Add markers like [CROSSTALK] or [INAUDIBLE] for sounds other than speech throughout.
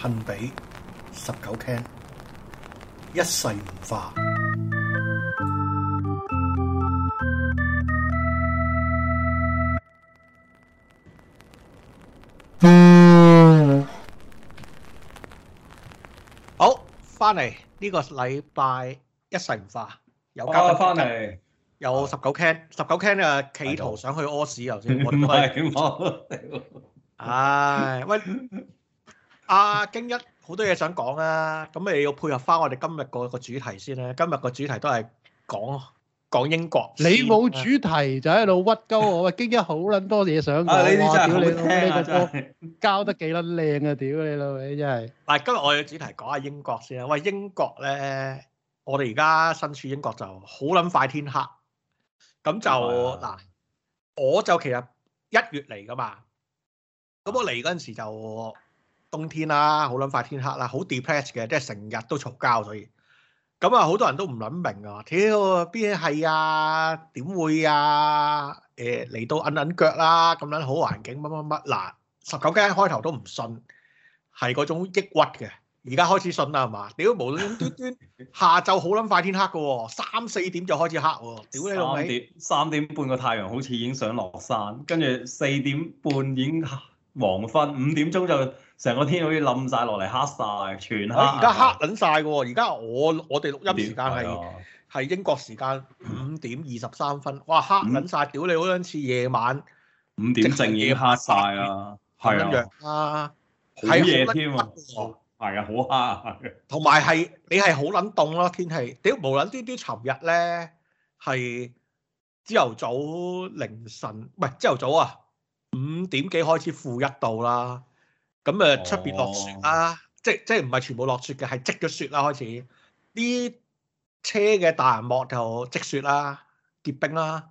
幸比 19Ken 一世唔化。好，翻嚟呢個禮拜一世唔化，有交翻嚟，有 19Ken，19Ken 嘅企圖想去屙屎，頭先唉，喂。阿京一好多嘢想講啊，咁你要配合翻我哋今日個個主題先啦。今日個主題都係講講英國。你冇主題就喺度屈鳩我喂，京一好撚多嘢想講啊！呢啲真係屌你老，呢個交得幾撚靚啊！屌你老閪真係。嗱，今日我嘅主題講下英國先啦。喂，英國咧，我哋而家身處英國就好撚快天黑，咁就嗱，我就其實一月嚟㗎嘛，咁我嚟嗰陣時就，冬天啦、啊，好撚快天黑啦、啊，好 depress 嘅，即係成日都嘈交，所以咁啊，好多人都唔撚明啊！屌邊係啊？點會啊？誒、欸、嚟到揞揞腳啦、啊，咁樣好環境乜乜乜嗱，十九 K 開頭都唔信，係嗰種抑鬱嘅，而家開始信啦，係嘛？屌無端端下晝好撚快天黑嘅喎、啊，三四點就開始黑喎、啊！屌你老三,三點半個太陽好似已經想落山，跟住四點半已經黃昏，五點鐘就～成個天好似冧晒落嚟，黑晒，全黑。而家黑撚晒喎！而家我我哋錄音時間係係，啊、英國時間五點二十三分，哇，黑撚晒，5, 屌，你嗰陣次夜晚五點正已經黑晒啦，係啊，好夜添啊，係啊，好黑。同埋係你係好撚凍咯天氣，屌無論啲啲尋日咧係朝頭早、凌晨，唔係朝頭早啊，五點幾開始負一度啦。咁誒出邊落雪啦，哦，即係即係唔係全部落雪嘅，係積咗雪啦開始。啲車嘅大銀幕就積雪啦，結冰啦，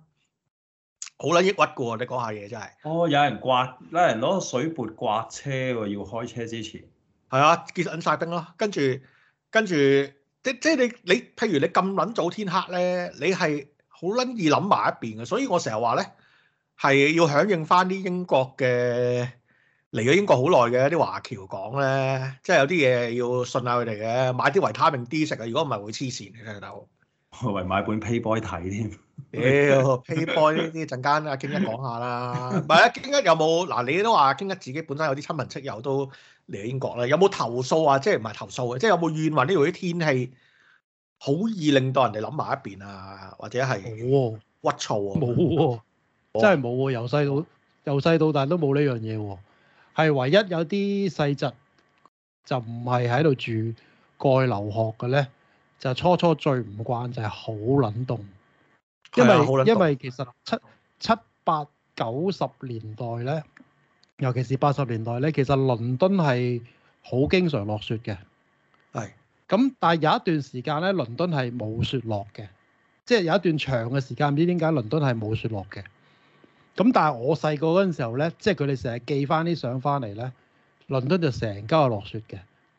好撚抑鬱噶你講下嘢真係。哦，有人刮，有人攞水撥刮車喎，要開車之前。係啊、嗯，結緊晒冰咯，跟住跟住，即即係你你，譬如你咁撚早天黑咧，你係好撚易諗埋一邊嘅，所以我成日話咧，係要響應翻啲英國嘅。嚟咗英國好耐嘅啲華僑講咧，即係有啲嘢要信下佢哋嘅，買啲維他命 D 食啊！如果唔係會黐線嘅大佬，我為買本 Playboy 睇添。Playboy 呢啲陣間阿京一講下啦，唔係啊？京一有冇嗱？你都話京一自己本身有啲親朋戚友都嚟英國啦，有冇投訴啊？即係唔係投訴啊？即係有冇怨雲呢？呢啲天氣好易令到人哋諗埋一邊啊，或者係屈燥啊？冇喎，真係冇喎，由細我到由細到大都冇呢樣嘢喎。係唯一有啲細節就唔係喺度住過去留學嘅咧，就初初最唔慣就係好冷凍，因為因為其實七七八九十年代咧，尤其是八十年代咧，其實倫敦係好經常落雪嘅，係咁的，但係有一段時間咧，倫敦係冇雪落嘅，即係有一段長嘅時間，唔知點解倫敦係冇雪落嘅。咁但係我細個嗰陣時候呢，即係佢哋成日寄翻啲相翻嚟呢，倫敦就成家落雪嘅，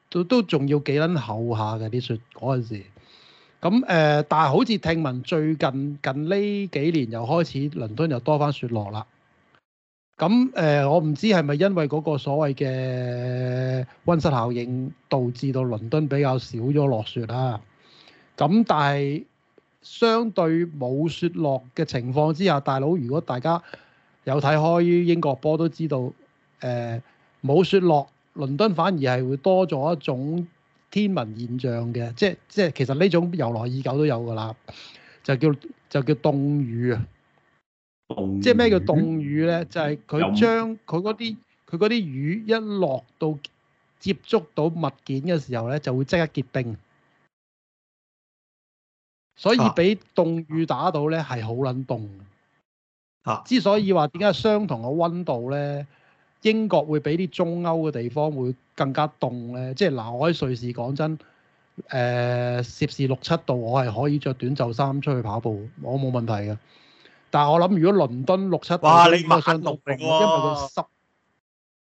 都都仲要幾撚厚下嘅啲雪嗰陣時。咁誒，但係、呃、好似聽聞最近近呢幾年又開始倫敦又多翻雪落啦。咁誒、呃，我唔知係咪因為嗰個所謂嘅溫室效應導致到倫敦比較少咗落雪啦。咁但係相對冇雪落嘅情況之下，大佬如果大家，有睇開英國波都知道，誒、呃、冇雪落，倫敦反而係會多咗一種天文現象嘅，即係即係其實呢種由來已久都有㗎啦，就叫就叫凍雨啊！凍雨即係咩叫凍雨呢？就係、是、佢將佢嗰啲佢啲雨一落到接觸到物件嘅時候呢，就會即刻結冰，所以俾凍雨打到呢係好撚凍。啊啊、之所以話點解相同嘅溫度咧，英國會比啲中歐嘅地方會更加凍咧，即係嗱，我喺瑞士講真，誒攝氏六七度，我係可以着短袖衫出去跑步，我冇問題嘅。但係我諗，如果倫敦六七度，哇，你馬騮嚟喎，因為佢濕。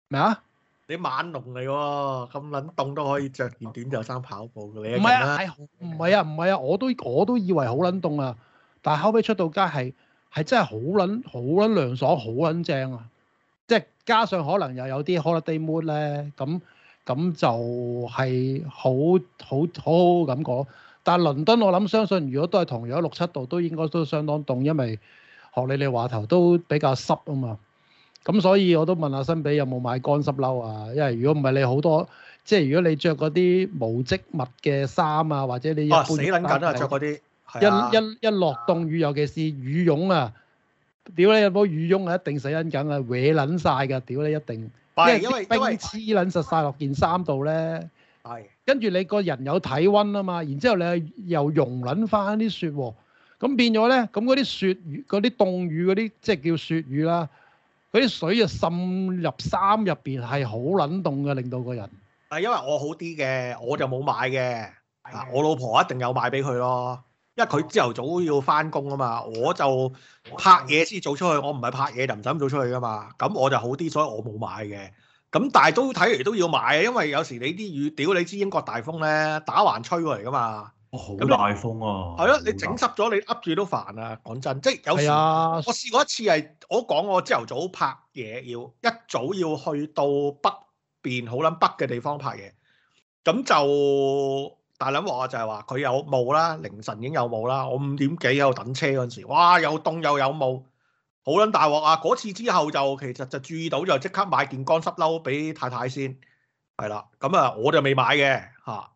咩啊？你猛騮嚟喎，咁撚凍都可以着件短袖衫跑步嘅，你啊唔係啊，唔係啊，唔係啊，啊，啊，我都我都，我都以為好撚凍啊，但係後尾出到街係。係真係好撚好撚涼爽，好撚正啊！即係加上可能又有啲 holiday mood 咧，咁咁就係好好，好好好好咁講。但係倫敦我諗相信，如果都係同樣六七度，都應該都相當凍，因為學你哋話頭都比較濕啊嘛。咁所以我都問下幸比有冇買乾濕褸啊？因為如果唔係你好多，即係如果你着嗰啲無織物嘅衫啊，或者你一般都係著嗰啲。哦你 [NOISE] 啊、一一一落凍雨，尤其是羽絨啊！屌你，有冇羽絨啊？一定死緊梗啊，搲撚晒㗎！屌你一定，因為，因為冰黐撚實曬落件衫度咧。係是。跟住你個人有體温啊嘛，然之後你又溶撚翻啲雪喎，咁變咗咧，咁嗰啲雪雨、嗰啲凍雨、嗰啲即係叫雪雨啦，嗰啲水啊滲入衫入邊係好撚凍嘅，令到個人。啊，因為我好啲嘅，我就冇買嘅。啊的，我老婆一定有買俾佢咯。因為佢朝頭早要翻工啊嘛，我就拍嘢先早出去，我唔係拍嘢就唔使咁早出去噶嘛，咁我就好啲，所以我冇買嘅。咁但係都睇嚟都要買，因為有時你啲雨，屌你知英國大風咧，打橫吹過嚟噶嘛。我好、哦、大風啊！係咯，你整濕咗你噏住都煩啊！講真，即係有時、啊、我試過一次係，我講我朝頭早拍嘢要一早要去到北邊好撚北嘅地方拍嘢，咁就。大捻話啊，就係話佢有霧啦，凌晨已經有霧啦。我五點幾喺度等車嗰陣時，哇，又凍又有霧，好撚大鑊啊！嗰次之後就其實就注意到，就即刻買件乾濕褸俾太太先，係啦。咁啊，我就未買嘅嚇。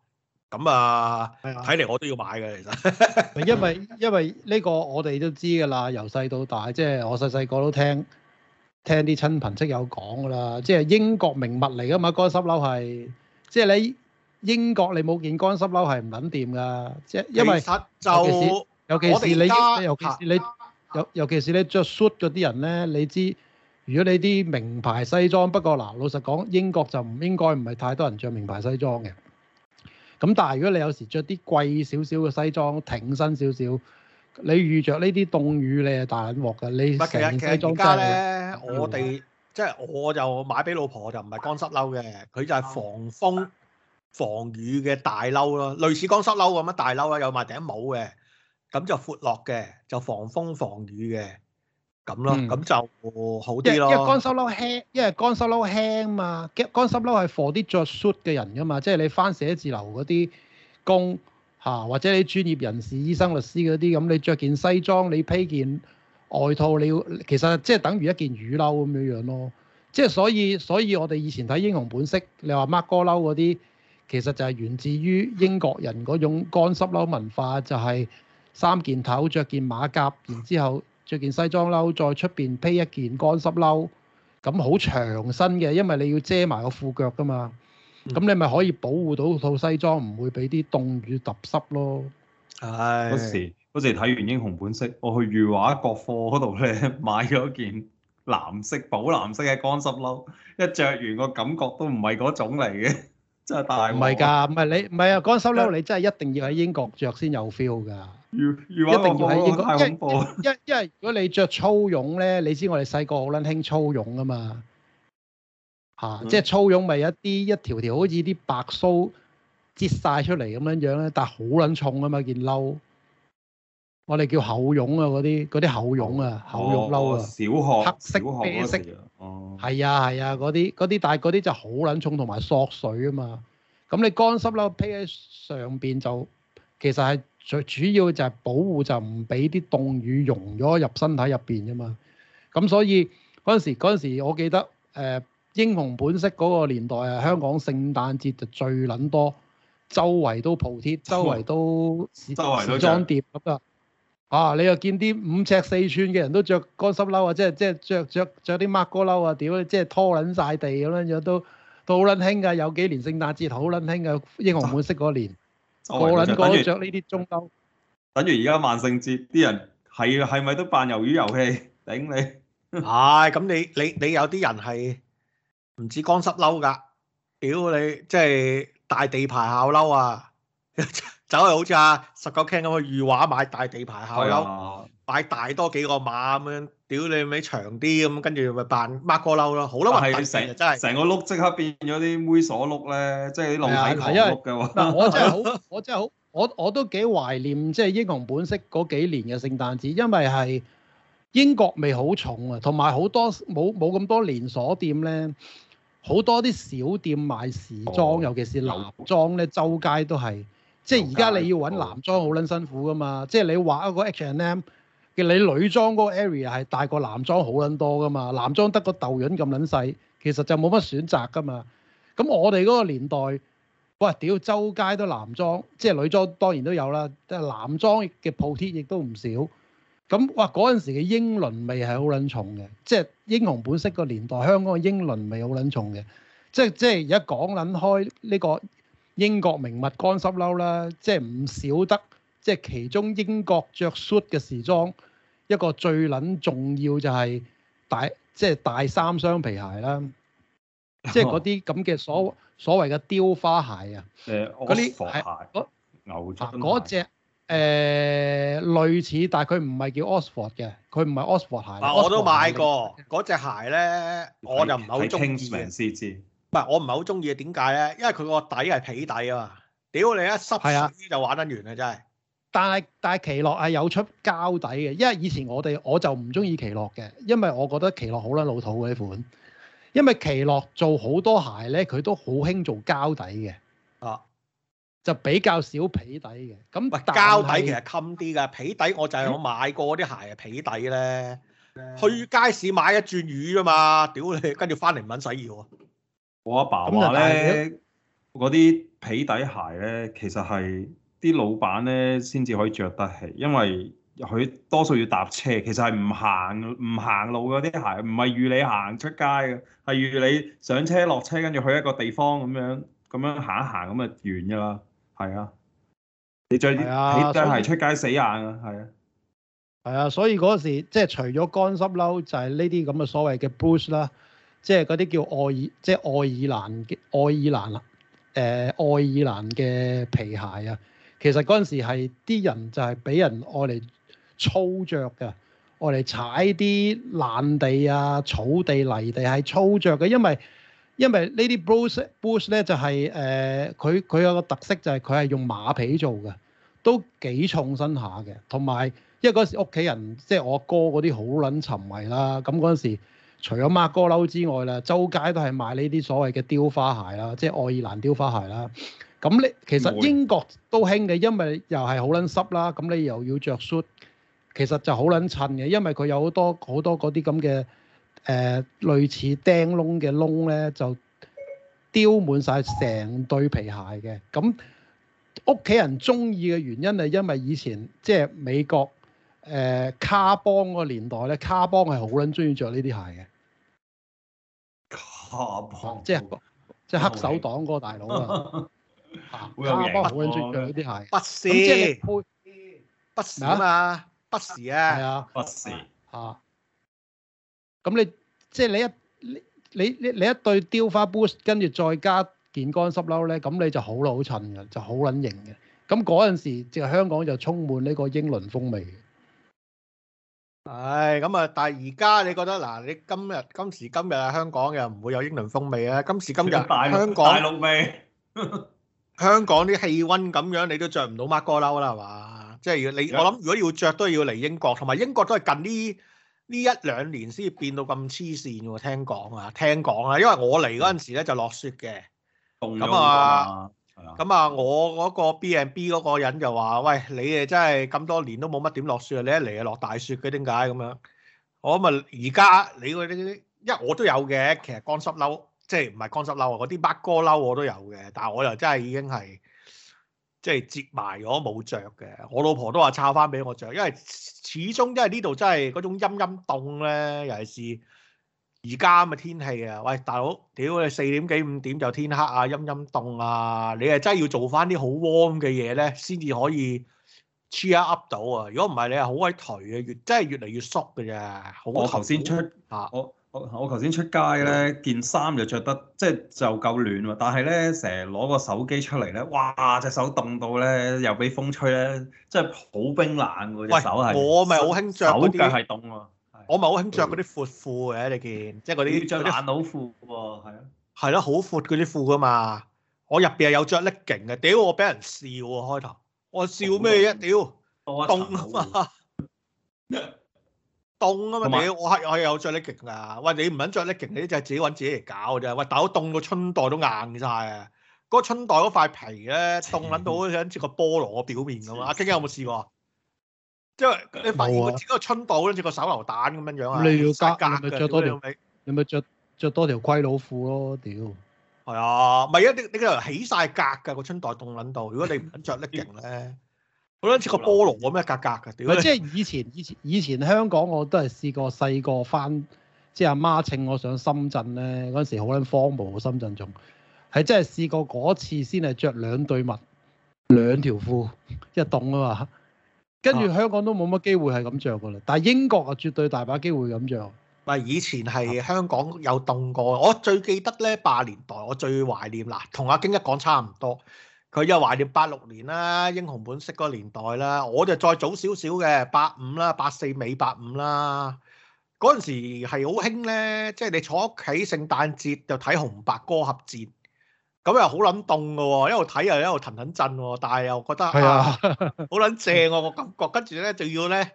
咁啊，睇嚟我都要買嘅其實。因為因為呢個我哋都知㗎啦，由細到大，即係我細細個都聽聽啲親朋戚友講㗎啦，即係英國名物嚟㗎嘛，乾濕褸係，即係你。英國你冇件乾濕褸係唔撚掂㗎，即係因為就尤，尤其是你，尤其是你，尤其你尤其是你著 suit 啲人咧，你知如果你啲名牌西裝，不過嗱，老實講，英國就唔應該唔係太多人着名牌西裝嘅。咁但係如果你有時着啲貴少少嘅西裝，挺身少少，你遇着呢啲凍雨，你係大撚鑊㗎。你其實其實而家咧，吧我哋即係我就買俾老婆就唔係乾濕褸嘅，佢就係防風，防雨嘅大褸咯，類似乾濕褸咁啊，大褸啦，有埋頂帽嘅，咁就闊落嘅，就防風防雨嘅，咁咯，咁、嗯、就好啲咯。一，一乾濕褸輕，因為乾濕褸輕啊嘛，乾乾濕褸係 for 啲着 shirt 嘅人噶嘛，即係你翻寫字樓嗰啲工吓、啊，或者你專業人士、醫生、律師嗰啲，咁你着件西裝，你披件外套，你要其實即係等於一件雨褸咁樣樣咯。即係所以，所以我哋以前睇英雄本色，你話 Mark 哥褸嗰啲。其實就係源自於英國人嗰種乾濕褸文化，就係、是、三件頭，着件馬甲，然之後着件西裝褸，再出邊披一件乾濕褸，咁好長身嘅，因為你要遮埋個褲腳噶嘛。咁、嗯、你咪可以保護到套西裝，唔會俾啲凍雨揼濕咯。嗰、哎、時嗰時睇完《英雄本色》，我去裕華國貨嗰度咧買咗件藍色、寶藍色嘅乾濕褸，一着完個感覺都唔係嗰種嚟嘅。唔係㗎，唔係你唔係啊！嗰件衫褸你真係一定要喺英國着先有 feel 㗎，要要一定要喺英國。因為因為如果你着粗絨咧，你知我哋細個好撚興粗絨噶嘛嚇，啊嗯、即係粗絨咪一啲一條條好似啲白蘇折晒出嚟咁樣樣咧，但係好撚重啊嘛件褸。我哋叫厚絨啊，嗰啲啲厚絨啊，厚絨褸啊，小學黑色啡色，哦，係啊係啊，嗰啲嗰啲，但係嗰啲就好撚重同埋索水啊嘛。咁你乾濕褸披喺上邊就，其實係最主要就係保護，就唔俾啲凍雨溶咗入身體入邊啫嘛。咁所以嗰陣時嗰時，時我記得誒、呃、英雄本色嗰個年代啊，香港聖誕節就最撚多，周圍都鋪貼，周圍都 [LAUGHS] 周圍都裝碟。咁啊。 [LAUGHS] 啊！你又見啲五尺四寸嘅人都著乾濕褸啊！即係即係著著著啲孖哥褸啊！屌！即係拖撚曬地咁樣樣都都好撚興㗎！有幾年聖誕節好撚興㗎！英雄本色嗰一年，個撚個著呢啲中褸。等於而家萬聖節啲人係係咪都扮魷魚遊戲？頂你！唉咁你你你有啲人係唔止乾濕褸㗎！屌你！即係大地牌校褸啊！走去好似阿十九 Ken 咁去御畫買大地牌下樓，擺、哎、喲大多幾個碼咁樣，屌你咪長啲咁，跟住咪扮 Mark 哥嬲咯，好啦，係成日真係成個碌即刻變咗啲猥瑣碌咧，即係啲浪費頭碌㗎我真係好，我真係好，我我都幾懷念即係英雄本色嗰幾年嘅聖誕節，因為係英國味好重啊，同埋好多冇冇咁多連鎖店咧，好多啲小店賣時裝，尤其是男裝咧，周街都係。即係而家你要揾男裝好撚辛苦噶嘛？即係你畫一個 H and M 嘅你女裝嗰個 area 係大過男裝好撚多噶嘛？男裝得個豆潤咁撚細，其實就冇乜選擇噶嘛。咁我哋嗰個年代，哇！屌周街都男裝，即係女裝當然都有啦，即係男裝嘅鋪頭亦都唔少。咁哇嗰陣時嘅英倫味係好撚重嘅，即係英雄本色個年代，香港嘅英倫味好撚重嘅。即係即係而家講撚開呢個。英國名物乾濕褸啦，即係唔少得。即係其中英國着 suit 嘅時裝，一個最撚重要就係大，即係大三雙皮鞋啦。即係嗰啲咁嘅所所謂嘅雕花鞋啊。誒，Oxford 鞋。牛津。嗰隻誒類似，但係佢唔係叫 Oxford 嘅，佢唔係 Oxford 鞋。啊，我都買過嗰隻鞋咧，我就唔係好中意。唔係，我唔係好中意啊。點解咧？因為佢個底係皮底啊嘛！屌你一濕水就玩得完啦，啊、真係的。但係，但係奇樂係有出膠底嘅，因為以前我哋我就唔中意奇樂嘅，因為我覺得奇樂好撚老土嗰呢款，因為奇樂做好多鞋咧，佢都好興做膠底嘅，啊，就比較少皮底嘅。咁膠底其實襟啲噶，皮底我就係我買過嗰啲鞋係、嗯、皮底咧，去街市買一轉魚咋嘛？屌你，跟住翻嚟唔撚洗要啊！我阿爸話咧，嗰啲，就是，皮底鞋咧，其實係啲老闆咧先至可以着得起，因為佢多數要搭車，其實係唔行唔行路嗰啲鞋，唔係預你行出街嘅，係預你上車落車，跟住去一個地方咁樣咁樣行一行咁啊完噶啦，係啊，你着啲皮底鞋出街死硬啊，係啊，係啊，所以嗰，啊，時即係除咗乾濕褸，就係呢啲咁嘅所謂嘅 boots 啦。即係嗰啲叫愛爾，即係愛爾蘭嘅愛爾蘭啦，誒、呃、愛爾蘭嘅皮鞋啊，其實嗰陣時係啲人就係俾人愛嚟操着嘅，愛嚟踩啲爛地啊、草地、泥地係操着嘅，因為因為 Bruce, Bruce 呢啲 boots boots 咧就係誒佢佢有個特色就係佢係用馬皮做嘅，都幾重身下嘅，同埋因為嗰時屋企人即係我哥嗰啲好撚沉迷啦、啊，咁嗰陣時。除咗馬哥褸之外啦，周街都係賣呢啲所謂嘅雕花鞋啦，即係愛爾蘭雕花鞋啦。咁你其實英國都興嘅，因為又係好撚濕啦，咁你又要着恤，其實就好撚襯嘅，因為佢有好多好多嗰啲咁嘅誒類似釘窿嘅窿呢，就雕滿晒成對皮鞋嘅。咁屋企人中意嘅原因係因為以前即係美國。誒卡邦個年代咧，卡邦係好撚中意着呢啲鞋嘅。卡邦即係即係黑手黨嗰個大佬啊！卡邦好撚中意着呢啲鞋。不是，咁即係你配不是啊？不是啊？係啊，不是嚇。咁你即係你一你你你一對雕花 Boost，跟住再加件乾濕褸咧，咁你就好撚好襯嘅，就好撚型嘅。咁嗰陣時，即係香港就充滿呢個英倫風味。唉，咁啊！但係而家你覺得嗱？你今日今時今日啊，香港又唔會有英倫風味啊！今時今日，香港，味今時今日香港，大陸 [LAUGHS] 香港啲氣溫咁樣，你都着唔到孖哥褸啦，係嘛？即、就、係、是、你我諗，如果要着都要嚟英國，同埋英國都係近呢呢一兩年先至變到咁黐綫嘅。聽講啊，聽講啊，因為我嚟嗰陣時咧、嗯、就落雪嘅，咁啊。咁啊，那我嗰個 B and B 嗰個人就話：喂，你誒真係咁多年都冇乜點落雪，你一嚟啊落大雪嘅，點解咁樣？我咪而家你嗰啲，因為我都有嘅，其實乾濕褸，即係唔係乾濕褸啊，嗰啲孖哥褸我都有嘅，但係我又真係已經係即係折埋咗冇着嘅。我老婆都話抄翻俾我着，因為始終因為呢度真係嗰種陰陰凍咧，尤其是。而家咁嘅天氣啊，喂，大佬，屌你四點幾五點就天黑啊，陰陰凍啊，你係真係要做翻啲好 warm 嘅嘢咧，先至可以 charge up 到啊！如果唔係你係好鬼頹啊，越真係越嚟越縮嘅咋。我頭先出嚇，我我我頭先出街咧，件衫就着得即係就夠暖喎。但係咧，成日攞個手機出嚟咧，哇隻手凍到咧，又俾風吹咧，真係好冰冷喎隻喂手係是。我咪好興著，手腳係凍我咪好肯着嗰啲闊褲嘅，你見，即係嗰啲懶佬褲喎？係咯，係咯，好闊嗰啲褲噶嘛。我入邊係有着 legging 嘅，屌我俾人笑喎開頭，我笑咩一屌，凍啊嘛，凍啊嘛，屌我係我有着 legging 啊！喂，你唔肯着 legging 你啲就係自己揾自己嚟搞㗎啫。喂，大佬，我凍到春袋都硬晒啊！嗰、那個、春袋嗰塊皮咧，凍撚到好似似個菠蘿表面咁啊！阿京有冇試過？即係你發現個嗰個春袋好似個手榴彈咁樣樣啊！你要加，咪着多條，你咪着著多條龜佬褲咯？屌，係啊，咪一你你嗰度起晒格㗎個春袋，凍撚度，如果你唔肯着咧，勁咧，好撚似個菠蘿咁咩格格㗎。屌不，即係以前以前以前香港我都係試過細個翻，即係阿媽請我上深圳咧嗰陣時，好撚荒蕪深圳仲係真係試過嗰次先係着兩對襪、兩條褲一凍啊嘛～跟住香港都冇乜機會係咁着噶啦，但係英國啊絕對大把機會咁着。唔以前係香港有凍過，我最記得咧八年代，我最懷念嗱，同阿京一講差唔多，佢又懷念八六年啦，英雄本色嗰個年代啦，我就再早少少嘅八五啦，八四尾八五啦，嗰陣時係好興咧，即係你坐屋企聖誕節就睇紅白歌合戰。咁又好捻凍噶喎，一路睇又一路騰騰震喎，但係又覺得係啊，好捻正我感覺，跟住咧仲要咧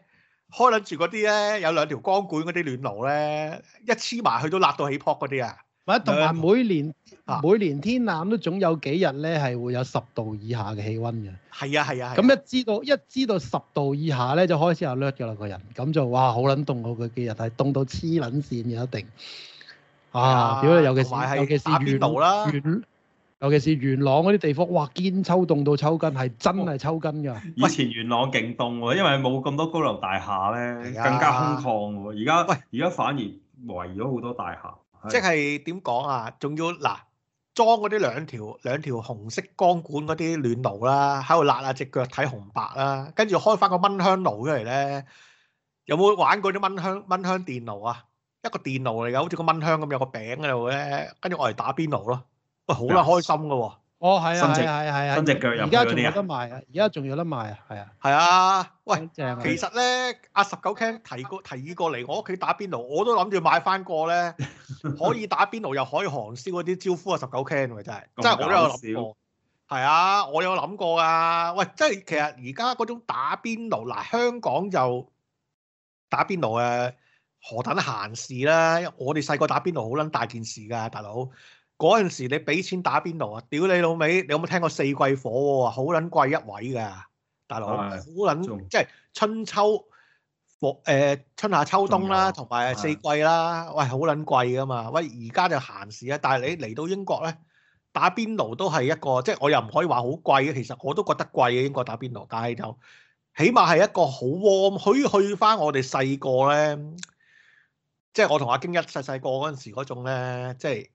開捻住嗰啲咧有兩條光管嗰啲暖爐咧，一黐埋去都辣到起扑嗰啲啊！咪，同埋每年每年天冷都總有幾日咧係會有十度以下嘅氣溫嘅。係啊係啊，咁一知道一知道十度以下咧就開始阿掠噶啦個人，咁就哇好捻凍我個幾日係凍到黐捻線嘅一定。啊，屌，尤其是尤其是邊度啦？尤其是元朗嗰啲地方，哇，堅抽凍到抽筋，係真係抽筋噶。以前元朗勁凍喎，因為冇咁多高樓大廈咧，啊、更加空曠嘅。而家喂，而家反而圍咗好多大廈。即係點講啊？仲要嗱，裝嗰啲兩條兩條紅色光管嗰啲暖爐啦，喺度辣下隻腳睇紅白啦，跟住開翻個蚊香爐出嚟咧。有冇玩過啲蚊香蚊香電爐啊？一個電爐嚟嘅，好似個蚊香咁，有個餅喺度咧，跟住我嚟打邊爐咯。喂，好啦，開心噶喎、啊！哦，係啊，係啊，係啊，新隻腳而家仲有得賣啊！而家仲有得賣啊，係啊，係啊，喂，其實咧，阿十九 can 提過，提議過嚟我屋企打邊爐，我都諗住買翻個咧，可以打邊爐又可以韓燒嗰啲招呼啊，十九 can 喎，真係，真係我都有諗過。係 [LAUGHS] 啊，我有諗過啊。喂，即係其實而家嗰種打邊爐，嗱、啊、香港就打邊爐嘅何等閒事啦！我哋細個打邊爐好撚大件事㗎，大佬。大嗰陣時你俾錢打邊爐啊！屌你老味。你有冇聽過四季火喎、啊？好撚貴一位噶，大佬，好撚即係春秋火誒，春夏秋冬啦，同埋的四季啦，的喂好撚貴噶嘛！喂，而家就閒時啊，但係你嚟到英國咧，打邊爐都係一個即係我又唔可以話好貴嘅，其實我都覺得貴嘅英國打邊爐，但係就起碼係一個好 warm 可以去翻我哋細個咧，即係我同阿京一細細個嗰陣時嗰種咧，即係。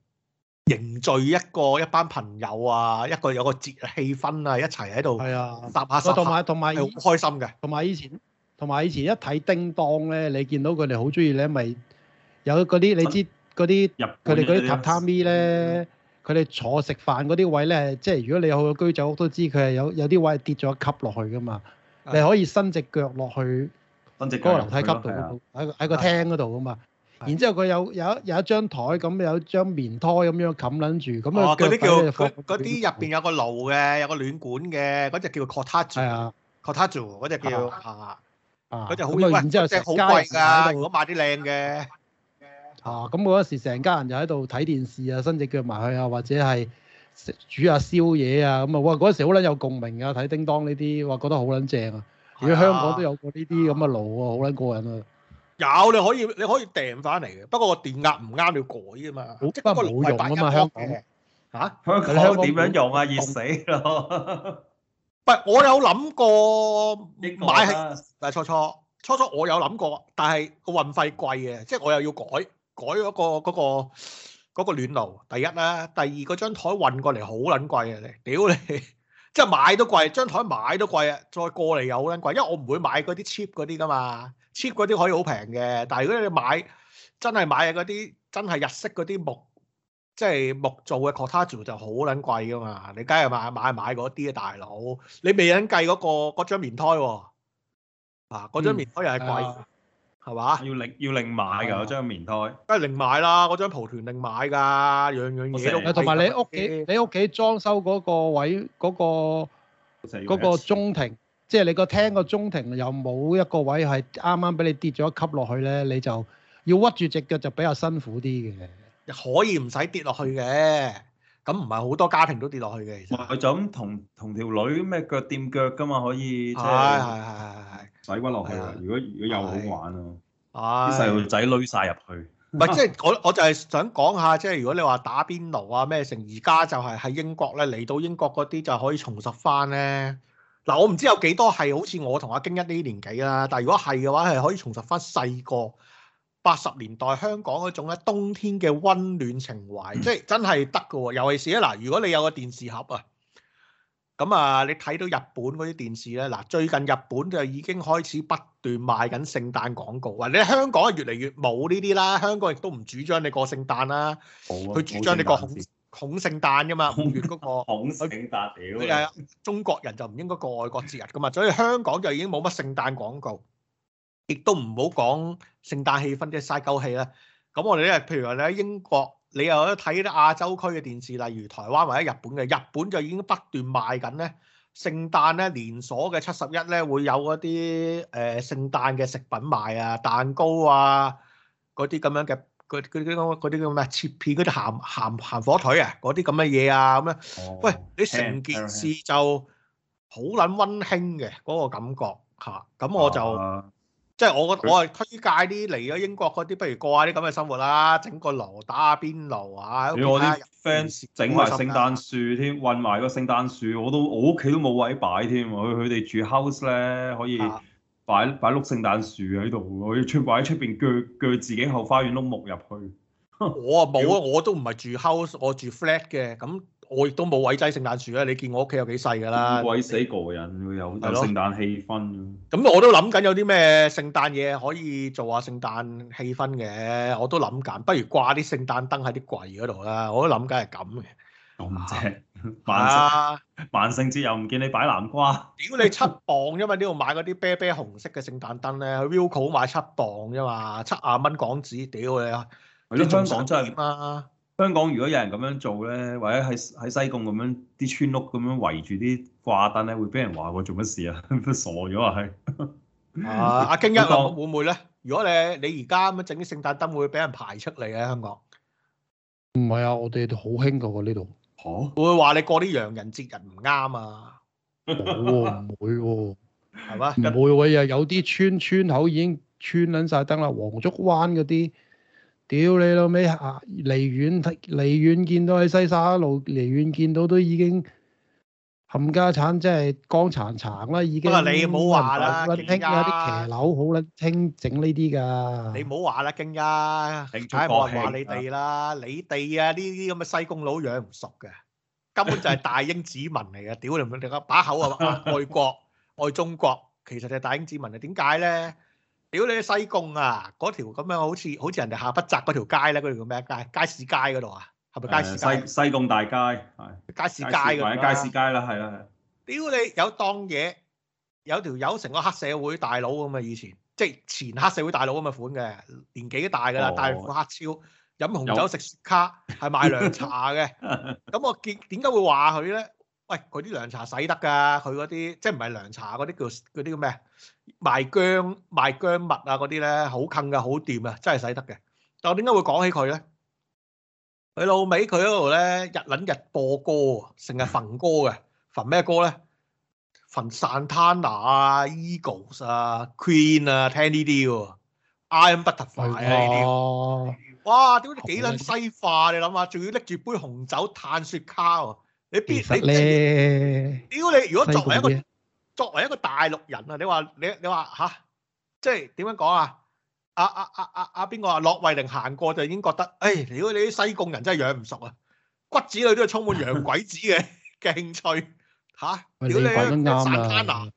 凝聚一個一班朋友啊，一個有個節氣氛啊，一齊喺度，係啊，搭下同埋，開心嘅。同埋以前，同埋以前一睇叮當咧，你見到佢哋好中意咧，咪有嗰啲你知嗰啲，佢哋嗰啲榻榻米咧，佢哋坐食飯嗰啲位咧，即係如果你去個居酒屋都知，佢係有有啲位跌咗一級落去噶嘛。你可以伸直腳落去嗰個樓梯級度，喺喺個廳嗰度噶嘛。然之後佢有有一張有一張台，咁有張棉胎咁樣冚撚住。咁啊啲叫啲入邊有個爐嘅、有個暖管嘅，嗰隻叫 cottage，cottage 嗰隻叫，嗰隻好。然之後食街市如果買啲靚嘅，啊咁嗰陣時成家人就喺度睇電視啊，伸隻腳埋去啊，或者係煮下宵夜啊，咁啊哇嗰陣時好撚有共鳴啊，睇叮當呢啲，哇覺得好撚正啊，如果香港都有個呢啲咁嘅爐喎，好撚過癮啊！啊有你可以你可以訂翻嚟嘅，不過個電壓唔啱，你要改啊嘛。沒即係嗰個冇用啊嘛，香港嚇。香港點、啊、樣用啊？熱死咯！唔 [LAUGHS] 我有諗過買係，唔係、啊、初初初初我有諗過，但係個運費貴嘅，即係我又要改改嗰、嗰個嗰、嗰個嗰個、暖爐。第一啦、啊，第二嗰張台運過嚟好撚貴啊！你屌你，即係買都貴，張台買都貴啊，再過嚟又好撚貴，因為我唔會買嗰啲 cheap 嗰啲噶嘛。cheap 嗰啲可以好平嘅，但係如果你買真係買嗰啲真係日式嗰啲木即係木做嘅 cottage 就好撚貴㗎嘛！你梗係買買買嗰啲啊，大佬！你未撚計嗰個嗰張棉胎喎、啊，啊嗰張棉胎又係貴，係嘛、嗯吧？要另要另買㗎嗰的張棉胎，梗係另買啦！嗰張蒲團另買㗎，樣樣嘢同埋你屋企你屋企裝修嗰個位嗰、嗰個嗰、嗰個嗰個中庭。即係你個廳個中庭又冇一個位係啱啱俾你跌咗一級落去咧，你就要屈住隻腳就比較辛苦啲嘅。可以唔使跌落去嘅，咁唔係好多家庭都跌落去嘅。其實佢就咁同同條女咩腳掂腳㗎嘛，可以。係係係係係。使屈落去啊！哎、呀如果如果又好玩咯。係、哎呀。啲細路仔攆晒入去。唔係不，即係、啊、我我就係想講下，即係如果你話打邊爐啊咩成，而家就係喺英國咧，嚟到英國嗰啲就可以重拾翻咧。嗱，我唔知有幾多係好似我同阿京一呢啲年紀啦，但係如果係嘅話，係可以重拾翻細個八十年代香港嗰種咧冬天嘅溫暖情懷，即係真係得嘅喎。尤其是咧，嗱，如果你有個電視盒啊，咁啊，你睇到日本嗰啲電視咧，嗱，最近日本就已經開始不斷賣緊聖誕廣告啊。你香港係越嚟越冇呢啲啦，香港亦都唔主張你過聖誕啦，佢有主張你過。恐聖誕噶嘛？孔月嗰個孔聖誕，那個、 [LAUGHS] 聖中國人就唔應該過外國節日噶嘛，所以香港就已經冇乜聖誕廣告，亦都唔好講聖誕氣氛氣，即係嘥鳩氣啦。咁我哋咧，譬如話你喺英國，你又有睇啲亞洲區嘅電視，例如台灣或者日本嘅。日本就已經不斷賣緊咧聖誕，咧連鎖嘅七十一咧會有嗰啲誒聖誕嘅食品賣啊，蛋糕啊嗰啲咁樣嘅。嗰嗰啲啲叫咩？切片嗰啲鹹鹹鹹火腿啊，嗰啲咁嘅嘢啊，咁樣、哦。喂，你成件事就好撚温馨嘅嗰、嗰個感覺嚇。咁、啊啊、我就即係我我係推介啲嚟咗英國嗰啲，不如過下啲咁嘅生活啦，整個羅打邊爐啊。啲 friend 整埋聖誕樹添，運埋個聖誕樹，我都我屋企都冇位擺添佢佢哋住 house 咧，可以。啊擺擺碌聖誕樹喺度，我要出擺喺出邊鋸鋸自己後花園碌木入去。我啊冇啊，要我都唔係住 house，我住 flat 嘅，咁我亦都冇位仔聖誕樹啊！你見我屋企有幾細噶啦，鬼死個人，有有聖誕氣氛。咁我都諗緊有啲咩聖誕嘢可以做下聖誕氣氛嘅，我都諗緊，不如掛啲聖誕燈喺啲櫃嗰度啦。我都諗緊係咁嘅。咁 [LAUGHS] 啊、萬聖萬聖節又唔見你擺南瓜，屌、啊、你七磅，因為呢度買嗰啲啤啤紅色嘅聖誕燈咧，去 Vulco 買七磅啫嘛，七十蚊港紙，屌你啊，啊！香港真、就、係、是，啊、香港如果有人咁樣做咧，或者喺喺西貢咁樣啲村屋咁樣圍住啲掛燈咧，會俾人話我做乜事啊？都傻咗啊！係啊，阿、啊、京一，會唔會咧？如果你你而家咁樣整啲聖誕燈，會俾人排出嚟嘅、啊、香港？唔係啊，我哋好興噶喎呢度。會話你過啲洋人節日唔啱啊？冇喎、啊，唔會喎、啊，係嘛 [LAUGHS] 吧？唔會喎、啊，又有啲村村口已經穿捻晒燈啦，黃竹灣嗰啲，屌你老味啊！離遠睇，離遠見到喺西沙路，離遠見到都已經。冚家鏟真係光殘殘啦，已經。不過你唔好話啦，傾下啲騎樓好啦，清整呢啲㗎。你唔好話啦，更加，唉冇人話你哋啦，你哋啊呢啲咁嘅西貢佬養唔熟嘅，根本就係大英子民嚟嘅。 [LAUGHS] 屌你唔定啊，把口啊，愛國愛中國，其實就大英子民啊？點解咧？屌你西貢啊，嗰條咁樣好似好似人哋下北澤嗰條街咧，嗰條叫咩街？街市街嗰度啊？係咪街市街？西西貢大街，係街市街咁啊！喺街市街啦，係啦，係。屌你，有檔嘢，有條友成個黑社會大佬咁啊！以前即係前黑社會大佬咁嘅款嘅，年紀大噶啦，戴副黑超，飲紅酒食雪卡，係賣涼茶嘅。咁我見點解會話佢咧？喂，佢啲涼茶使得噶，佢嗰啲即係唔係涼茶，嗰啲叫嗰啲叫咩啊？賣薑賣薑蜜啊嗰啲咧，好坑噶，好掂啊，真係使得嘅。但係我點解會講起佢咧？佢老尾，佢嗰度咧，日撚日播歌，成日焚歌嘅，焚咩歌咧？焚「Santana 啊的、Eagles 啊些、Queen 啊的，聽呢啲嘅。Iron Butterfly 啊呢啲。哇，屌你幾捻西化？了你諗下，仲要拎住杯紅酒嘆雪茄哦。你必死你屌你，你如果作為一個作為一個大陸人啊，你話你你話吓，即係點樣講啊？阿阿阿阿阿邊個啊？駱惠寧行過就已經覺得，誒、哎，如果你啲西貢人真係養唔熟啊！骨子裏都係充滿洋鬼子嘅嘅 [LAUGHS] 興趣，吓，你講得啱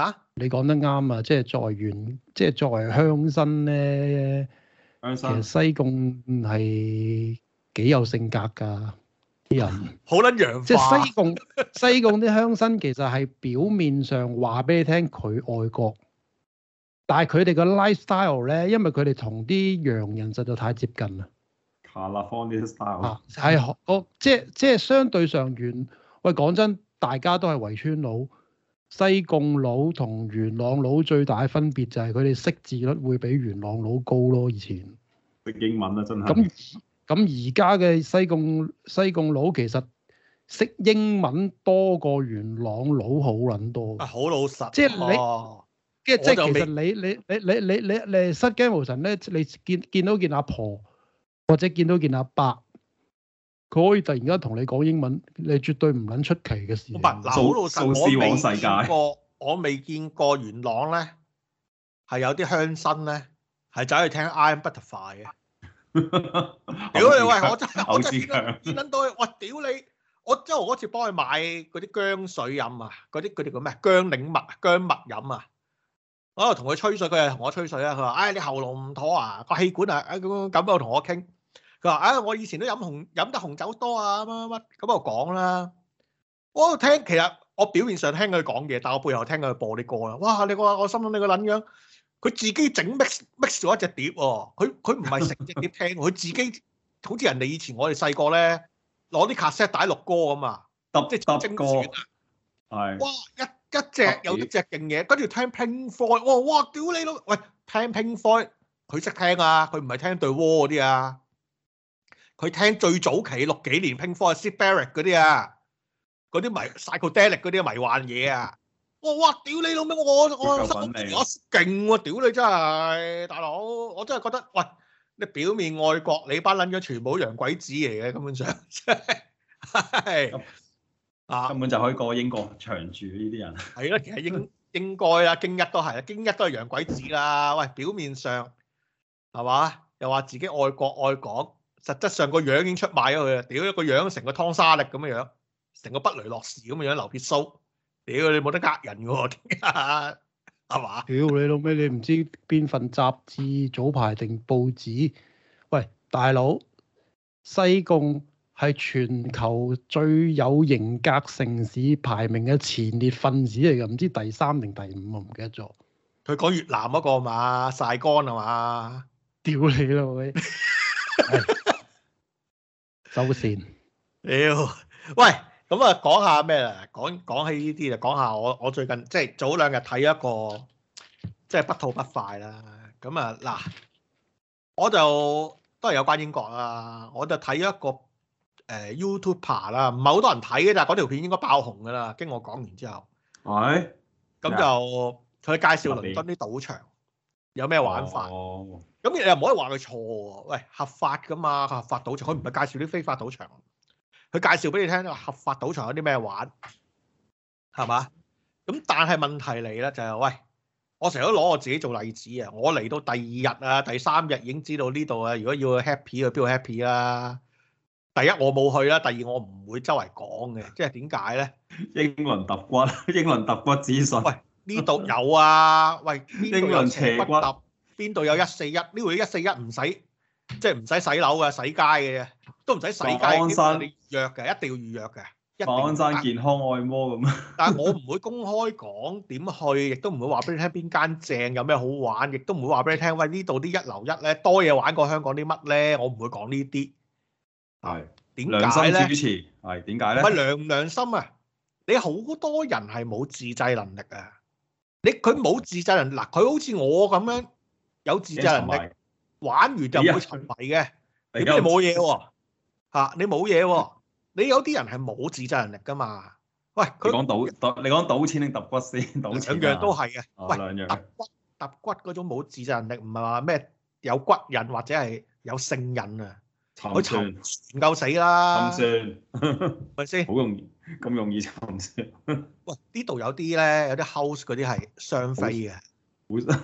啊！你講得啱啊！即係在為，即、就、係、是、作為鄉紳咧，就是、辛其實西貢唔係幾有性格噶啲人， [LAUGHS] 好捻洋化即係 [LAUGHS] 西貢西貢啲鄉紳，其實係表面上話俾你聽佢愛國。但係佢哋個 lifestyle 咧，因為佢哋同啲洋人實在太接近啦。California style 係、啊、我即係即係相對上元喂，講真，大家都係圍村佬、西貢佬同元朗佬最大嘅分別就係佢哋識字率會比元朗佬高咯。以前識英文啦、啊，真係。咁咁而家嘅西貢西貢佬其實識英文多過元朗佬好撚多。好、啊、老實，即係你。哦即係即係，其實你你你你你你你失驚無神咧，你見見到件阿婆，或者見到件阿伯，佢可以突然間同你講英文，你絕對唔撚出奇嘅事。嗱，好老實，世界我未見過，我未見過元朗咧，係有啲鄉親咧係走去聽 I Am Butterfly 嘅。屌 [LAUGHS] 你喂，我真係我真係見到佢，我屌你！我即係我嗰次幫佢買嗰啲薑水飲啊，嗰啲嗰啲叫咩？薑檸蜜、薑蜜飲啊！我喺度同佢吹水，佢又同我吹水啦。佢話，唉，你喉嚨唔妥啊，個氣管啊，咁咁咁，又同我傾。佢話，唉，我以前都飲紅，飲得紅酒多啊，咁樣乜，咁又講啦。我聽，其實我表面上聽佢講嘢，但係我背後聽佢播啲歌啦。哇，你話我心諗你個撚樣，佢自己整 mix mix 咗一隻碟喎。佢佢唔係成隻碟聽，佢自己，好似人哋以前我哋細個咧，攞啲 cassette 帶錄歌啊嘛。揼即係精選啊，係。哇！一一隻有啲隻勁嘢，跟住聽 Pink Floyd、哦、哇屌你老！喂，聽 Pink Floyd 佢識聽啊，佢唔係聽對鍋嗰啲啊，佢聽最早期六幾年 Pink Floyd、Syd Barrett 嗰啲啊，嗰啲迷 psychedelic 嗰啲迷幻嘢啊，哦、哇哇屌你老咩！我我我勁喎，屌你真係、啊、大佬，我真係覺得喂，你表面愛國，你班撚咗全部洋鬼子嚟嘅，根本上真係 [LAUGHS] 啊，根本就可以過英國長住呢啲人。係啦，其實應應該啦，京一都係啦，京一都係洋鬼子啦。喂，表面上係嘛，又話自己愛國愛港，實質上個樣已經出賣咗佢啦。屌，一個樣成個湯沙力咁嘅樣，成個不雷諾士咁嘅樣，留撇鬚。屌，你冇得呃人嘅喎，係嘛？屌，你老味，你唔知邊份雜誌早排定報紙？喂，大佬，西貢。係全球最有型格城市排名嘅前列分子嚟嘅，唔知第三定第五我唔記得咗。佢講越南一個嘛，晒干係嘛，屌你咯，喂，周線。屌，喂，咁啊，講下咩啊？講講起呢啲就講下我我最近即係早兩日睇一個，即係不吐不快啦。咁啊嗱，我就都係有關英國啦，我就睇一個。誒 YouTuber 啦，唔係好多人睇嘅，但係嗰條片應該爆紅㗎啦。經我講完之後，係咁喂就佢介紹倫敦啲賭場有咩玩法。咁、哦、你又唔可以話佢錯喎？喂，合法㗎嘛，合法賭場，佢唔係介紹啲非法賭場，佢介紹俾你聽合法賭場有啲咩玩，係嘛？咁但係問題嚟咧就係、是，喂，我成日都攞我自己做例子啊！我嚟到第二日啊，第三日已經知道呢度啊，如果要去 happy 去邊度 happy 啦、啊？第一我冇去啦，第二我唔會周圍講嘅，即係點解咧？英文揼骨，英文揼骨資訊。喂，呢度有啊，喂，英文揼骨，邊度有一四一？呢度一四一唔使，即係唔使洗樓嘅，洗街嘅啫，都唔使洗街。馬鞍山你約嘅，一定要預約嘅。馬鞍山健康按摩咁啊？但係我唔會公開講點去，亦都唔會話俾你聽邊間正，有咩好玩，亦都唔會話俾你聽，喂，呢度啲一流一咧多嘢玩過香港啲乜咧，我唔會講呢啲。係，點解咧？良心主持，係點解咧？唔係良良心啊！你好多人係冇自制能力啊！你佢冇自制能力，嗱佢好似我咁樣有自制能力，能力玩完就唔會沉迷嘅。哎、呀你都冇嘢喎，你冇嘢喎！ [LAUGHS] 你有啲人係冇自制能力噶嘛？喂，你講賭，賭你講賭錢定揼骨先？啊、兩樣都係啊！揼、啊、骨、揼骨嗰種冇自制能力，唔係話咩有骨癮或者係有性癮啊？沉唔夠死啦，沉船，係咪先？好容易咁容易沉船。 [LAUGHS] 喂，呢度有啲咧，有啲 house 嗰啲係雙飛嘅。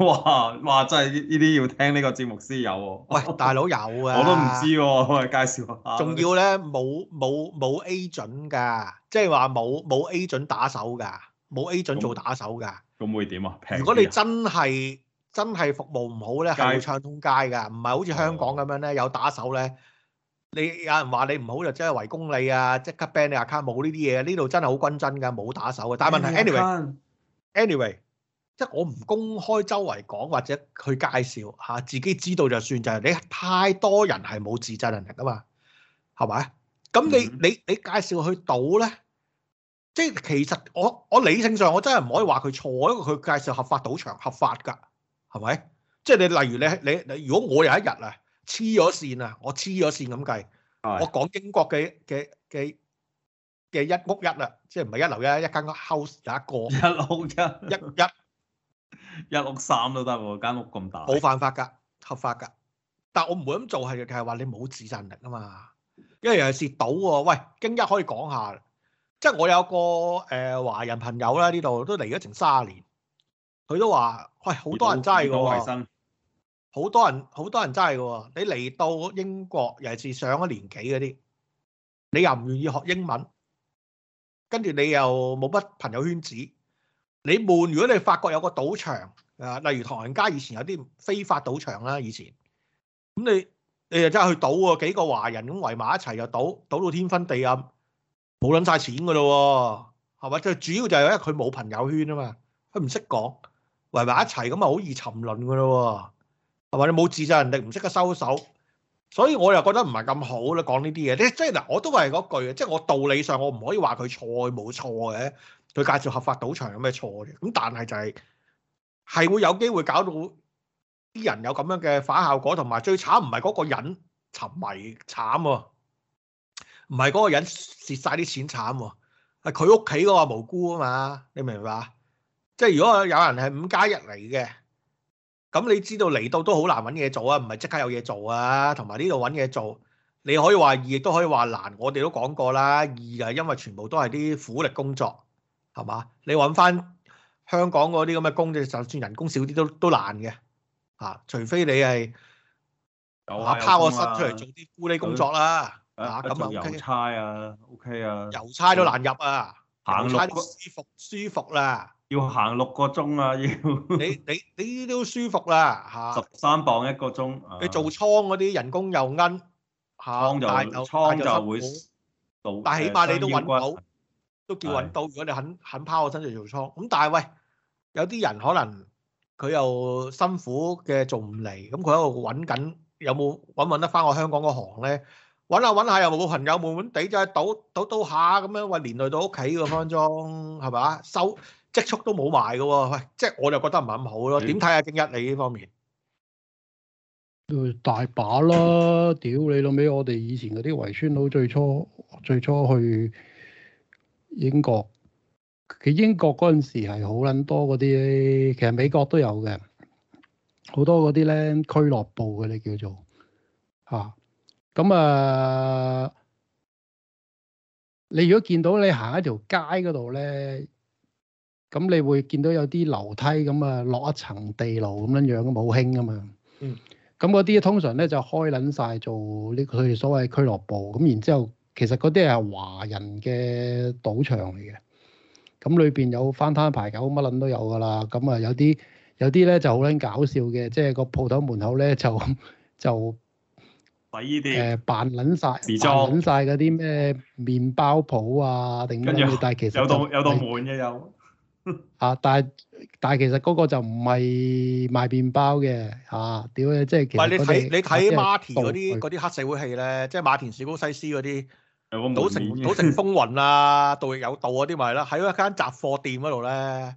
哇哇，真係呢啲要聽呢個節目先有喎、啊。 [LAUGHS] 喂，大佬有啊，我都唔知喎、啊，我、哎、介紹。仲要咧冇冇冇 A 準㗎，即係話冇冇 A 準打手㗎，冇 A 準做打手㗎。咁會點啊？啊如果你真係真係服務唔好咧，係要街唱通街㗎，唔係好似香港咁樣咧、哦、有打手咧。你有人話你唔好就即係圍攻你啊，即刻 ban 你 account 冇呢啲嘢。呢度真係好均真噶冇打手嘅。但係問題，anyway，anyway，即係我唔公開周圍講或者去介紹吓，自己知道就算。就係你太多人係冇自制能力噶嘛，係咪？咁你你你介紹去賭咧，即係其實我我理性上我真係唔可以話佢錯，因為佢介紹合法賭場合法噶係咪？即係你例如你你你如果我有一日啊。黐咗線啊！我黐咗線咁計，哎、我講英國嘅嘅嘅嘅一屋一啊，即係唔係一樓一，一間 house 有一個一屋，一，一一一屋三都得喎，間屋咁大，冇犯法㗎，合法㗎。但我唔會咁做係，係話你冇指責力啊嘛。因為尤其是賭喎、啊，喂，經一可以講下，即係我有個誒、呃、華人朋友啦，呢度都嚟咗成卅年，佢都話，喂、哎，好多人齋㗎喎。好多人，好多人真係噶、啊。你嚟到英國，尤其是上一年紀嗰啲，你又唔願意學英文，跟住你又冇乜朋友圈子，你悶。如果你發覺有個賭場，啊，例如唐人街以前有啲非法賭場啦、啊，以前咁你你又真係去賭喎、啊。幾個華人咁圍埋一齊又賭，賭到天昏地暗、啊，冇撚晒錢噶啦，係咪？即係主要就係因為佢冇朋友圈啊嘛，佢唔識講，圍埋一齊咁啊，好易沉淪噶啦喎。係咪你冇自責人哋唔識得收手？所以我又覺得唔係咁好咧，講呢啲嘢。你，你即係嗱，我都係嗰句嘅，即係我道理上我唔可以話佢錯冇錯嘅。佢介紹合法賭場有咩錯嘅？咁但係就係、係、係會有機會搞到啲人有咁樣嘅反效果，同埋最慘唔係嗰個人沉迷慘喎、啊，唔係嗰個人蝕晒啲錢慘喎、啊，係佢屋企嗰個無辜啊嘛？你明唔明白？即係如果有人係五加一嚟嘅。咁你知道嚟到都好難揾嘢做啊，唔係即刻有嘢做啊，同埋呢度揾嘢做，你可以話易，亦都可以話難。我哋都講過啦，易就係因為全部都係啲苦力工作，係嘛？你揾翻香港嗰啲咁嘅工，就算人工少啲都都難嘅嚇，除非你係、啊、拋個身出嚟做啲苦力工作啦。咁啊，郵、OK、差啊，OK 啊，郵差都難入啊，行舒服舒服啦。要行六個鐘啊！要你你你啲都舒服啦吓，十三磅一個鐘。你做倉嗰啲人工又奀，倉就倉就會，但係起碼你都搵到，都叫搵到。如果你肯肯拋我身上做倉，咁但係喂，有啲人可能佢又辛苦嘅做唔嚟，咁佢喺度搵緊有冇搵搵得翻我香港嗰行咧？搵下搵下又冇個朋友，悶悶地就賭賭賭下咁樣，喂連累到屋企個方莊係咪收。積蓄都冇賣嘅喎，喂、哎，即係我就覺得唔係咁好咯，哦。點睇下京一，你呢方面，嗯？大把啦，屌你老尾！我哋以前嗰啲圍村佬最初最初去英國，佢英國嗰陣時係好撚多嗰啲，其實美國都有嘅，好多嗰啲咧俱樂部嘅你叫做嚇。咁啊，啊，你如果見到你行一條街嗰度咧？咁你會見到有啲樓梯咁啊，落一層地牢咁樣樣，冇興噶嘛。嗯。咁嗰啲通常咧就開撚晒做呢佢哋所謂俱樂部，咁然之後其實嗰啲係華人嘅賭場嚟嘅。咁裏邊有翻攤牌九乜撚都有㗎啦。咁啊，有啲有啲咧就好撚搞笑嘅，即係個鋪頭門口咧就就擺啲誒扮撚晒，裝撚晒嗰啲咩麵包鋪啊，定跟住著但係其實、就是、有道有道門嘅有。啊！但係但係，其實嗰個就唔係賣麵包嘅嚇，點、啊、咧？即係唔係你睇你睇馬田嗰啲嗰啲黑社會戲咧？即係馬田士高西斯嗰啲賭城賭城風雲啊，盜亦有道嗰啲咪啦？喺一間雜貨店嗰度咧，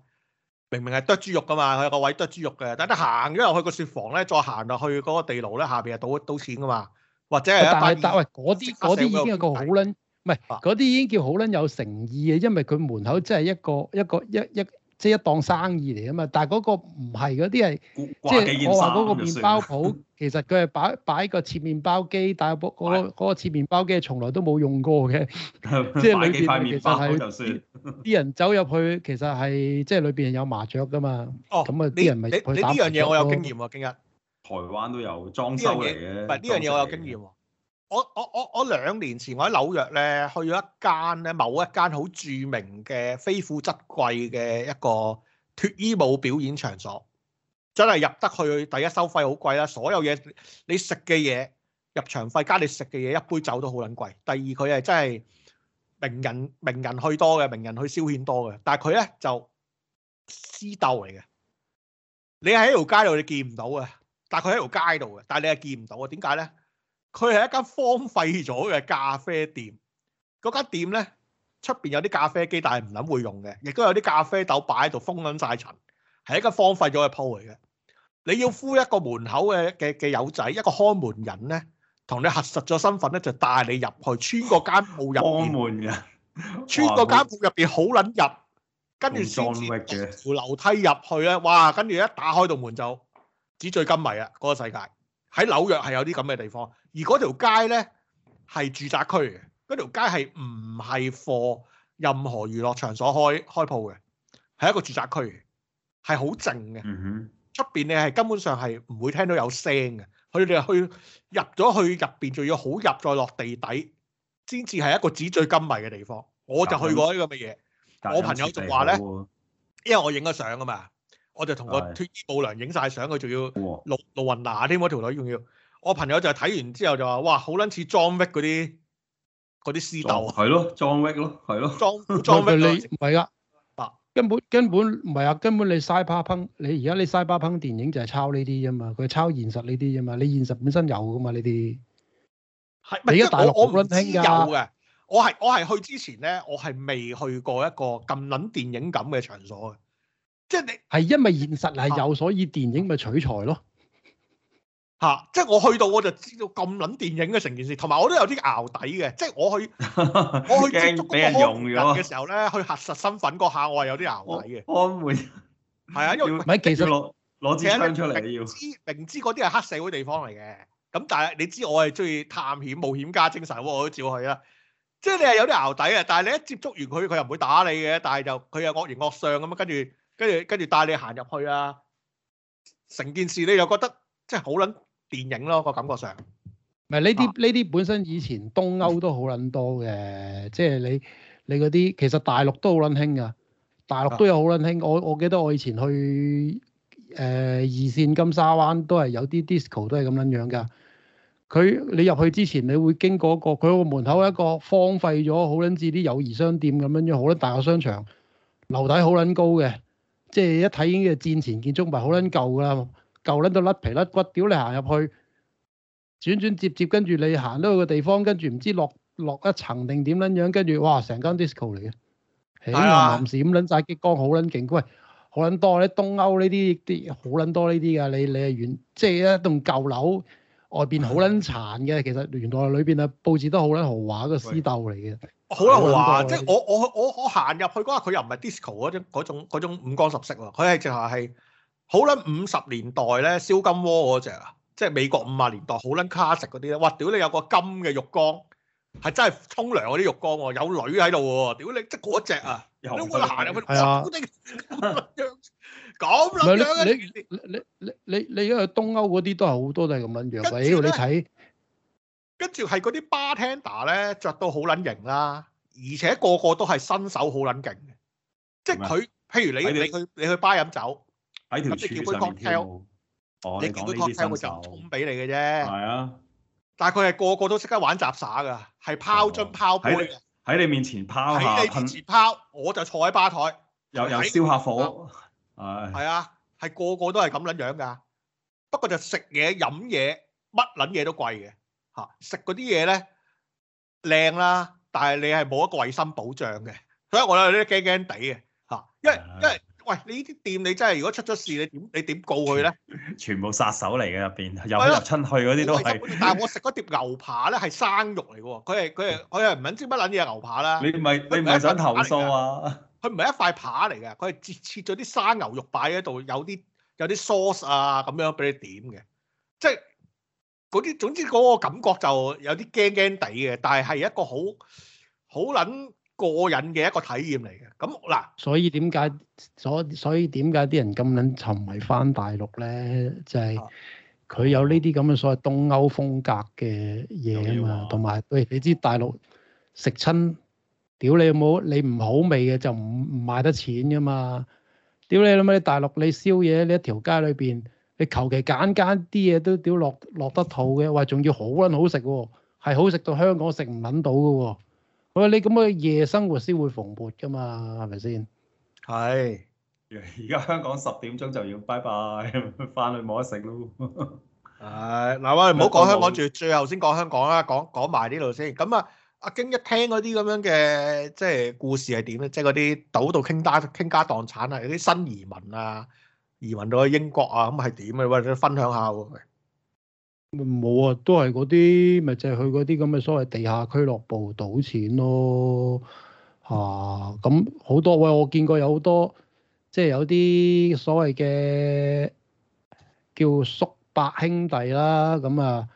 明明係剁豬肉噶嘛，佢有個位剁豬肉嘅，但佢行咗入去個雪房咧，再行落去嗰個地牢咧，下邊係賭賭錢噶嘛，或者係但係啲啲已經有個好啦。唔係嗰啲已經叫好啦，有誠意嘅，因為佢門口即係一個一個一一即係一檔生意嚟啊嘛。但係嗰個唔係嗰啲係，即係我話嗰個麵包鋪，其實佢係擺擺個切麵包機，但係嗰個切麵包機從來都冇用過嘅，即係裏邊。擺幾塊麵包就算。啲人走入去，其實係即係裏邊有麻雀噶嘛。哦，咁啊，啲人咪呢樣嘢我有經驗喎，今日台灣都有裝修嚟嘅，唔係呢樣嘢我有經驗。我我我我兩年前我喺紐約咧去咗一間咧某一間好著名嘅非富則貴嘅一個脱衣舞表演場所，真係入得去。第一收費好貴啦，所有嘢你食嘅嘢入場費加你食嘅嘢一杯酒都好撚貴。第二佢係真係名人，名人去多嘅，名人去消遣多嘅。但係佢咧就私鬥嚟嘅，你喺條街度你見唔到嘅，但係佢喺條街度嘅，但係你係見唔到嘅。點解咧？佢係一間荒廢咗嘅咖啡店，嗰間店咧出邊有啲咖啡機，但係唔諗會用嘅，亦都有啲咖啡豆擺喺度，封緊晒塵，係一間荒廢咗嘅鋪嚟嘅。你要呼一個門口嘅嘅嘅友仔，一個看門人咧，同你核實咗身份咧，就帶你入去，穿過間鋪入。看門人，穿過間鋪入邊好撚入，跟住上住扶扶樓梯入去咧，哇！跟住一打開道門就紙醉金迷啊，嗰、嗰個世界喺紐約係有啲咁嘅地方。而嗰條街咧係住宅區嘅，嗰條街係唔係貨任何娛樂場所開開鋪嘅，係一個住宅區，係好靜嘅。出邊咧係根本上係唔會聽到有聲嘅。佢哋去入咗去入邊，仲要好入再落地底，先至係一個紙醉金迷嘅地方。我就去過呢個乜嘢，有我朋友就話咧，因為我影咗相啊嘛，我就同個脫衣舞娘影晒相，佢仲要露露雲娜添，嗰條女仲要。我朋友就睇完之後就話：哇，好撚似 John Wick 嗰啲嗰啲私竇啊！係咯，John Wick 咯，係 [NOISE] 咯樂。John John Wick 你唔係啊！根本根本唔係啊！根本你 cyberpunk 你而家你 cyberpunk 電影就係抄呢啲啫嘛。佢係抄現實呢啲啫嘛。你現實本身有噶嘛？呢啲係而家大陸我唔知有嘅 [MUSIC] 我係我係去之前咧，我係未去過一個咁撚電影噉嘅場所嘅。即係你係因為現實係有，所以電影咪取材咯。啊！即係我去到我就知道咁撚電影嘅成件事，同埋我都有啲淆底嘅。即係我去 [LAUGHS] 我去接觸嗰個人嘅時候咧， [LAUGHS] 去核實身份嗰下，我係有啲淆底嘅。安門係啊，因為唔係技術攞攞支槍出嚟你要，明知明知嗰啲係黑社會地方嚟嘅。咁 [LAUGHS] 但係你知我係中意探險冒險家精神，我都照去啦。即係你係有啲淆底啊。但係你一,一接觸完佢，佢又唔會打你嘅。但係就佢又惡形惡相咁啊！跟住跟住跟住帶你行入去啊！成件事你又覺得，又覺得，又覺得即係好撚～電影咯，個感覺上，唔係呢啲呢啲本身以前東歐都好撚多嘅，即係 [LAUGHS] 你你嗰啲其實大陸都好撚興㗎，大陸都有好撚興。我我記得我以前去誒、呃、二線金沙灣都係有啲 disco 都係咁樣樣㗎。佢你入去之前，你會經過一個佢個門口一個荒廢咗好撚似啲友誼商店咁樣樣，好撚大個商場樓底好撚高嘅，即係一睇已經係戰前建築物，好撚舊㗎啦。舊撚到甩皮甩骨，屌你行入去，轉轉接接，跟住你行到去個地方，跟住唔知落落一層定點撚樣，跟住哇成間 disco 嚟嘅，起嚟閃撚晒激光，好撚勁，喂，好撚多咧，你東歐呢啲啲好撚多呢啲㗎，你你係原即係一棟舊樓外邊好撚殘嘅，的其實原來裏邊啊佈置得好撚豪華嘅私竇嚟嘅，好撚豪華，即係、就是、我我我我行入去嗰下佢又唔係 disco 嗰種嗰種五光十色喎，佢係直下係。好撚，五十年代咧，燒金窩嗰隻啊，即係美國五啊年代好撚 classic 嗰啲咧，哇！屌你有個金嘅浴缸，係真係沖涼嗰啲浴缸喎，有女喺度喎，屌你！即係嗰隻啊，你行入去，哇！咁樣樣嘅，你你你你你你去東歐嗰啲都係好多都係咁樣樣嘅。喂你睇，跟住係嗰啲 bartender 咧着到好撚型啦，而且個個都係身手好撚勁嘅，即係佢，譬如你你去你去 bar 飲酒。喺條柱你叫杯上面跳，哦、你講啲 cocktail 沖俾你嘅啫。係啊，但係佢係個個都識得玩雜耍㗎，係拋樽拋杯喺、哦、你，你面前拋面前拋，我就坐喺吧台，又又燒下火。係係在過、嗯、啊，係個個都係咁樣樣㗎。不過就食嘢飲嘢乜撚嘢都貴嘅嚇，食嗰啲嘢咧靚啦，但係你係冇一個衞生保障嘅，所以我都有啲驚驚地嘅嚇，因為因為。因為喂，你呢啲店你真係如果出咗事，你點你點告佢咧？全部殺手嚟嘅的入邊，又入親去嗰啲都係。但係我食嗰碟牛扒咧係生肉嚟嘅喎，佢係佢係佢係唔撚知乜撚嘢牛扒啦。你唔係你唔係想投訴啊？佢唔係一塊扒嚟嘅，佢係切切咗啲生牛肉擺喺度，有啲有啲 sauce 啊咁樣俾你點嘅，即係啲總之嗰個感覺就有啲驚驚地嘅，但係係一個好好撚。個人嘅一個體驗嚟嘅，咁嗱，所以點解所所以點解啲人咁撚沉迷返大陸咧？就係、是、佢有呢啲咁嘅所謂東歐風格嘅嘢啊嘛，同埋喂，你知大陸食親屌你有冇，你唔好味嘅就唔唔賣得錢噶嘛。屌你諗下，你大陸你宵夜呢一條街裏邊，你求其揀間啲嘢都屌落落得肚嘅，話仲要好撚好食喎、哦，係好食到香港食唔撚到噶喎。我話你咁嘅夜生活先會蓬勃噶嘛，係咪先？係是。而家香港十點鐘就要拜拜，翻 [LAUGHS] 去冇得食咯 [LAUGHS] 哎。係嗱，我哋唔好講香港住，沒最後先講香港啦，講講埋呢度先。咁啊，阿京一聽嗰啲咁樣嘅即係故事係點咧？即係嗰啲賭到傾家傾家蕩產啊，有啲新移民啊，移民到去英國啊，咁係點啊？或者分享下喎。冇啊，都係嗰啲，咪就去嗰啲咁嘅所謂地下俱樂部賭錢咯，吓，咁好多位我見過有好多，即係有啲所謂嘅叫叔伯兄弟啦，咁啊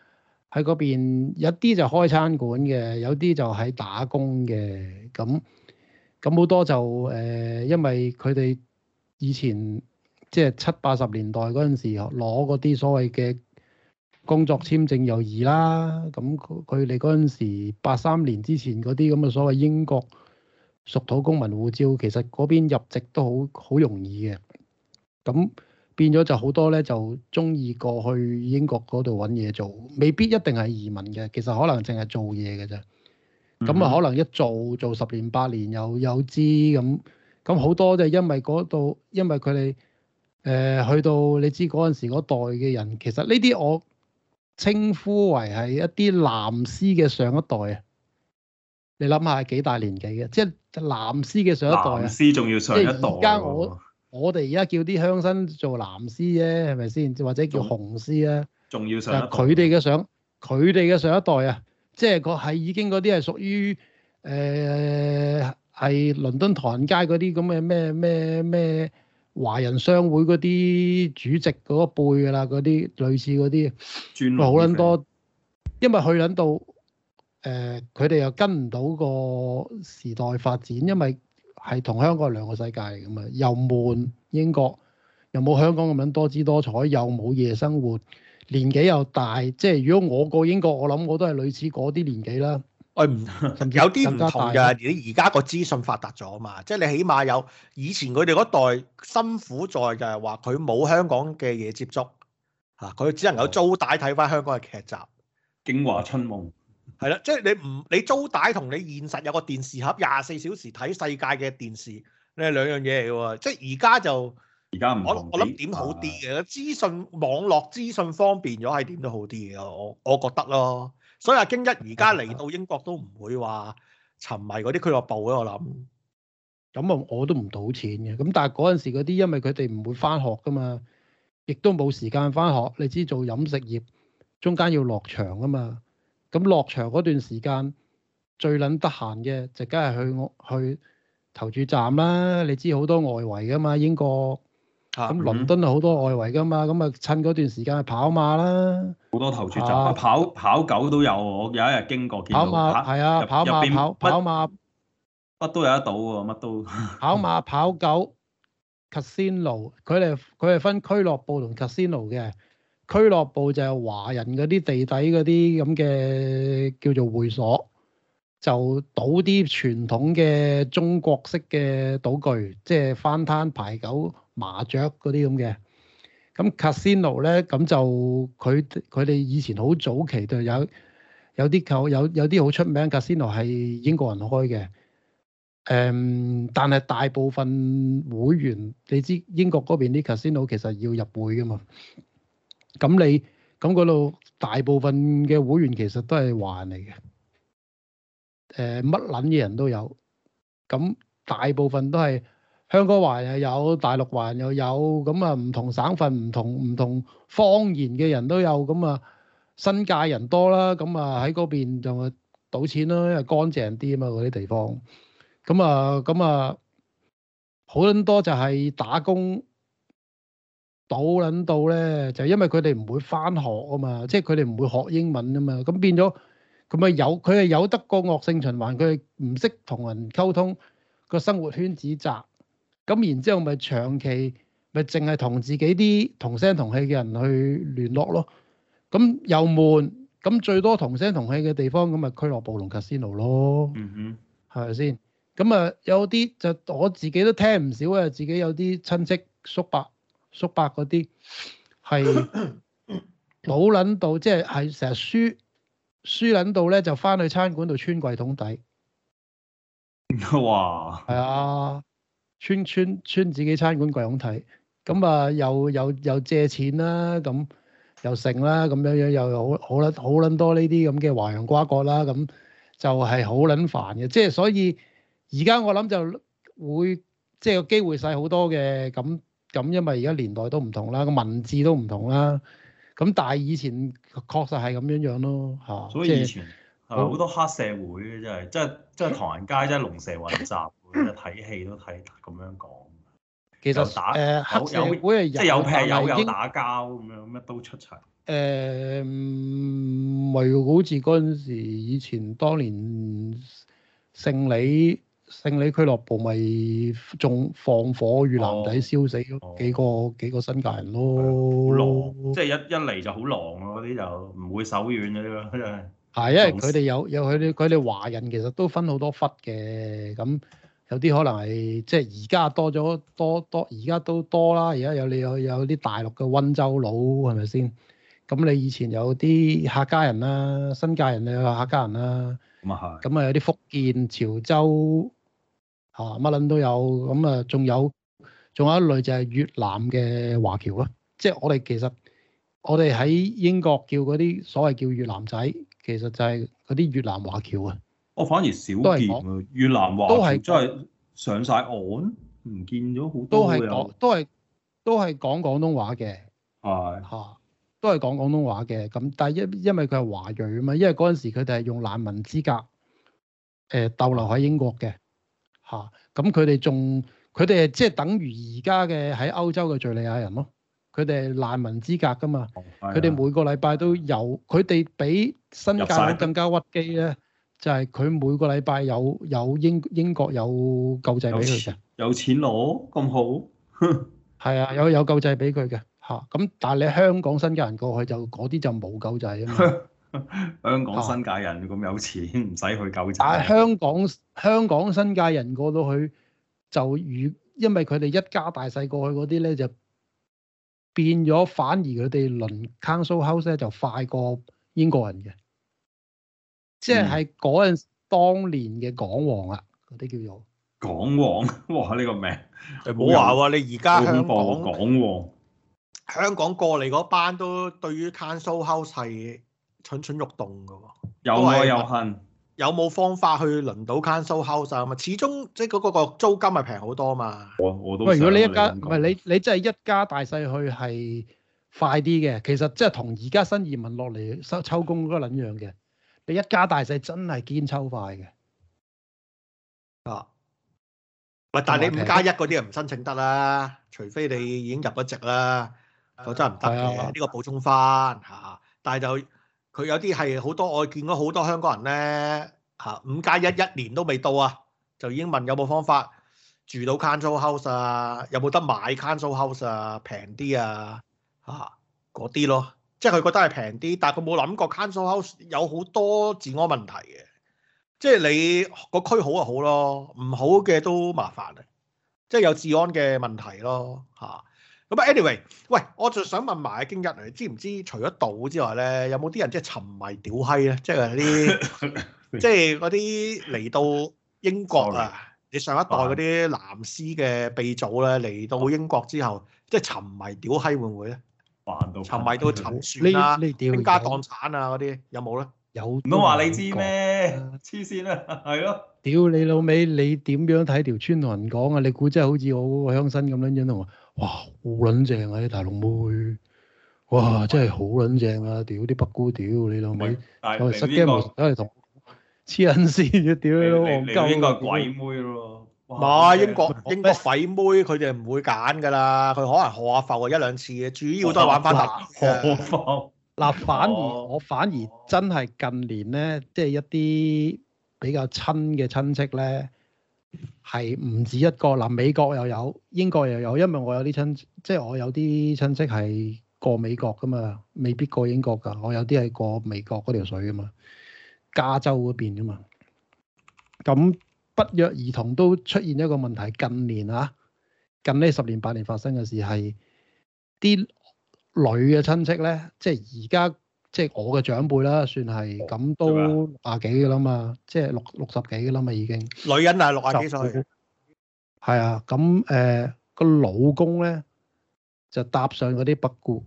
喺嗰邊，有啲就開餐館嘅，有啲就喺打工嘅，咁咁好多就誒，因為佢哋以前即係七八十年代嗰陣時攞嗰啲所謂嘅。工作簽證又易啦，咁佢哋嗰陣時八三年之前嗰啲咁嘅所謂英國屬土公民護照，其實嗰邊入籍都好好容易嘅。咁變咗就好多咧，就中意過去英國嗰度揾嘢做，未必一定係移民嘅。其實可能淨係做嘢嘅啫。咁啊，可能一做做十年八年又有知咁，咁好多，就係因為嗰度，因為佢哋誒去到你知嗰陣時嗰代嘅人，其實呢啲我。稱呼為係一啲藍絲嘅上一代啊！你諗下幾大年紀嘅，即係藍絲嘅上一代啊！藍絲仲要上一代。而家我我哋而家叫啲鄉紳做藍絲啫，係咪先？或者叫紅絲啊？仲要上一代。佢哋嘅上佢哋嘅上一代啊！即係個係已經嗰啲係屬於誒係、呃、倫敦唐人街嗰啲咁嘅咩咩咩。華人商會嗰啲主席嗰一輩㗎啦，嗰啲類似嗰啲，好撚多，因為去撚到誒，佢哋又跟唔到個時代發展，因為係同香港係兩個世界嚟㗎嘛，又悶英國又冇香港咁樣多姿多彩，又冇夜生活，年紀又大，即係如果我過英國，我諗我都係類似嗰啲年紀啦。我唔、哎、有啲唔同㗎，你而家個資訊發達咗嘛，即係你起碼有以前佢哋嗰代辛苦在就係話佢冇香港嘅嘢接觸，嚇佢只能夠租帶睇翻香港嘅劇集《京華、哦、春夢》。係啦，即係你唔你租帶同你現實有個電視盒廿四小時睇世界嘅電視，呢兩樣嘢嚟嘅喎。即係而家就而家唔我我諗點好啲嘅資訊網絡資訊方便咗係點都好啲嘅，我我覺得咯。所以阿京一而家嚟到英國都唔會話沉迷嗰啲俱樂部嘅，我諗、嗯。咁啊，我都唔賭錢嘅。咁但係嗰陣時嗰啲，因為佢哋唔會返學㗎嘛，亦都冇時間返學。你知做飲食業中間要落場㗎嘛？咁落場嗰段時間最撚得閒嘅就梗係去去投注站啦。你知好多外圍㗎嘛，英國。咁倫敦好多外圍㗎嘛，咁啊趁嗰段時間去跑馬啦，好多投注站，啊、跑跑狗都有，我有一日經過見到。跑馬係啊，跑馬跑跑馬，乜都有得賭喎，乜都。跑馬跑狗 casino，佢哋佢哋分俱樂部同 casino 嘅，俱樂部就係華人嗰啲地底嗰啲咁嘅叫做會所，就賭啲傳統嘅中國式嘅賭具，即係番攤牌九。麻雀嗰啲咁嘅，咁 casino 咧，咁就佢佢哋以前好早期就有有啲購有有啲好出名 casino 係英國人開嘅，誒、嗯，但係大部分會員你知英國嗰邊啲 casino 其實要入會㗎嘛，咁你咁嗰度大部分嘅會員其實都係華人嚟嘅，誒乜撚嘢人都有，咁大部分都係。香港環又有，大陸環又有，咁啊唔同省份、唔同唔同方言嘅人都有，咁啊新界人多啦，咁啊喺嗰邊就係賭錢啦，因為乾淨啲啊嘛嗰啲地方，咁啊咁啊，好撚多就係打工賭撚到咧，就因為佢哋唔會返學啊嘛，即係佢哋唔會學英文啊嘛，咁變咗佢咪有佢係有得個惡性循環，佢係唔識同人溝通，個生活圈子窄。咁然之後咪長期咪淨係同自己啲同聲同氣嘅人去聯絡咯，咁又悶，咁最多同聲同氣嘅地方咁咪俱樂部同 casino 咯，嗯哼，係咪先？咁啊有啲就我自己都聽唔少啊，自己有啲親戚叔伯叔伯嗰啲係老撚到 [LAUGHS] 即係係成日輸輸撚到咧就翻去餐館度穿櫃桶底，哇！係啊～村村村自己餐館櫃咁睇，咁啊又又又借錢啦，咁又剩啦，咁樣樣又好好撚好撚多呢啲咁嘅華人瓜葛啦，咁就係好撚煩嘅。即係所以而家我諗就會即係個機會細好多嘅。咁咁因為而家年代都唔同啦，個文字都唔同啦。咁但係以前確實係咁樣樣咯，嚇。所以以前好多黑社會嘅，真係真係真係唐人街，真係龍蛇混雜。睇戲都睇咁樣講，其實打黑社會，即有劈有有打交咁樣，乜都出齊。誒唔、呃、好似嗰陣時以前當年勝利勝利俱樂部咪仲放火，越南仔燒死幾個、哦哦、幾個新界人咯，嗯、狼，即係一一嚟就好狼，嗰啲就唔會手軟嘅，佢哋係因為佢哋有有佢哋，佢哋華人其實都分好多忽嘅咁。有啲可能係即係而家多咗多多，而家都多啦。而家有你有有啲大陸嘅溫州佬係咪先？咁你以前有啲客家人啦、啊，新界人你話客家人啦、啊，咁啊係，有啲福建潮州啊乜撚都有，咁啊仲有仲有一類就係越南嘅華僑咯、啊。即係我哋其實我哋喺英國叫嗰啲所謂叫越南仔，其實就係嗰啲越南華僑啊。我、哦、反而少見越南話都係真係上晒岸，唔是見咗好多都。都係講，都係都係講廣東話嘅。係嚇的，都係講廣東話嘅。咁但係因因為佢係華裔啊嘛，因為嗰陣時佢哋係用難民資格誒、呃、逗留喺英國嘅嚇。咁佢哋仲佢哋即係等於而家嘅喺歐洲嘅敍利亞人咯。佢哋係難民資格㗎嘛。佢哋的每個禮拜都有。佢哋比新加坡更加屈機咧。就係佢每個禮拜有有英英國有救濟俾佢嘅，有錢攞咁好，係 [LAUGHS] 啊有有救濟俾佢嘅嚇。咁、啊、但係你香港新界人過去就嗰啲就冇救濟啊嘛。香港新界人咁有錢唔使去救濟。但係香港香港新界人過到去，就如因為佢哋一家大細過去嗰啲咧，就變咗，反而佢哋輪 Council House 咧就快過英國人嘅。即係嗰陣當年嘅港王啊，嗰啲叫做港王。哇，呢、這個名冇話喎，你而家、啊、香港港香港過嚟嗰班都對於 council house 係蠢蠢欲動噶。有啊，有恨，有冇方法去輪到 council house 啊？嘛，始終即係嗰嗰個租金係平好多嘛。我我都如果你一家唔係你你真係一家大細去係快啲嘅，其實即係同而家新移民落嚟收抽工嗰個諗樣嘅。你一家大細真係堅抽快嘅啊！喂，但係你五加一嗰啲啊，唔申請得啦，除非你已經入咗籍啦，否、啊、真唔得嘅。呢、啊、個補充翻嚇，啊。但係就佢有啲係好多，我見到好多香港人咧嚇，五加一一年都未到啊，就已經問有冇方法住到 council house 啊，有冇得買 council house 啊，平啲啊嚇嗰啲咯。即係佢覺得係平啲，但係佢冇諗過 Council House 有好多治安問題嘅。即係你個區好啊好咯，唔好嘅都麻煩啊。即係有治安嘅問題咯嚇。咁啊，anyway，喂，我就想問埋阿京一你知唔知除咗賭之外咧，有冇啲人即係沉迷屌閪咧？即係啲 [LAUGHS] 即係嗰啲嚟到英國啊， [LAUGHS] 你上一代嗰啲藍絲嘅鼻祖咧嚟到英國之後，即係沉迷屌閪會唔會咧？沉迷到沉船啦，呢啲傾家蕩產啊嗰啲有冇咧？有唔好話你知咩？黐線啊，係咯？屌你老味，你點樣睇條村同人講啊？你估真係好似我嗰個鄉紳咁樣樣同我話？哇，好卵正啊啲大龍妹！哇，真係好卵正啊！屌啲北姑，屌你老味，我實驚唔得嚟同黐撚線嘅，屌你老戇鳩，應該係鬼妹咯。嗱哇英國，英國鬼妹佢哋唔會揀噶啦，佢可能賀下浮一兩次嘅，主要都係玩翻大。賀嗱、 [LAUGHS] 啊，反而我反而真係近年咧，即係一啲比較親嘅親戚咧，係唔止一個嗱、啊，美國又有，英國又有，因為我有啲親，即、就、係、是、我有啲親戚係過美國噶嘛，未必過英國噶，我有啲係過美國嗰條水噶嘛，加州嗰邊噶嘛，咁。不約而同都出現一個問題。近年啊，近呢十年八年發生嘅事係啲女嘅親戚咧，即係而家即係我嘅長輩啦，算係咁都廿幾嘅啦嘛，即係六六十幾嘅啦嘛已經。女人啊，六廿幾歲。係、呃、啊，咁誒個老公咧就搭上嗰啲北姑。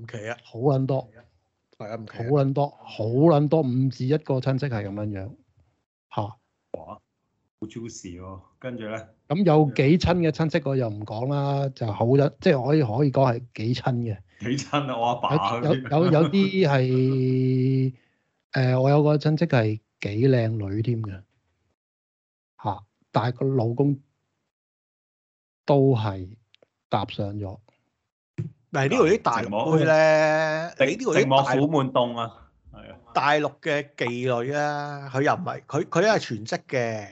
唔奇啊！好撚多，大家唔奇。好撚多，好撚多，五至一個親戚係咁樣樣。吓哇，啊、好 juicy 喎！跟住咧，咁有幾親嘅親戚我親親，我又唔講啦，就好一，即係可以可以講係幾親嘅。幾親啊！我阿爸有有有啲係誒，我有個親戚係幾靚女添嘅吓，但係個老公都係搭上咗。但係呢度啲大墓咧，呢啲大墓虎門洞啊。大陸嘅妓女啊，佢又唔係佢佢係全職嘅，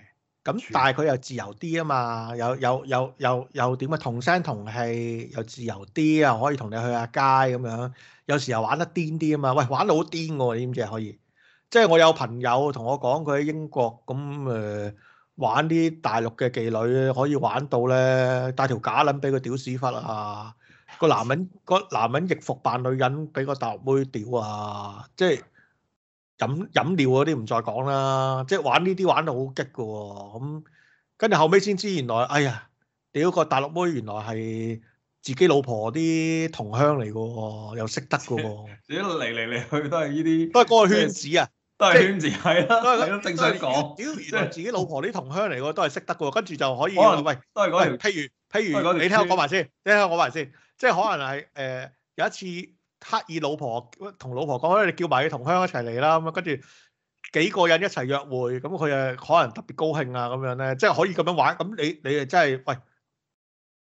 咁但係佢又自由啲啊嘛，又又又又又點啊？同聲同氣又自由啲啊，可以同你去下街咁樣，有時候玩得癲啲啊嘛，喂玩到好癲㗎喎，你知唔知？可以，即係我有朋友同我講，佢喺英國咁誒、嗯、玩啲大陸嘅妓女，可以玩到咧帶條假撚俾佢屌屎忽啊！個男人個男人逆服扮女人俾個大陸妹屌啊！即係。飲飲料嗰啲唔再講啦，即係玩呢啲玩到好激噶，咁跟住後尾先知原來，哎呀，屌個大陸妹原來係自己老婆啲同鄉嚟噶，又識得噶喎。即係嚟嚟嚟去都係呢啲，都係嗰個圈子啊，都係圈子係啦，都係咁正想講。屌原來自己老婆啲同鄉嚟噶，都係識得噶，跟住就可以。都係嗰條，譬如譬如你聽我講埋先，你聽我講埋先，即係可能係誒有一次。刻意老婆同老婆講你叫埋你同鄉一齊嚟啦。咁啊，跟住幾個人一齊約會，咁佢啊可能特別高興啊咁樣咧，即係可以咁樣玩。咁你你啊真係喂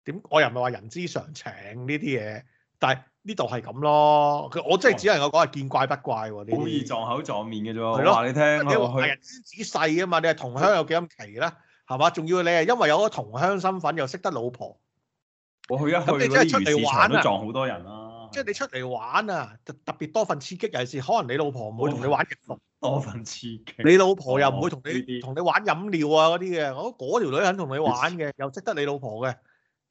點？我又唔係話人之常情呢啲嘢，但係呢度係咁咯。佢我真係只能夠講係見怪不怪喎。好易撞口撞面嘅啫。話咯你聽，佢佢人之子細啊嘛，去你係同鄉有幾咁奇啦，係嘛？仲要你係因為有個同鄉身份又識得老婆。我去一去嗰啲魚市場都撞好多人啦。即係你出嚟玩啊，特特別多份刺激，尤其是可能你老婆唔會同你玩，食多份刺激。分你老婆又唔會同你同你玩飲料啊嗰啲嘅，我嗰條女肯同你玩嘅，又識得你老婆嘅，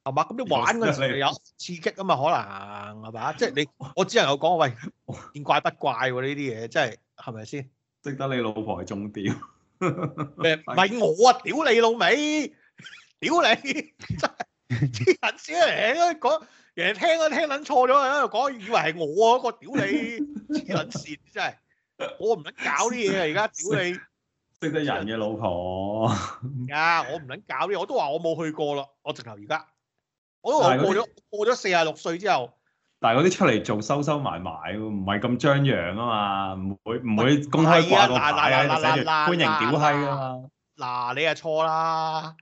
係嘛？咁你玩嗰陣時有刺激啊嘛？可能係嘛？即係你，我只能係講，喂，見怪不怪喎呢啲嘢，真係係咪先？識、就是、得你老婆係重點。咩？唔係我啊，屌你老味，屌你，真係啲人笑嚟講。人聽啊聽撚錯咗啊！喺度講以為係我啊，個屌你黐撚線，真係我唔撚搞啲嘢啊！而家屌你識得人嘅老婆啊！我唔撚搞啲，我都話我冇去過啦。我直頭而家我都話過咗過咗四十六歲之後，但係嗰啲出嚟做收收埋埋，唔係咁張揚啊嘛，唔會唔會公開掛個牌啊，寫住歡迎屌閪啊嘛。嗱，你係錯啦。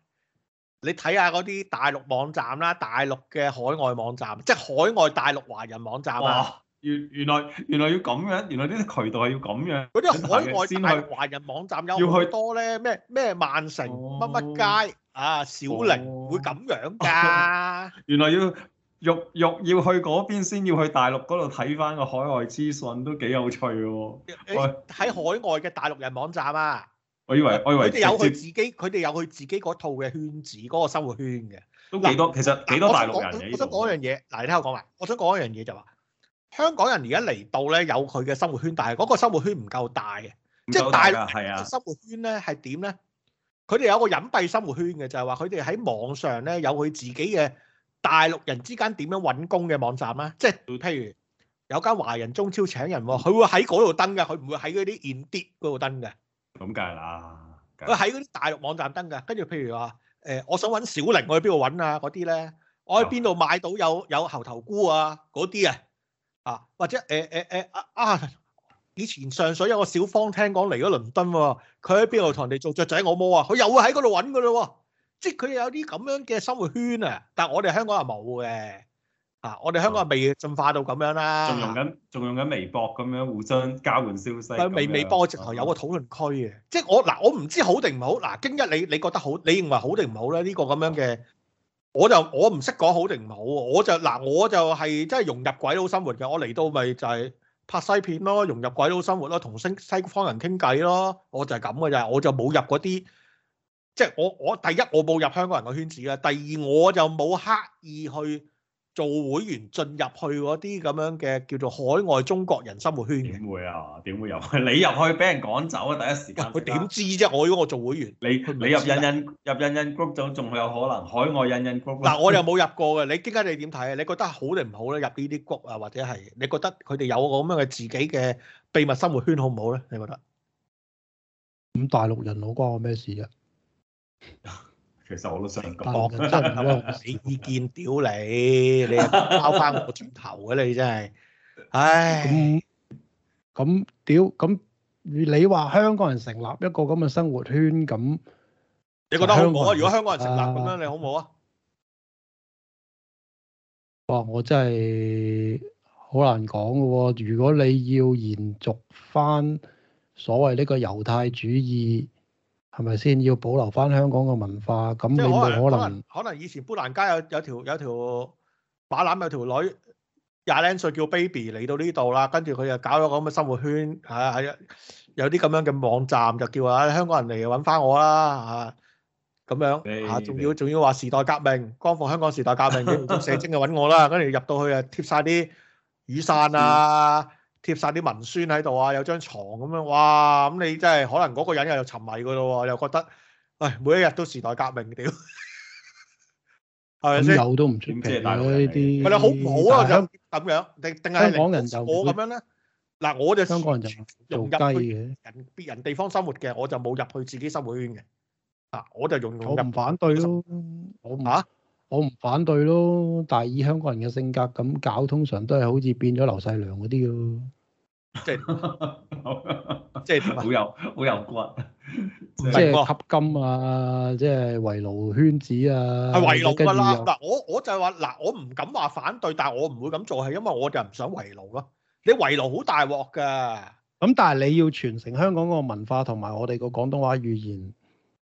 你睇下嗰啲大陸網站啦，大陸嘅海外網站，即係海外大陸華人網站啊！哇！原原來原來要咁樣，原來呢啲渠道係要咁樣。嗰啲海外大陸華人網站有多呢要去多咧，咩咩萬城乜乜街、哦、啊，小玲會咁樣㗎？原來要欲欲要、要、要、要去嗰邊，先要去大陸嗰度睇翻個海外資訊，都幾有趣喎、啊！喺、哎、海外嘅大陸人網站啊！我以為我以為佢哋有佢自己，佢哋接有佢自己嗰套嘅圈子，嗰、嗰個生活圈嘅，都幾多嘞其實幾嘞多大陸人，我想講一樣嘢，嗱你聽我講埋。我想講一樣嘢就話，話，話，香港人而家嚟到咧有佢嘅生活圈，但係嗰個生活圈唔夠大，嘅。即係大陸生活圈咧係點咧？佢哋、啊、有個隱蔽生活圈嘅，就係話佢哋喺網上咧有佢自己嘅大陸人之間點樣揾工嘅網站啦，即係譬如有間華人中超請人喎，佢會喺嗰度登嘅，佢唔會喺嗰啲 Indeed 嗰度登嘅。咁梗係啦，佢喺啲大陸網站登㗎，跟住譬如話，誒、呃，我想揾小玲，我去邊度揾啊？嗰啲咧，我喺邊度買到有有猴頭菇啊？嗰啲啊，啊，或者誒誒誒啊，以前上水有個小芳聽講嚟咗倫敦喎、啊，佢喺邊度同人哋做雀仔我摸啊，佢又會喺嗰度揾㗎咯喎，即係佢有啲咁樣嘅生活圈啊，但係我哋香港人冇嘅。啊！我哋香港未進化到咁樣啦、啊，仲用緊仲用緊微博咁樣互相交換消息、啊，微微博直頭有個討論區嘅，啊、即係我嗱我唔知好定唔好嗱。啊、京一你你覺得好，你認為好定唔好咧？呢、呢個咁樣嘅，我就我唔識講好定唔好我就嗱、啊、我就係真係融入鬼佬生活嘅，我嚟到咪就係拍西片咯，融入鬼佬生活咯，同西西方人傾偈咯，我就係咁嘅咋，我就冇入嗰啲，即係我我第一我冇入香港人嘅圈子啦，第二我就冇刻意去。做會員進入去嗰啲咁樣嘅叫做海外中國人生活圈，點會啊？點會入去？你入去俾人趕走啊！第一時間佢點知啫？我如果我做會員，你你入印印入印印 group 就仲有可能海外印印 group。嗱，我又冇入過嘅，你依家你點睇啊？你覺得好定唔好咧？入呢啲 group 啊，或者係你覺得佢哋有個咁樣嘅自己嘅秘密生活圈好唔好咧？你覺得？咁大陸人好關我咩事啊？其實我都想講，講真，咁 [LAUGHS] 你意見屌 [LAUGHS] 你、啊，你包翻我轉頭嘅你真係，唉，咁屌咁，你話香港人成立一個咁嘅生活圈咁，香港你覺得好唔好啊？如果香港人成立咁樣，你好唔好啊？哇、呃，我真係好難講嘅喎。如果你要延續翻所謂呢個猶太主義。係咪先要保留翻香港嘅文化？咁你冇可，可能。可能以前砵蘭街有有條有條把攬有條女廿零歲叫 baby 嚟到呢度啦，跟住佢又搞咗個咁嘅生活圈，係、啊、係有啲咁樣嘅網站就叫啊香港人嚟揾翻我啦嚇，咁、啊、樣嚇，仲、啊、要仲要話時代革命，光復香港時代革命嘅射精 [LAUGHS] 就揾我啦，跟住入到去啊貼晒啲雨傘啊～、嗯貼晒啲文宣喺度啊！有張床咁樣，哇！咁你真係可能嗰個人又沉迷㗎咯喎，又覺得喂，每一日都時代革命嘅屌，係咪先？有都唔出奇。點知大嗰啲？唔係你好唔好啊？是就咁樣定定係香港人就我咁樣咧？嗱，我就香港人就,就融入嘅人，別人地方生活嘅，我就冇入去自己生活圈嘅。啊，我就融入。我唔反對咯。我唔不啊。我唔反對咯，但係以香港人嘅性格咁搞，通常都係好似變咗劉世良嗰啲咯， [LAUGHS] 即係即係好有好有骨，即係吸金啊，即係圍爐圈子啊，係圍爐㗎啦嗱。我我就係話嗱，我唔敢話反對，但係我唔會咁做，係因為我就唔想圍爐咯。你圍爐好大鑊㗎。咁但係你要傳承香港嗰個文化同埋我哋個廣東話語言，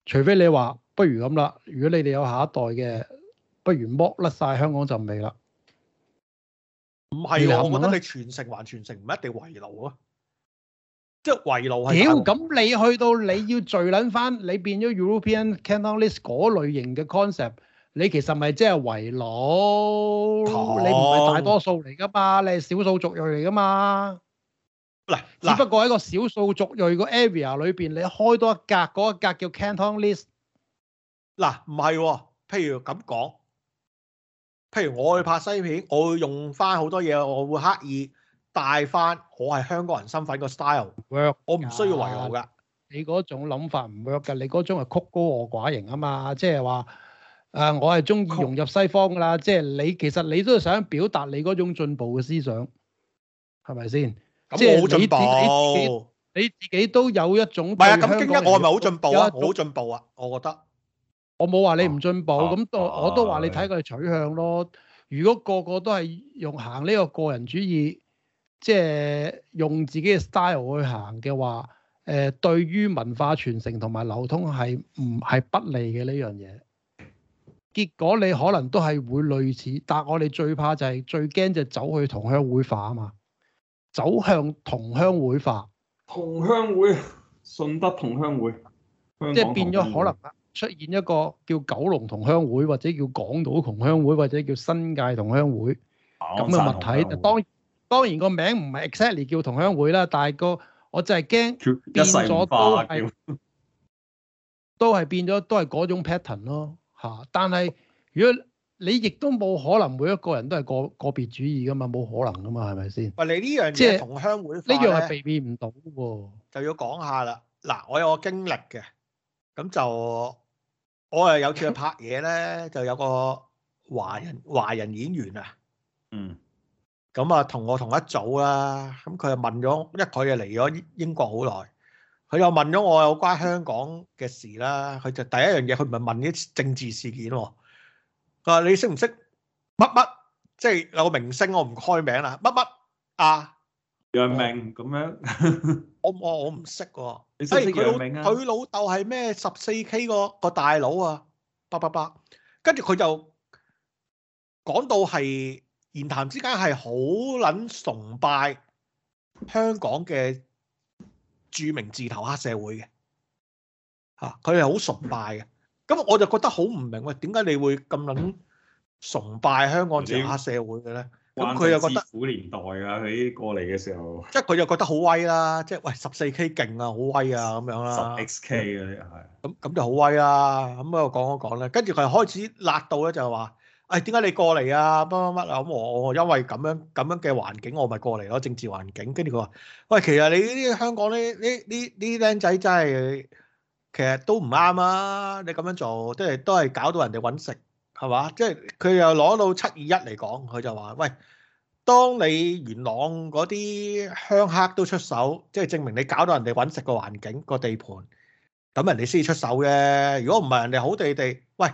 除非你話不如咁啦。如果你哋有下一代嘅。不如剝甩晒香港就味啦！唔係咧，我覺得你全城還全城，唔一定遺留啊。即係遺留係。屌，咁你去到你要聚撚翻，你變咗 European Cantonese 嗰類型嘅 concept，你其實咪即係遺留？嗯、你唔係大多數嚟噶嘛，你係少數族裔嚟噶嘛？嗱，只不過喺個少數族裔個 area 裏邊，你開多一格，嗰一格叫 Cantonese。嗱，唔係喎，譬如咁講。譬如我去拍西片，我會用翻好多嘢，我會刻意帶翻我係香港人身份個 style。我唔需要遺憾㗎。你嗰種諗法唔 work 㗎。你嗰種係曲高和寡型啊嘛。即係話，誒、呃、我係中意融入西方㗎啦。曲即係你其實你都想表達你嗰種進步嘅思想，係咪先？咁、嗯、我好進步你。你自己都有一種是。係啊，咁京一我係咪好進步啊？好進步啊！我覺得。我冇話你唔進步，咁我我都話你睇佢取向咯。如果個個都係用行呢個個人主義，即係用自己嘅 style 去行嘅話，誒，對於文化傳承同埋流通係唔係不利嘅呢樣嘢。結果你可能都係會類似，但我哋最怕就係最驚就走去同鄉會化啊嘛，走向同鄉會化。同鄉會，順德同鄉會，香港同鄉會。即係變咗可能。出現一個叫九龍同鄉會，或者叫港島同鄉會，或者叫新界同鄉會咁嘅物體。當當然個名唔係 exactly 叫同鄉會啦，但係個我就係驚變咗都係都變咗都係嗰種 pattern 咯嚇。但係如果你亦都冇可能每一個人都係個個別主義㗎嘛，冇可能㗎嘛，係咪先？喂，你呢樣嘢同鄉會呢樣係避免唔到喎，就要講下啦。嗱，我有個經歷嘅，咁就。我又有次去拍嘢咧，就有個華人華人演員啊，嗯、啊，咁啊同我同一組啦、啊，咁、啊、佢就問咗，因為佢又嚟咗英國好耐，佢又問咗我有關香港嘅事啦、啊，佢就第一樣嘢，佢唔係問啲政治事件、啊、佢、啊、話你識唔識乜乜，即係有個明星，我唔開名啦，乜乜啊？楊明咁樣，我我我唔識喎。誒，佢老佢老竇係咩十四 K 個個大佬啊，八八八。跟住佢就講到係言談之間係好撚崇拜香港嘅著名字頭黑社會嘅，嚇佢係好崇拜嘅。咁我就覺得好唔明喂，點解你會咁撚崇拜香港字頭黑社會嘅咧？咁佢又覺得苦年代啊，佢啲過嚟嘅時候，即係佢又覺得好威啦，即係喂十四 K 勁啊，好威啊咁樣啦、啊。十 XK 嗰啲係咁咁就好威啦、啊。咁啊講一講咧，跟住佢開始辣到咧就話：，誒點解你過嚟啊？乜乜乜啊？咁、嗯、我因為咁樣咁樣嘅環境，我咪過嚟咯、啊。政治環境。跟住佢話：，喂，其實你呢啲香港呢呢呢呢僆仔真係，其實都唔啱啊！你咁樣做，即係都係搞到人哋揾食。係嘛？即係佢又攞到七二一嚟講，佢就話：，喂，當你元朗嗰啲鄉黑都出手，即係證明你搞到人哋揾食個環境、個地盤，咁人哋先至出手啫。如果唔係人哋好地地，喂，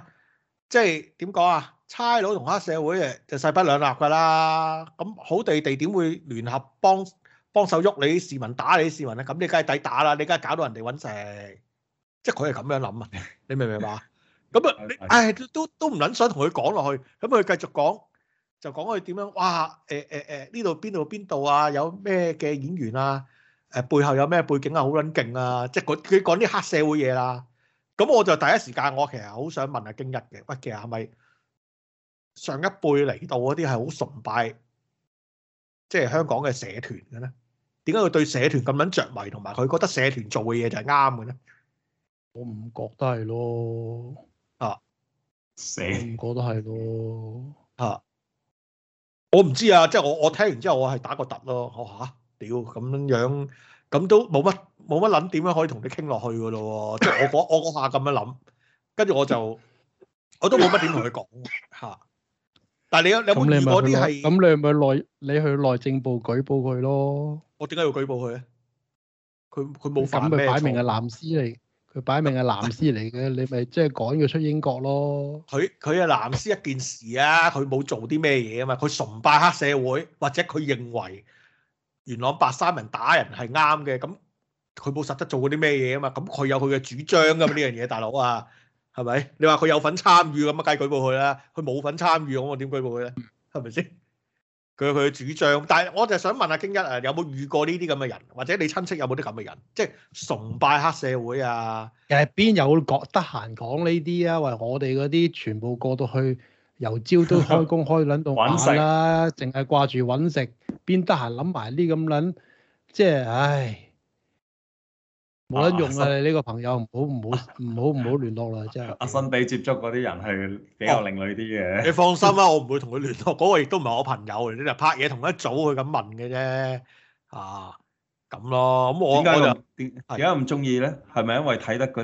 即係點講啊？差佬同黑社會就勢不兩立噶啦。咁好地地點會聯合幫幫手喐你啲市民打你啲市民呢？咁你梗係抵打啦！你梗係搞到人哋揾食，即係佢係咁樣諗啊！你明唔明白？ [LAUGHS] 咁啊，你唉都都都唔捻想同佢講落去，咁佢繼續講就講佢點樣哇？誒誒誒，呢度邊度邊度啊？有咩嘅演員啊？誒背後有咩背景啊？好捻勁啊！即係講佢講啲黑社會嘢啦。咁我就第一時間，我其實好想問阿京一嘅，喂，其實係咪上一輩嚟到嗰啲係好崇拜，即係香港嘅社團嘅咧？點解佢對社團咁捻着迷，同埋佢覺得社團做嘅嘢就係啱嘅咧？我唔覺得係咯。成個都係咯，吓我唔、 [LAUGHS] 啊、知啊，即係我我聽完之後我係打個突咯、啊啊啊，我吓屌咁樣，咁都冇乜冇乜諗點樣可以同你傾落去噶咯，即係我我嗰下咁樣諗，跟住我就我都冇乜點同佢講吓。但係你，你，你有，有你有冇嗰啲係？咁你咪內你去內政部舉報佢咯。我點解要舉報佢咧？佢佢冇咁咪擺明係藍絲嚟。佢擺明係藍絲嚟嘅，你咪即係趕佢出英國咯。佢佢係藍絲一件事啊，佢冇做啲咩嘢啊嘛，佢崇拜黑社會或者佢認為元朗白衫人打人係啱嘅，咁佢冇實質做過啲咩嘢啊嘛，咁佢有佢嘅主張㗎嘛。呢樣嘢，大佬啊，係咪？你話佢有份參與咁啊，梗係舉報佢啦。佢冇份參與咁，我點舉報佢咧？係咪先？佢佢嘅主張，但係我就想問阿京一，下京一啊，有冇遇過呢啲咁嘅人，或者你親戚有冇啲咁嘅人，即係崇拜黑社會啊？邊有講得閒講呢啲啊？喂，我哋嗰啲全部過到去，由朝都開工開撚到晚啦，淨係 [LAUGHS] 吃掛住揾食，邊得閒諗埋呢咁撚？即係唉。冇得用啊！呢個朋友，唔好唔好唔好唔好聯絡啦，真係。阿幸比接觸嗰啲人係比較另類啲嘅。你放心啦，我唔會同佢聯絡。嗰個亦都唔係我朋友，你就拍嘢同一組，佢咁問嘅啫。嚇，咁咯。咁我點解就點解咁中意咧？係咪因為睇得嗰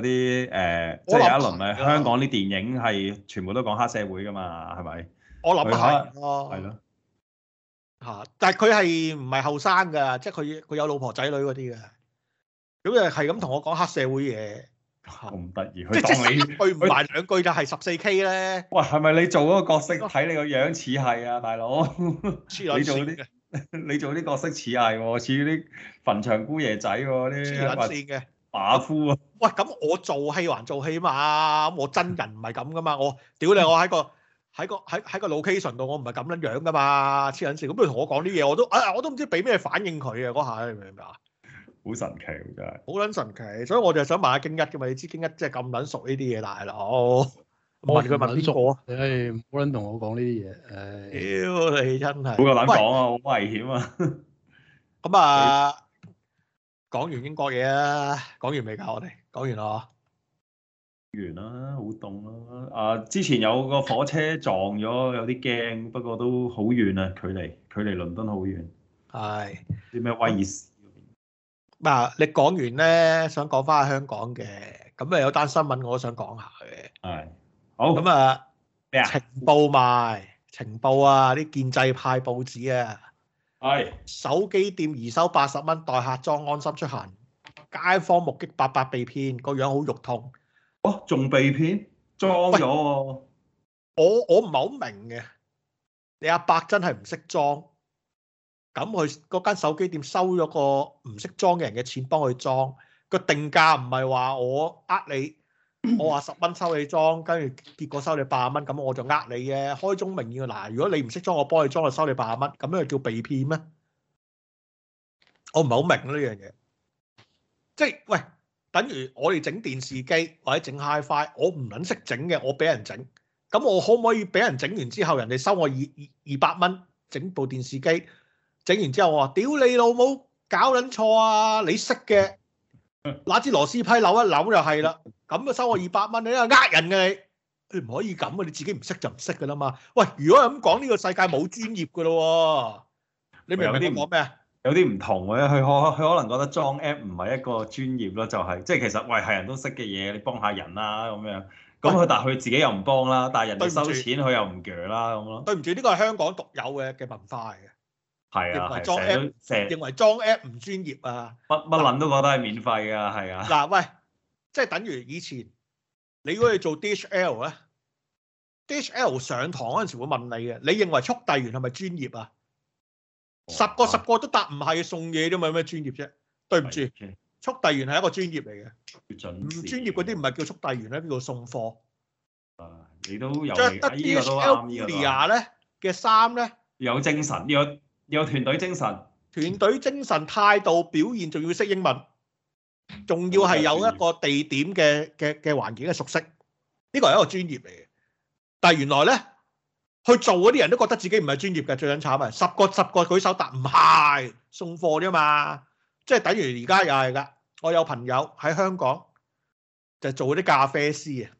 啲誒？即係有一輪係香港啲電影係全部都講黑社會噶嘛？係咪？我諗下，係咯。嚇！但係佢係唔係後生㗎？即係佢佢有老婆仔女嗰啲嘅。咁又係咁同我講黑社會嘢，咁得意，佢同你對唔埋兩句就係十四 K 咧。喂，係咪你做嗰個角色？睇你個樣似係啊，大佬？黐捻線嘅。你做啲角色似係喎，似啲墳場姑爺仔喎，黐捻線嘅。馬夫。啊！喂，咁我做戲還做戲嘛？我真人唔係咁噶嘛？我屌你，我喺個喺個喺喺個個個 location 度，我唔係咁樣樣噶嘛？黐捻線。咁不如同我講啲嘢，我都我都哎，我都唔知俾咩反應佢啊！嗰下你明唔明啊？好神奇，真係好撚神奇，所以我就係想問下京一嘅嘛，你知京一即係咁撚熟呢啲嘢大佬，問佢問熟啊！唉，冇撚同我講呢啲嘢，唉，屌你真係好夠膽講啊，好危險啊！咁啊，講完英國嘢啊，講完未㗎？我哋講完啦，完啦，好凍啊！啊，之前有個火車撞咗，有啲驚，不過都好遠啊，距離距離倫敦好遠，係啲咩威爾？嗱，你講完咧，想講翻香港嘅。咁啊有單新聞我都想講下嘅。係，好。咁啊那，麼情報賣》情報啊，啲建制派報紙啊。係是。手機店疑收八十蚊代客裝安心出行，街坊目擊伯伯被騙，個樣好肉痛。哦，仲被騙？裝咗、啊、我我唔係好明嘅，你阿伯真係唔識裝。咁佢嗰間手機店收咗個唔識裝嘅人嘅錢，幫佢裝，個定價唔係話我呃你，我話十蚊收你裝，跟住結果收你八十蚊，咁我就呃你嘅開宗明義嘅嗱。如果你唔識裝，我幫你裝就收你八十蚊，咁又叫被騙咩？我唔係好明呢樣嘢，即係喂，等於我哋整電視機或者整 Hi-Fi，我唔撚識整嘅，我俾人整咁，我可唔可以俾人整完之後，人哋收我二二二百蚊整部電視機？整完之後我，我話：屌你老母，搞撚錯啊！你識嘅，攞支螺絲批扭一扭就係啦。咁啊收我二百蚊你啊，呃人嘅你，你唔可以咁啊，你自己唔識就唔識嘅啦嘛。喂，如果係咁講，呢、這個世界冇專業嘅咯喎。你明唔明，有啲講咩啊？有啲唔同嘅，佢可佢可能覺得裝 app 唔係一個專業咯，就係、是、即係其實喂係人都識嘅嘢，你幫下人啦、啊、咁樣。咁佢但係佢自己又唔幫啦，但係人哋收錢佢又唔鋸啦咁咯。對唔住，呢、這個係香港獨有嘅嘅文化嘅。係啊，裝認為裝 app 認為裝 app 唔專業啊，乜乜諗都覺得係免費噶，係啊。嗱，喂，即、就、係、是、等於以前你如果做 DHL 咧，DHL 上堂嗰陣時會問你嘅，你認為速遞員係咪專業啊？十個十個都答唔係送嘢啫嘛，咩專業啫、啊？對唔住，速遞員係一個專業嚟嘅，唔專業嗰啲唔係叫速遞員咧、啊，叫做送貨、啊？你都有 DHL 嚟，呢、這個都呢要有精神，有團隊精神、團隊精神態度表現，仲要識英文，仲要係有一個地點嘅嘅嘅環境嘅熟悉，呢個係一個專業嚟嘅。但係原來咧，去做嗰啲人都覺得自己唔係專業嘅，最撚慘係十個十個舉手答唔係送貨啫嘛，即係等於而家又係㗎。我有朋友喺香港就做嗰啲咖啡師啊，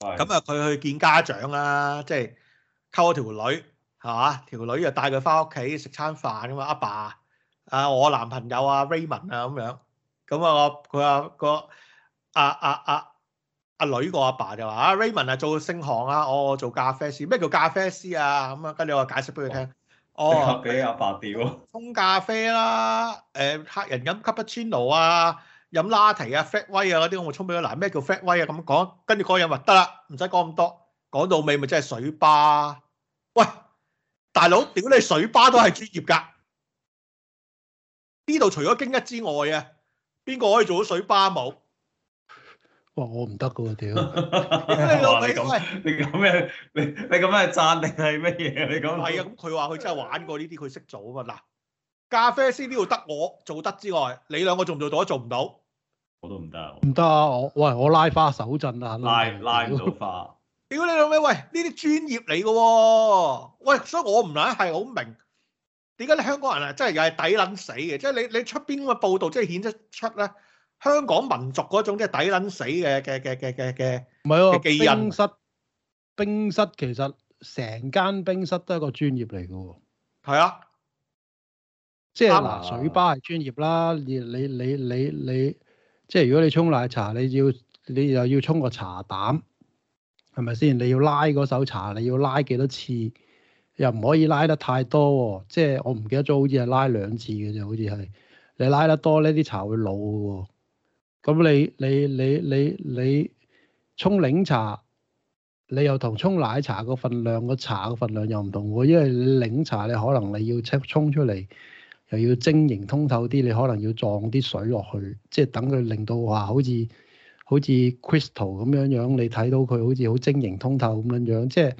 咁啊佢去見家長啦，即係溝咗條女。係嘛？條女又帶佢翻屋企食餐飯咁啊！阿爸啊，我男朋友啊 Raymond 啊咁樣咁啊，佢啊個阿阿阿阿女個阿爸，爸就話啊 Raymond 啊做星行啊，我做、嗯、做咖啡師。咩叫咖啡師啊？咁啊，跟住我解釋俾佢聽。哦，俾阿爸屌。沖咖啡啦，誒、呃、客人飲 cappuccino 啊，飲 latte 啊，fat 威啊嗰啲我咪沖俾佢。嗱，咩叫 fat 威啊？咁講、啊，跟住講嘢咪得啦，唔使講咁多，講到尾咪真係水巴。喂！大佬，屌你水吧都係專業㗎！呢度除咗京一之外啊，邊個可以做到水吧冇？哇！我唔得嘅喎，屌 [LAUGHS] ！你老味，你講咩？你你咁樣係贊定係咩嘢？你講係啊！咁佢話佢真係玩過呢啲，佢識做啊嘛！嗱，咖啡師呢度得我做得之外，你兩個做唔做到都做唔到，我都唔得，唔得啊！我，啊我喂，我拉花手震啊，拉拉唔到花。屌你老味！喂，呢啲專業嚟嘅喎，喂，所以我唔係係好明點解你香港人係真係又係抵撚死嘅？即係你你出邊個報導即係顯得出咧香港民族嗰種啲係抵撚死嘅嘅嘅嘅嘅嘅，唔係啊！冰室，冰室，冰室其實成間冰室都係個專業嚟嘅喎。係啊，即係嗱，啊、水吧係專業啦，你你你你你，你，你，即係如果你沖奶茶，你要你又要，要，要，要，要沖個茶膽。係咪先？你要拉嗰手茶，你要拉幾多次？又唔可以拉得太多喎、哦。即係我唔記得咗，好似係拉兩次嘅啫。好似係你拉得多呢啲茶會老喎、哦。咁你你你你你，你沖檸茶，你又同沖奶茶個份量個茶個份量又唔同喎。因為檸茶你可能你要即沖出嚟，又要晶瑩通透啲，你可能要撞啲水落去，即係等佢令到話好似。好似 crystal 咁樣樣，你睇到佢好似好晶瑩通透咁樣樣，即係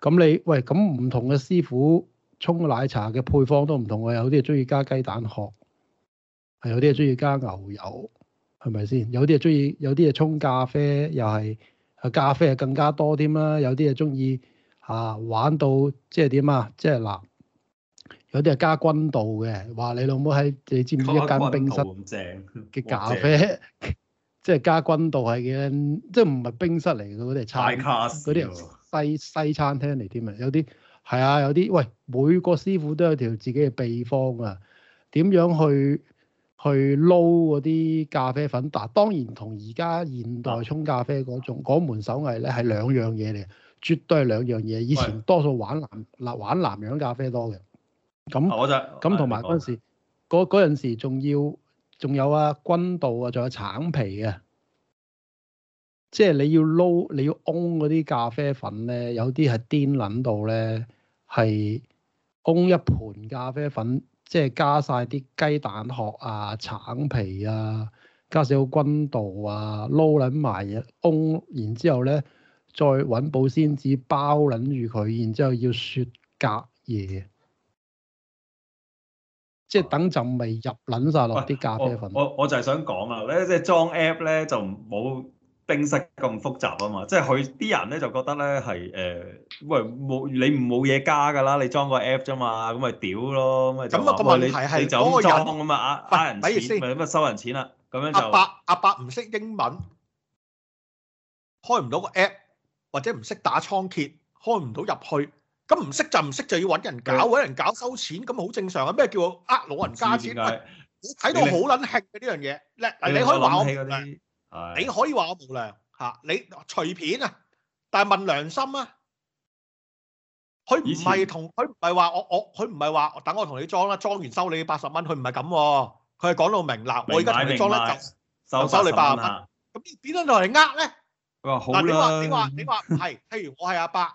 咁你喂，咁唔同嘅師傅沖奶茶嘅配方都唔同喎，有啲係中意加雞蛋殼，係有啲係中意加牛油，係咪先？有啲係中意，有啲係沖咖啡，又係啊咖啡啊更加多添啦，有啲啊中意啊玩到即係點啊，即係嗱，有啲係加君度嘅，話你老母喺你知唔知一間冰室嘅咖啡？即係加軍度係嘅，即係唔係冰室嚟嘅，嗰啲係西西餐廳嚟添啊！有啲係啊，有啲喂，每個師傅都有條自己嘅秘方啊，點樣去去撈嗰啲咖啡粉？但、啊、當然同而家現代沖咖啡嗰種嗰、啊、門手藝咧係兩樣嘢嚟，絕對係兩樣嘢。以前多數玩南喂玩南洋咖啡多嘅，咁咁同埋嗰陣時，嗰陣時仲要。仲有啊，君度啊，仲有橙皮啊，即係你要撈你要烘嗰啲咖啡粉咧，有啲係癲撚到咧，係烘一盤咖啡粉，即係加晒啲雞蛋殼啊、橙皮啊，加少個君度啊，撈撚埋啊，烘，然之後咧再揾保鮮紙包撚住佢，然之後要雪隔夜。即係等陣味入撚晒落啲咖啡粉。啊、我我就係想講啊，咧即係裝 app 咧就冇冰室咁複雜啊嘛，即係佢啲人咧就覺得咧係誒，喂冇你唔冇嘢加㗎啦，你裝個 app 咋嘛，咁咪屌咯，咁咪就話你你走裝咁啊啊，收人錢咪咁啊收人錢啦，咁樣就阿、啊、伯阿、啊、伯唔識英文，開唔到個 app 或者唔識打倉頡，開唔到入去。咁唔識就唔識，就要揾人搞，揾人搞收錢，咁好正常啊！咩叫呃老人家錢？我睇到好撚吃嘅呢樣嘢。嗱，你可以話我無良，你可以話我無良嚇，你隨便啊！但係問良心啊，佢唔係同佢唔係話我我，佢唔係話等我同你裝啦，裝完收你八十蚊，佢唔係咁，佢係講到明嗱，我而家同你裝啦，就收你八十蚊，咁點樣就嚟呃咧？佢話好嗱，你話你話你話唔係，譬如我係阿伯。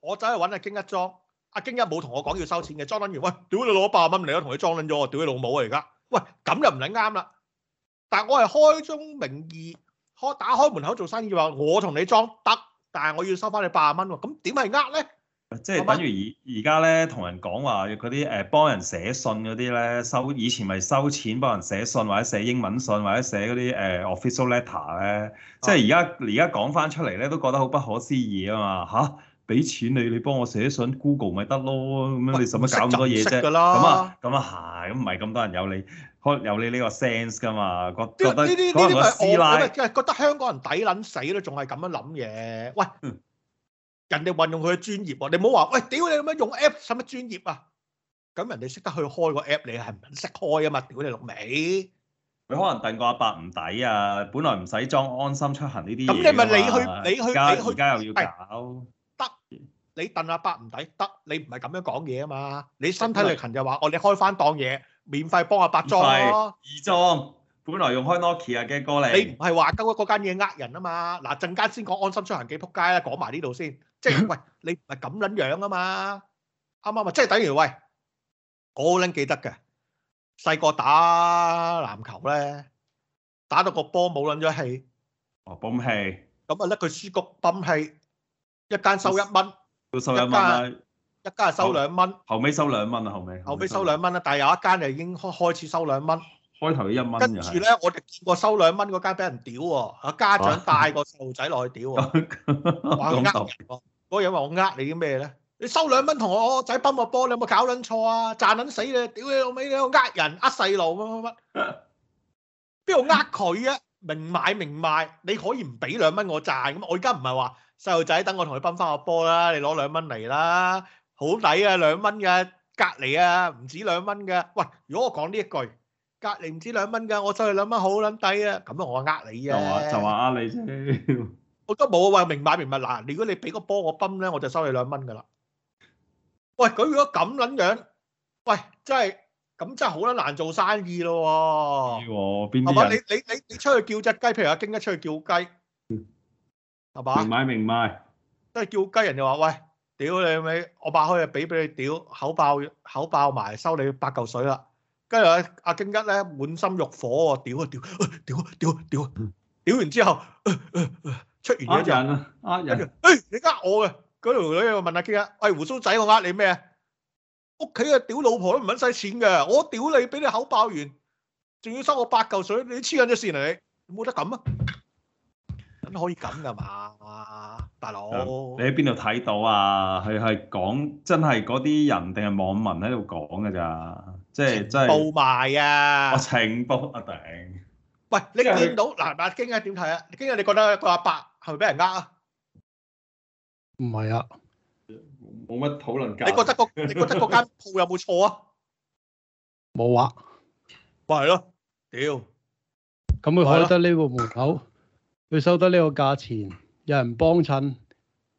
我走去搵阿京一裝，阿京一冇同我講要收錢嘅，裝捻完喂，屌你攞百廿蚊嚟咯，同你裝捻咗我，屌你老母啊而家，喂咁又唔係啱啦。但係我係開宗明義，開打開門口做生意話，我同你裝得，但係我要收翻你百廿蚊喎。咁點係呃咧？即係等於而而家咧，同人講話嗰啲誒幫人寫信嗰啲咧，收以前咪收錢幫人寫信或者寫英文信或者寫嗰啲誒 official letter 咧，即係而家而家講翻出嚟咧，都覺得好不可思議啊嘛吓。俾錢你，你幫我寫信，Google 咪得咯，咁樣你使乜搞咁多嘢啫？咁啊，咁啊係，咁唔係咁多人有你，可能有你呢個 sense 噶嘛？覺得呢啲呢啲係師奶，覺得香港人抵撚死都仲係咁樣諗嘢。喂，人哋運用佢嘅專業，你唔好話，喂，屌你咁樣用 app 使乜專業啊？咁人哋識得去開個 app，你係唔識開啊嘛？屌你老味！佢可能掟個阿伯唔抵啊，本來唔使裝安心出行呢啲嘢啊嘛。而家而家又要搞。你鄧阿伯唔抵得，你唔係咁樣講嘢啊嘛！你身體力行就話，我你開翻檔嘢，免費幫阿伯裝咯。二裝，本來用開 Nokia 嘅過嚟。你唔係話鳩嗰間嘢呃人啊嘛？嗱陣間先講安心出行幾撲街啦，講埋呢度先。即係喂，你咪咁撚樣啊嘛？啱唔啱啊？即係等於喂，我好撚記得嘅，細個打籃球咧，打到個波冇撚咗氣。哦，泵氣。咁啊，甩佢輸局泵氣，一間收一蚊。一間，一間係收兩蚊，後尾收兩蚊啊！後尾後尾收兩蚊啦，但係有一間就已經開開始收兩蚊。開頭一蚊。跟住咧，我哋見過收兩蚊嗰間俾人屌喎，啊，家長帶個細路仔落去屌喎，話我呃人喎。我因為我呃你啲咩咧？你收兩蚊同我仔泵個波，你有冇搞撚錯啊？賺撚死你！屌你老尾，你又呃人呃細路乜乜乜？邊度呃佢啊？明買明賣，你可以唔俾兩蚊我賺，咁我而家唔係話細路仔，等我同佢泵翻個波啦，你攞兩蚊嚟啦，好抵啊兩蚊嘅隔離啊，唔止兩蚊嘅，喂，如果我講呢一句，隔離唔止兩蚊嘅，我收你兩蚊好撚抵啊，咁樣我呃你啊，就話呃你先，我都冇啊，喂，明買明賣嗱，如果你俾個波我泵咧，我就收你兩蚊㗎啦，喂，佢如果咁撚樣，喂，真係～咁真係好得，難做生意咯喎。係嘛？你你你你出去叫隻雞，譬如阿京一出去叫雞，係嘛？明買明賣，都係叫雞人就話：喂，屌你咪，我擘開啊，俾俾你屌口爆口爆埋，收你八嚿水啦。跟住阿阿京一咧滿心欲火啊，屌啊屌，屌屌屌！屌完之後，出完一陣啊人啊，哎，你呃我嘅嗰條女又問阿京一，喂，鬍鬚仔，我呃你咩啊？屋企嘅屌老婆都唔肯使錢嘅，我屌你俾你口爆完，仲要收我八嚿水，你黐緊隻線嚟，你冇得咁啊？咁可以咁噶嘛，大佬？你喺邊度睇到啊？佢係講真係嗰啲人定係網民喺度講嘅咋？即係真係。報埋啊！我請報啊頂。喂，你見到嗱阿京啊點睇啊？京啊你覺得佢阿伯係咪俾人呃啊？唔係啊。冇乜討論價你、嗰個。你覺得你覺得嗰間鋪有冇錯啊？冇啊 [LAUGHS] 說，咪係咯，屌！咁佢開得呢個門口，佢收得呢個價錢，有人幫襯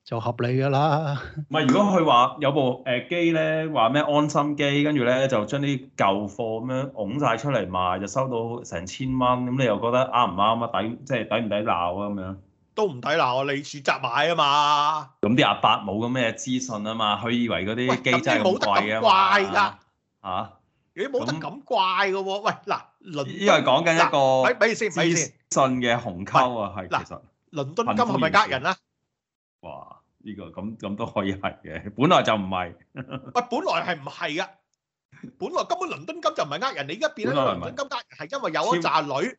就合理㗎啦。唔係，如果佢話有部誒機咧，話咩安心機，跟住咧就將啲舊貨咁樣拱晒出嚟賣，就收到成千蚊，咁你又覺得啱唔啱啊？抵即係抵唔抵鬧啊？咁樣？都唔睇喇，我你選擇買啊嘛。咁啲阿伯冇咁咩資訊啊嘛，佢以為嗰啲機真係好貴啊嘛。嚇？咦冇得咁怪嘅喎。喂，嗱，倫——呢個係講緊一個，俾俾信嘅紅溝啊，係其實。倫敦金係咪呃人啊？哇！呢個咁咁都可以係嘅，本來就唔係。喂，本來係唔係啊？本來根本倫敦金就唔係呃人，你而家變咗倫敦金呃係因為有嗰扎女。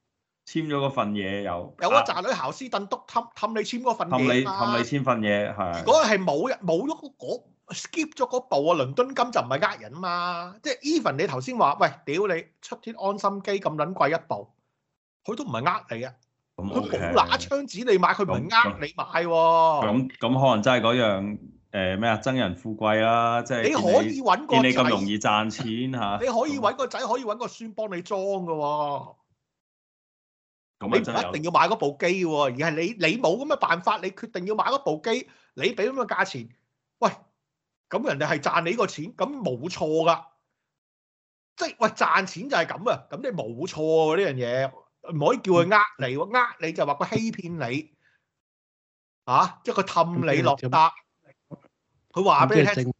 簽咗嗰份嘢有，有嗰宅女姣屍燉篤氹氹你簽嗰份嘢啊！氹你氹你簽份嘢係。如果係冇人冇咗嗰 skip 咗嗰步啊，倫敦金就唔係呃人啊嘛！即係 even 你頭先話喂，屌你出啲安心機咁撚貴一步，佢都唔係呃你啊！佢冇拿槍指你買，佢唔係呃你買喎。咁咁可能真係嗰樣誒咩啊？憎人富貴啦，即係你可以揾個，見你咁容易賺錢嚇。你可以揾個仔，可以揾個孫幫你裝噶喎。你唔一定要買嗰部機喎，而係你你冇咁嘅辦法，你決定要買嗰部機，你俾咁嘅價錢，喂，咁人哋係賺你個錢，咁冇錯㗎，即係喂賺錢就係咁啊，咁你冇錯喎，呢樣嘢唔可以叫佢呃你喎，呃你就話佢欺騙你，啊，即係佢氹你落搭，佢話俾你聽。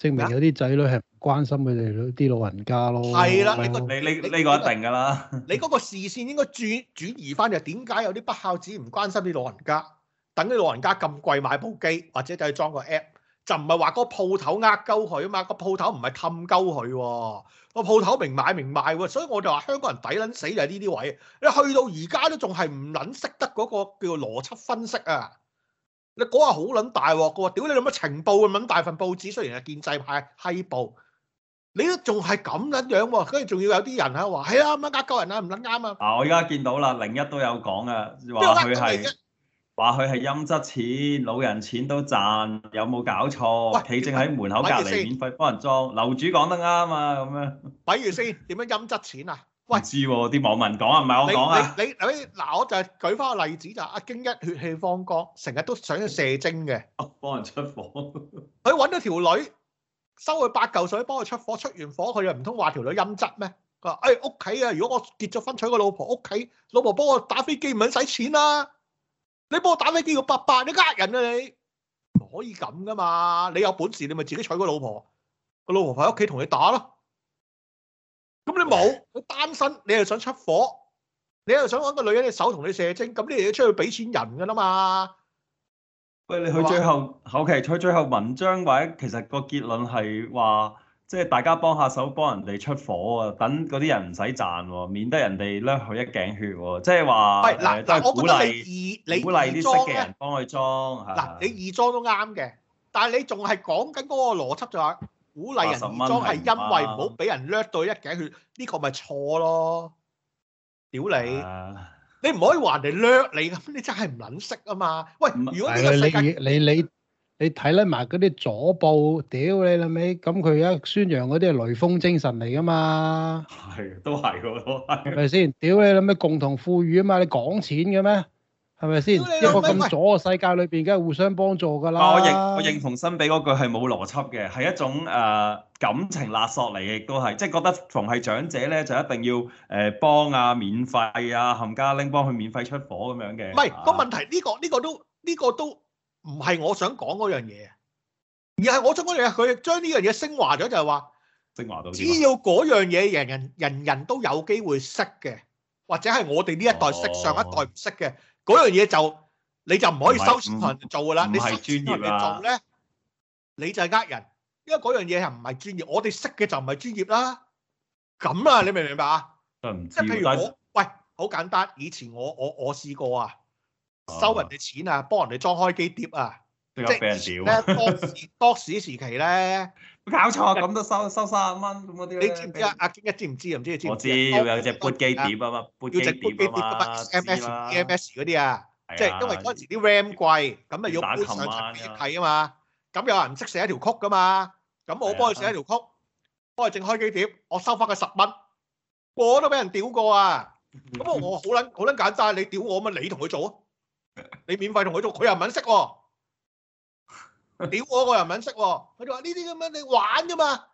證明有啲仔女係唔關心佢哋啲老人家咯，係啦，你個吧你你呢個一定㗎啦。你嗰個視線應該轉轉移翻就係點解有啲不孝子唔關心啲老人家？等啲老人家咁貴買部機，或者就係裝個 app，就唔係話個鋪頭呃鳩佢啊嘛？個鋪頭唔係氹鳩佢喎，個鋪頭明買明賣喎，所以我就話香港人抵撚死就係呢啲位，你去到而家都仲係唔撚識得嗰個叫邏輯分析啊！你講話好撚大鑊噶喎，屌你有乜情報，咁大份報紙，雖然係建制派黑報，你都仲係咁捻樣喎，跟住仲要有啲人啊話係啊，乜呃、啊、救人啊，唔捻啱啊！嗱、啊，我而家見到啦，京一都有講啊，話佢係話佢係陰質錢，老人錢都賺，有冇搞錯？企正喺門口隔離免費幫人裝，樓主講得啱啊，咁樣。比如先，點樣陰質錢啊？喂，知啲網民講啊，唔係我講啊。你你嗱我就係舉翻個例子、就是，就阿京一血氣方剛，成日都想去射精嘅。幫人出火，佢揾咗條女，收佢八嚿水幫佢出火。出完火，佢又唔通話條女陰質咩？佢話：哎，屋企啊，如果我結咗婚娶個老婆，屋企老婆幫我打飛機唔肯使錢啦、啊。你幫我打飛機要八百，你呃人啊你？唔可以咁噶嘛。你有本事你咪自己娶個老婆，個老婆喺屋企同你打咯。咁你冇，佢單身，你又想出火，你又想揾個女人嘅手同你射精，咁你哋要出去俾錢人噶啦嘛？喂，你去最後，說好嘅，佢、okay, 最後文章或者其實個結論係話，即、就、係、是、大家幫下手幫人哋出火啊，等嗰啲人唔使賺，免得人哋甩佢一頸血，即係話，係嗱是，但係、呃、我鼓勵二，你二裝鼓勵啲識嘅人幫佢裝，嗱、啊，的你二裝都啱嘅，但係你仲係講緊嗰個邏輯就係。鼓勵人義裝係因為唔好俾人掠到一頸血，呢個咪錯咯？屌你！你唔可以話人哋掠你咁，你真係唔捻識啊嘛？喂，如果呢個世界，你你你你睇咧埋嗰啲左報，屌你老味？咁佢而家宣揚嗰啲係雷鋒精神嚟噶嘛？係都係噶咯，係咪先？屌你諗咩？共同富裕啊嘛？你講錢嘅咩？係咪先？一個咁左嘅世界裏邊，梗係互相幫助㗎啦。我認我認同幸比嗰句係冇邏輯嘅，係一種誒感情勒索嚟嘅，亦都係即係覺得逢係長者咧，就一定要誒幫啊，免費啊，冚家拎幫佢免費出火咁樣嘅。唔係個問題，呢個呢個都呢個都唔係我想講嗰樣嘢，而係我想講嘢，佢將呢樣嘢昇華咗，就係話昇華到。只要嗰樣嘢人人人人都有機會識嘅，或者係我哋呢一代識上一代唔識嘅。嗰樣嘢就你就唔可以收錢做噶啦，你專業做咧你就係呃人，因為嗰樣嘢係唔係專業，我哋識嘅就唔係專業啦，咁啊你明唔明白啊？即係譬如我，喂，好簡單，以前我我我試過啊，收人哋錢啊，幫人哋裝開機碟啊，即係咧當時當時時期咧。搞錯咁都收收三十蚊咁嗰啲咧？你知唔知啊？阿京一知唔知，唔知嘅知。我知要有隻撥機碟啊嘛，撥機碟啊，M S M S 嗰啲啊，即係因為嗰陣時啲 RAM 貴，咁咪要撥上十幾億題啊嘛。咁有人唔識寫一條曲噶嘛？咁我幫佢寫一條曲，我係正開機碟，我收翻佢十蚊。我都俾人屌過啊！咁我我好撚好撚簡單，你屌我咁啊？你同佢做啊？你免費同佢做，佢又唔肯識喎。屌我又唔撚識喎，佢就話呢啲咁樣你玩㗎嘛，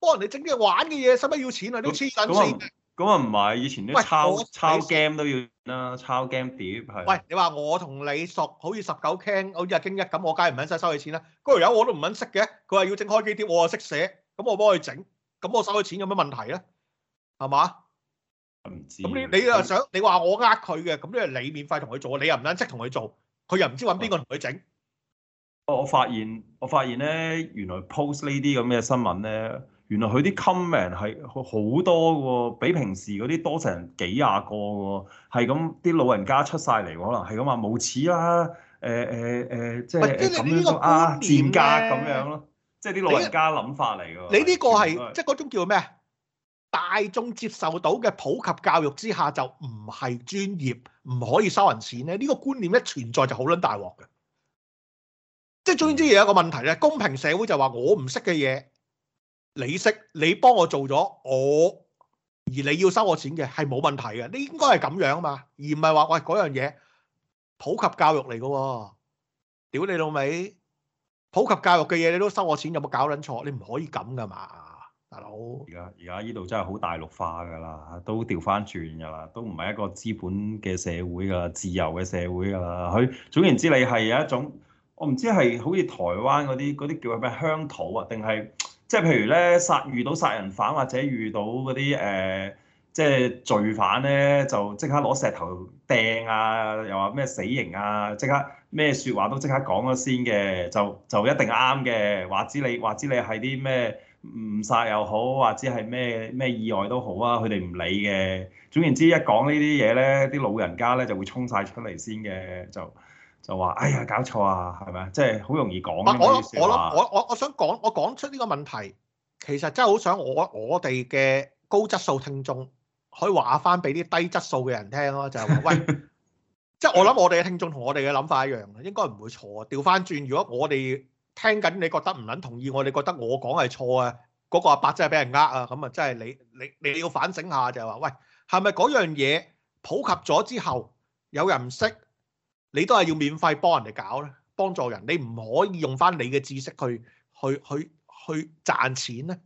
幫人哋整啲玩嘅嘢使乜要錢啊？都黐撚線。咁啊唔係，以前啲抄抄 game 都要啦，抄 game 碟係。喂，你話我同你熟，好似十九 Ken，好似阿京一咁，我梗係唔撚使收你錢啦。嗰條友我都唔撚識嘅，佢話要整開機碟，我又識寫，咁我幫佢整，咁我收佢錢有乜問題咧？係嘛？唔知。咁你你又想，你話我呃佢嘅，咁呢？你免費同佢做，你又唔撚識同佢做，佢又唔知揾邊個同佢整。我我發現，我發現咧，原來 post 呢啲咁嘅新聞咧，原來佢啲 comment 係好多嘅，比平時嗰啲多成幾廿個嘅，係咁啲老人家出晒嚟，可能係咁話，冇恥啦，誒誒誒，即係咁樣啊，專家咁樣咯，即係啲老人家諗法嚟嘅。你呢個係即係嗰種叫咩？大眾接受到嘅普及教育之下，就唔係專業，唔可以收人錢咧。呢、這個觀念一存在就，就好撚大鑊嘅。即係總之，有一個問題咧，公平社會就話我唔識嘅嘢你識，你幫我做咗我，而你要收我錢嘅係冇問題嘅，你應該係咁樣啊嘛，而唔係話喂嗰樣嘢普及教育嚟嘅喎，屌你老味！普及教育嘅嘢你，你都收我錢，有冇搞撚錯？你唔可以咁噶嘛，大佬。而家而家呢度真係好大陸化㗎啦，都調翻轉㗎啦，都唔係一個資本嘅社會㗎，自由嘅社會㗎啦。佢總言之，你係有一種。我唔知係好似台灣嗰啲啲叫咩咪鄉土啊，定係即係譬如咧殺遇到殺人犯或者遇到嗰啲誒即係罪犯咧，就即刻攞石頭掟啊，又話咩死刑啊，即刻咩説話都即刻講咗先嘅，就就一定啱嘅。話知你話知你係啲咩唔殺又好，或者係咩咩意外都好啊，佢哋唔理嘅。總言之一，一講呢啲嘢咧，啲老人家咧就會衝晒出嚟先嘅就，就話：哎呀，搞錯啊，係咪啊？即係好容易講嘅咁嘅意思啊！我諗，我諗，我我我想講，我講出呢個問題，其實真係好想我我哋嘅高質素聽眾，可以話翻俾啲低質素嘅人聽咯，就係話：喂，即係我諗我哋嘅聽眾同我哋嘅諗法一樣嘅，應該唔會錯啊！調翻轉，如果我哋聽緊，你覺得唔撚同意我哋覺得我講係錯啊，嗰個阿伯真係俾人呃啊，咁啊真係你你你要反省下就係話：喂，係咪嗰樣嘢普及咗之後，有人唔識？你都係要免費幫人哋搞咧，幫助人，你唔可以用翻你嘅知識去去去去賺錢咧，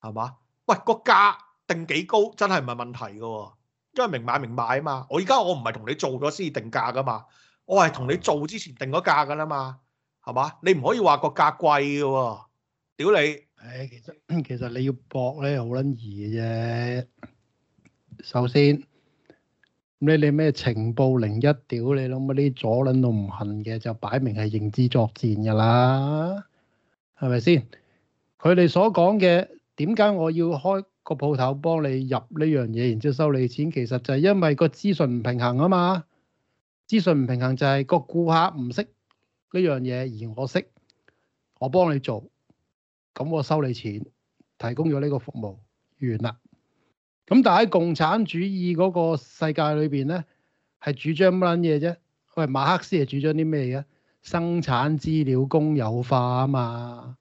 係嘛？喂，個價定幾高真係唔係問題嘅喎，因為明買明賣啊嘛。我而家我唔係同你做咗先定價噶嘛，我係同你做之前定咗價噶啦嘛，係嘛？你唔可以話個價貴嘅，屌你！唉，其實其實你要搏咧好捻易嘅啫，首先。你你咩情報零一屌你諗下啲左輪都唔行嘅，就擺明係認知作戰噶啦，係咪先？佢哋所講嘅，點解我要開個鋪頭幫你入呢樣嘢，然之後收你錢？其實就係因為個資訊唔平衡啊嘛。資訊唔平衡就係個顧客唔識呢樣嘢，而我識，我幫你做，咁我收你錢，提供咗呢個服務，完啦。咁但係喺共產主義嗰個世界裏邊咧，係主張乜撚嘢啫？喂，馬克思係主張啲咩嘅？生產資料公有化啊嘛，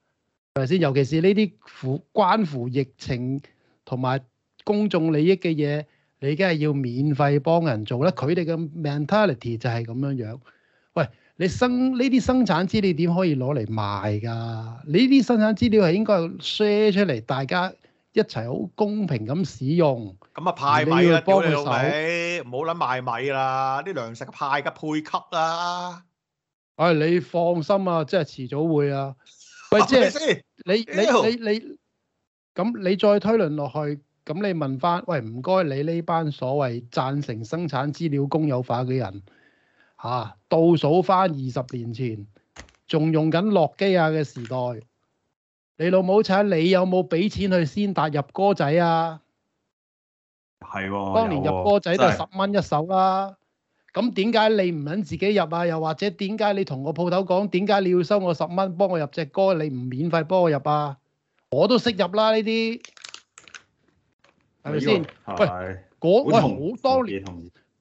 係咪先？尤其是呢啲符關乎疫情同埋公眾利益嘅嘢，你梗係要免費幫人做啦。佢哋嘅 mentality 就係咁樣樣。喂，你生呢啲生產資料點可以攞嚟賣㗎？呢啲生產資料係應該 share 出嚟，大家。一齊好公平咁使用，咁啊派米啦，幫你手，唔好諗賣米啦，啲糧食派嘅配給啦。哎，你放心啊，即係遲早會啊。喂，即係你你你你，咁你再推論落去，咁你問翻，喂，唔該你呢班所謂贊成生產資料公有化嘅人，吓，倒數翻二十年前，仲用緊諾基亞嘅時代。你老母，請，你有冇俾錢去先達入歌仔啊？係，當年入歌仔都係十蚊一首啦。咁點解你唔肯自己入啊？又或者點解你同我鋪頭講，點解你要收我十蚊幫我入隻歌？你唔免費幫我入啊？我都識入啦呢啲，係咪先？喂，講喂，好多年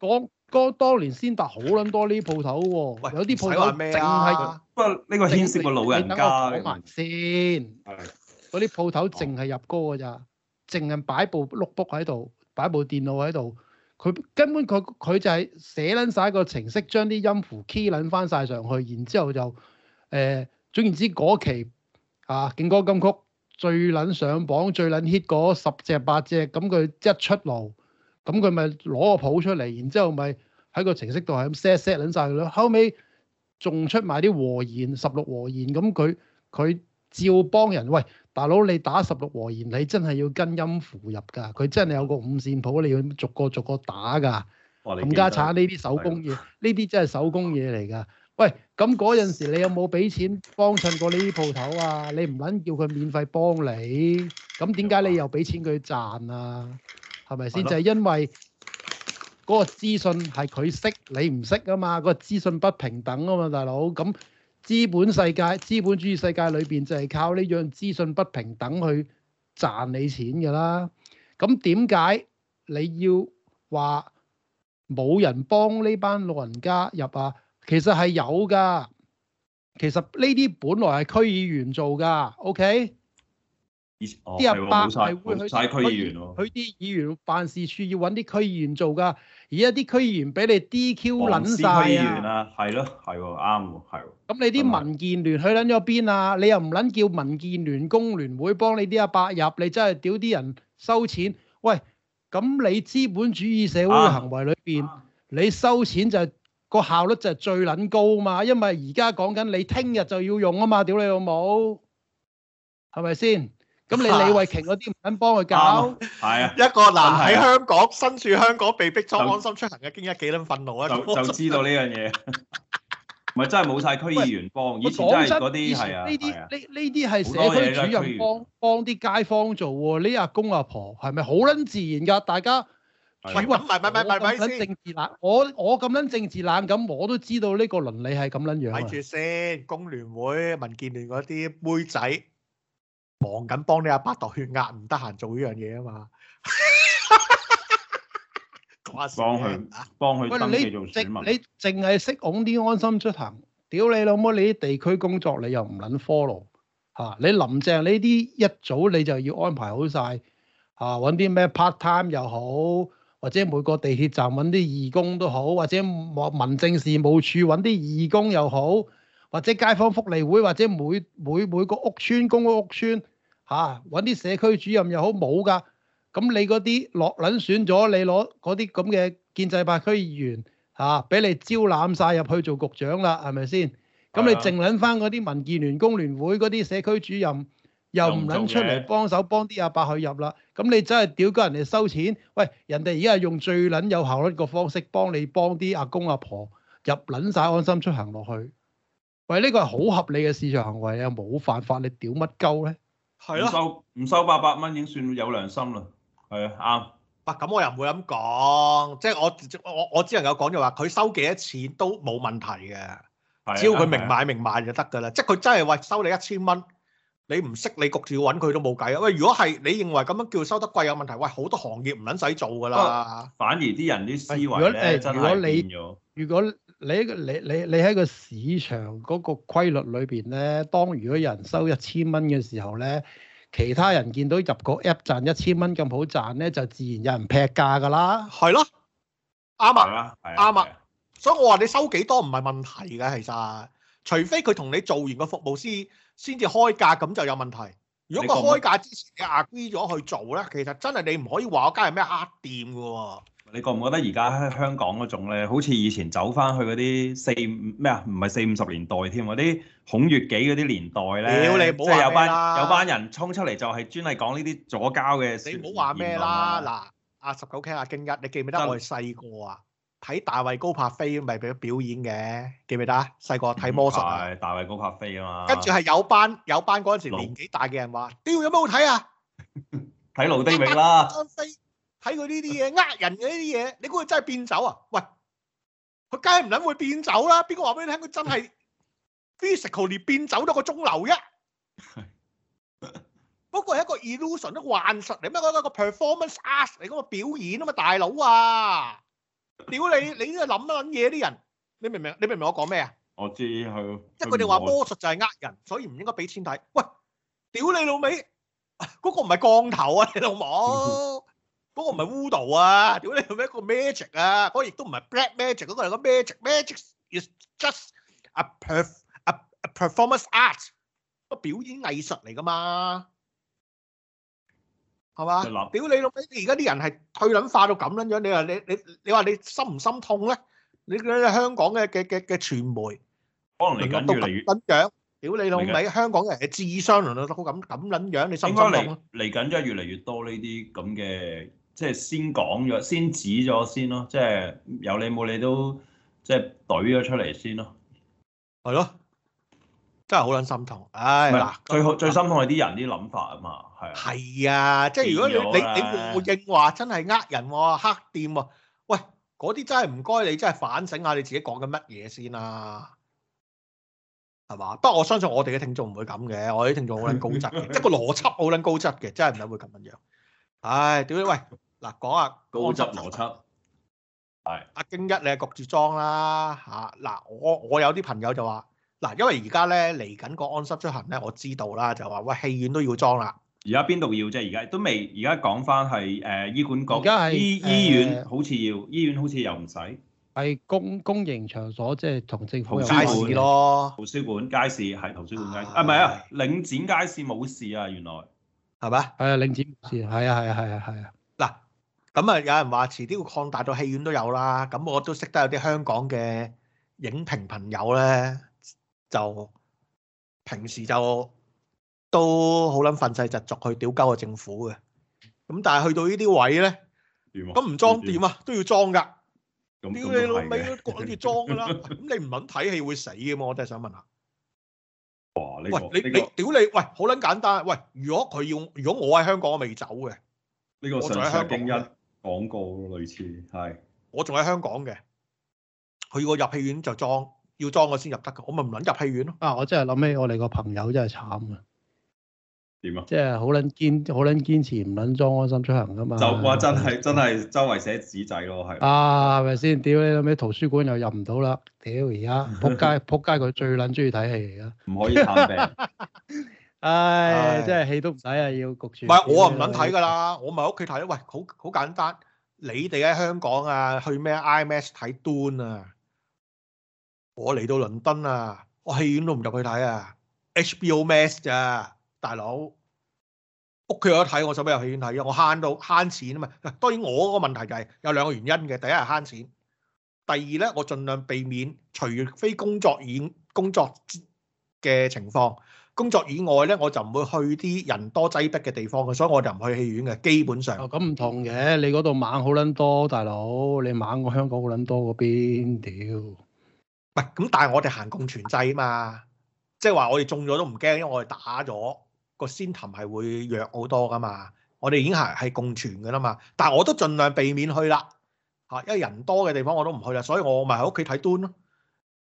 講講當年先達好捻多呢啲鋪頭，有啲鋪頭淨係。呢個牽涉個老人家。你等我講完先。嗰啲鋪頭淨係入歌㗎咋，淨係擺部碌卜喺度，擺部電腦喺度。佢根本佢佢就係寫撚晒個程式，將啲音符 key 撚翻晒上去，然之後就誒、呃，總言之嗰期啊勁歌金曲最撚上榜、最撚 hit 嗰十隻八隻，咁、嗯、佢一出爐，咁佢咪攞個譜出嚟，然之後咪喺個程式度係咁 set set 撚晒佢咯。後尾。仲出埋啲和弦，十六和弦，咁佢佢照幫人喂，大佬你打十六和弦，你真係要跟音符入噶，佢真係有個五線譜，你要逐個逐個打噶。冚家鏟呢啲手工嘢，呢啲的真係手工嘢嚟噶。 [LAUGHS] 喂，咁嗰陣時你有冇俾錢幫襯過呢啲鋪頭啊？你唔撚叫佢免費幫你，咁點解你又俾錢佢賺啊？係咪先？的就係因為。嗰個資訊係佢識，你唔識啊嘛，嗰個資訊不平等啊嘛，大佬，咁資本世界、資本主義世界裏邊就係靠呢樣資訊不平等去賺你錢㗎啦。咁點解你要話冇人幫呢班老人家入啊？其實係有㗎，其實呢啲本來係區議員做㗎，OK？啲阿伯晒係會去去啲議員辦事處要揾啲區議員做噶。而家啲區議員俾你 DQ 捻晒員啦、啊，係咯了，係啱係咁你啲民建聯去捻咗邊啊？嗯、你又唔捻叫民建聯工聯會幫你啲阿伯入？你真係屌啲人收錢喂？咁你資本主義社會嘅行為裏邊，啊啊、你收錢就個、係、效率就係最捻高嘛，因為而家講緊你聽日就要用啊嘛，屌你老母！係咪先？咁你李慧瓊嗰啲唔肯幫佢搞，係啊，一個男喺香港，身處香港被逼裝安心出行嘅京一幾撚憤怒啊，就就知道呢樣嘢，唔係真係冇曬區議員幫，以前真係嗰啲係啊，呢啲呢呢啲係社區主任幫幫啲街坊做喎，呢阿公阿婆係咪好撚自然㗎？大家主君，我我咁撚政治冷，我我咁撚政治冷，咁我都知道呢個倫理係咁撚樣。睇住先，工聯會、民建聯嗰啲妹仔。忙緊幫你阿爸度血壓，唔得閒做呢樣嘢啊嘛， [LAUGHS] 幫佢幫佢登記喂做選民，你淨係識搵啲安心出行，屌你老母！你啲地區工作你又唔撚 follow 吓，啊，你林鄭呢啲一早你就要安排好晒吓，搵啲咩 part time 又好，或者每個地鐵站搵啲義工都好，或者或民政事務處搵啲義工又好，或者街坊福利會，或者每每每個屋邨公屋邨。嚇揾啲社區主任又好冇㗎，咁你嗰啲落撚選咗，你攞嗰啲咁嘅建制派區議員嚇，俾、啊、你招攬晒入去做局長啦，係咪先？咁的你淨撚返嗰啲民建聯、工聯會嗰啲社區主任又唔撚出嚟幫手幫啲阿伯去入啦，咁你真係屌鳩人哋收錢？喂，人哋而家係用最撚有效率個方式幫你幫啲阿公阿婆入撚晒安心出行落去，喂，呢個係好合理嘅市場行為啊，又冇犯法，你屌乜鳩咧？係咯，唔、啊、收唔收八百蚊已經算有良心啦。係啊，啱。啊，咁我又唔會咁講，即係我我我只能夠講就話，佢收幾多錢都冇問題嘅，啊、只要佢明買明賣就得噶啦。啊啊、即係佢真係話收你一千蚊，你唔識你焗住要搵佢都冇計啊。喂，如果係你認為咁樣叫收得貴有問題，喂、哎，好多行業唔撚使做噶啦、啊。反而啲人啲思維咧真係變咗、如果、呃你喺個你你你喺個市場嗰個規律裏邊咧，當如果有人收一千蚊嘅時候咧，其他人見到入個 app 賺一千蚊咁好賺咧，就自然有人劈價噶啦。係咯，啱啊，啱啊。了所以我話你收幾多唔係問題嘅，其實除非佢同你做完個服務師先至開價，咁就有問題。如果佢開價之前你 agree 咗去做咧，其實真係你唔可以話我間係咩黑店㗎喎。你覺唔覺得而家香港嗰種咧，好似以前走翻去嗰啲四五咩啊？唔係四五十年代添喎，啲孔乙己嗰啲年代咧，即係有班有班人衝出嚟就係專係講呢啲左膠嘅。你唔好話咩啦？嗱，阿十九 Ken 阿京一，你記唔記得我係細個啊？睇大衛高柏飛咪俾表演嘅，記唔記得？細個睇魔術啊，大衛高柏飛啊嘛。跟住係有班有班嗰陣時年紀大嘅人話：，屌有咩好睇啊？睇魯迪米啦。睇佢呢啲嘢呃人嘅呢啲嘢，你估佢真係變走啊？喂，佢梗係唔撚會變走啦啊！邊個話俾你聽佢真係 physically 變走咗個鐘樓啫？ [LAUGHS] 不過係一個 illusion，一個幻術嚟，咩嗰個 performance art 嚟？咁啊表演啊嘛，大佬啊！屌 [LAUGHS] 你，你都啲諗撚嘢啲人，你明唔明？你明唔明我講咩啊？我知，係即係佢哋話魔術就係呃人，所以唔應該俾錢睇。喂，屌你老味，嗰、那個唔係降頭啊，你老母！ [LAUGHS] 嗰個唔係巫道啊！屌你老味，嗰個係咩，一個 magic 啊？嗰個亦都唔係 black magic，嗰個係個 magic。Magic is just a perf a a performance art，個表演藝術嚟噶嘛？係嘛？屌你老味，而家啲人係退撚化到咁撚樣，你話你你你話你心唔心痛咧？你你香港嘅嘅嘅嘅傳媒可能嚟緊越嚟越咁樣。屌你老味，香港人嘅智商輪到得好咁咁撚樣，你心唔心痛啊？應該嚟嚟緊真係越嚟越多呢啲咁嘅。即係先講咗，先指咗先咯、啊。即係有你冇理都，即係懟咗出嚟先咯、啊。係咯，真係好撚心痛。唉、哎，嗱是，那最好最心痛係啲人啲諗法啊嘛，係啊。係啊，即係如果你你你冇冇應話，真係呃人喎、啊，黑店喎、啊。喂，嗰啲真係唔該你，真係反省下你自己講緊乜嘢先啦、啊。係嘛？不過我相信我哋嘅聽眾唔會咁嘅，我哋啲聽眾好撚高質嘅，即係 [LAUGHS] 個邏輯好撚高質嘅，真係唔會咁樣。唉，屌你喂！喂嗱，講下高質邏輯，係阿京一，你係焗住裝啦嚇。嗱，我我有啲朋友就話，嗱，因為而家咧嚟緊個安心出行咧，我知道啦，就話喂戲院都要裝啦。而家邊度要啫？而家都未，而家講翻係誒醫管局，而家係醫醫院好似要，醫院好似又唔使。係公公營場所，即係同政府圖書館咯。圖書館街市係圖書館街市，係咪啊？領展街市冇事啊，原來係咪啊？啊，領展冇事，係啊，係啊，係啊，係啊。咁啊，有人話遲啲會擴大到戲院都有啦。咁我都識得有啲香港嘅影評朋友咧，就平時就都好撚憤世嫉俗去屌鳩個政府嘅。咁但係去到呢啲位咧，咁唔裝點啊，啊都要裝㗎。屌 [LAUGHS] 你老味，諗住裝㗎啦。咁你唔肯睇戲會死嘅嘛。我真係想問下。哇！這個、喂，你，這個、你屌你，你，喂，好撚簡單。喂，如果佢要，如果我喺香、這個、香港，我未走嘅。呢個純粹精英。廣告類似係，我仲喺香港嘅，佢要我入戲院就裝，要裝我先入得噶，我咪唔撚入戲院咯。啊，我真係諗起我哋個朋友真係慘啊！點啊？即係好撚堅，好撚堅持唔撚裝安心出行噶嘛？就話吧真係真係周圍寫紙仔咯，係啊，係咪先？屌你諗起圖書館又入唔到啦！屌而家仆街仆街，佢 [LAUGHS] 最撚中意睇戲嚟噶，唔可以探病。唉，即係氣都唔使啊，要焗住。唔係我啊，唔捻睇噶啦，我咪喺屋企睇咯。喂，好好簡單，你哋喺香港啊，去咩 IMAX 睇 Dune 啊？我嚟到倫敦啊，我戲院都唔入去睇啊，HBO Max 咋，大佬屋企有得睇，我使乜入戲院睇啊？我慳到慳錢啊嘛。嗱，當然我個問題就係有兩個原因嘅，第一係慳錢，第二咧我盡量避免，除非工作演工作嘅情況。工作以外咧，我就唔會去啲人多擠迫嘅地方嘅，所以我就唔去戲院嘅，基本上。哦，咁唔同嘅，你嗰度猛好撚多，大佬，你猛過香港好撚多嗰邊，屌！咁但係我哋行共存制啊嘛，即係話我哋中咗都唔驚，因為我哋打咗個先頭係會弱好多噶嘛，我哋已經係係共存噶啦嘛。但係我都盡量避免去啦，嚇，因為人多嘅地方我都唔去啦，所以我咪喺屋企睇端咯。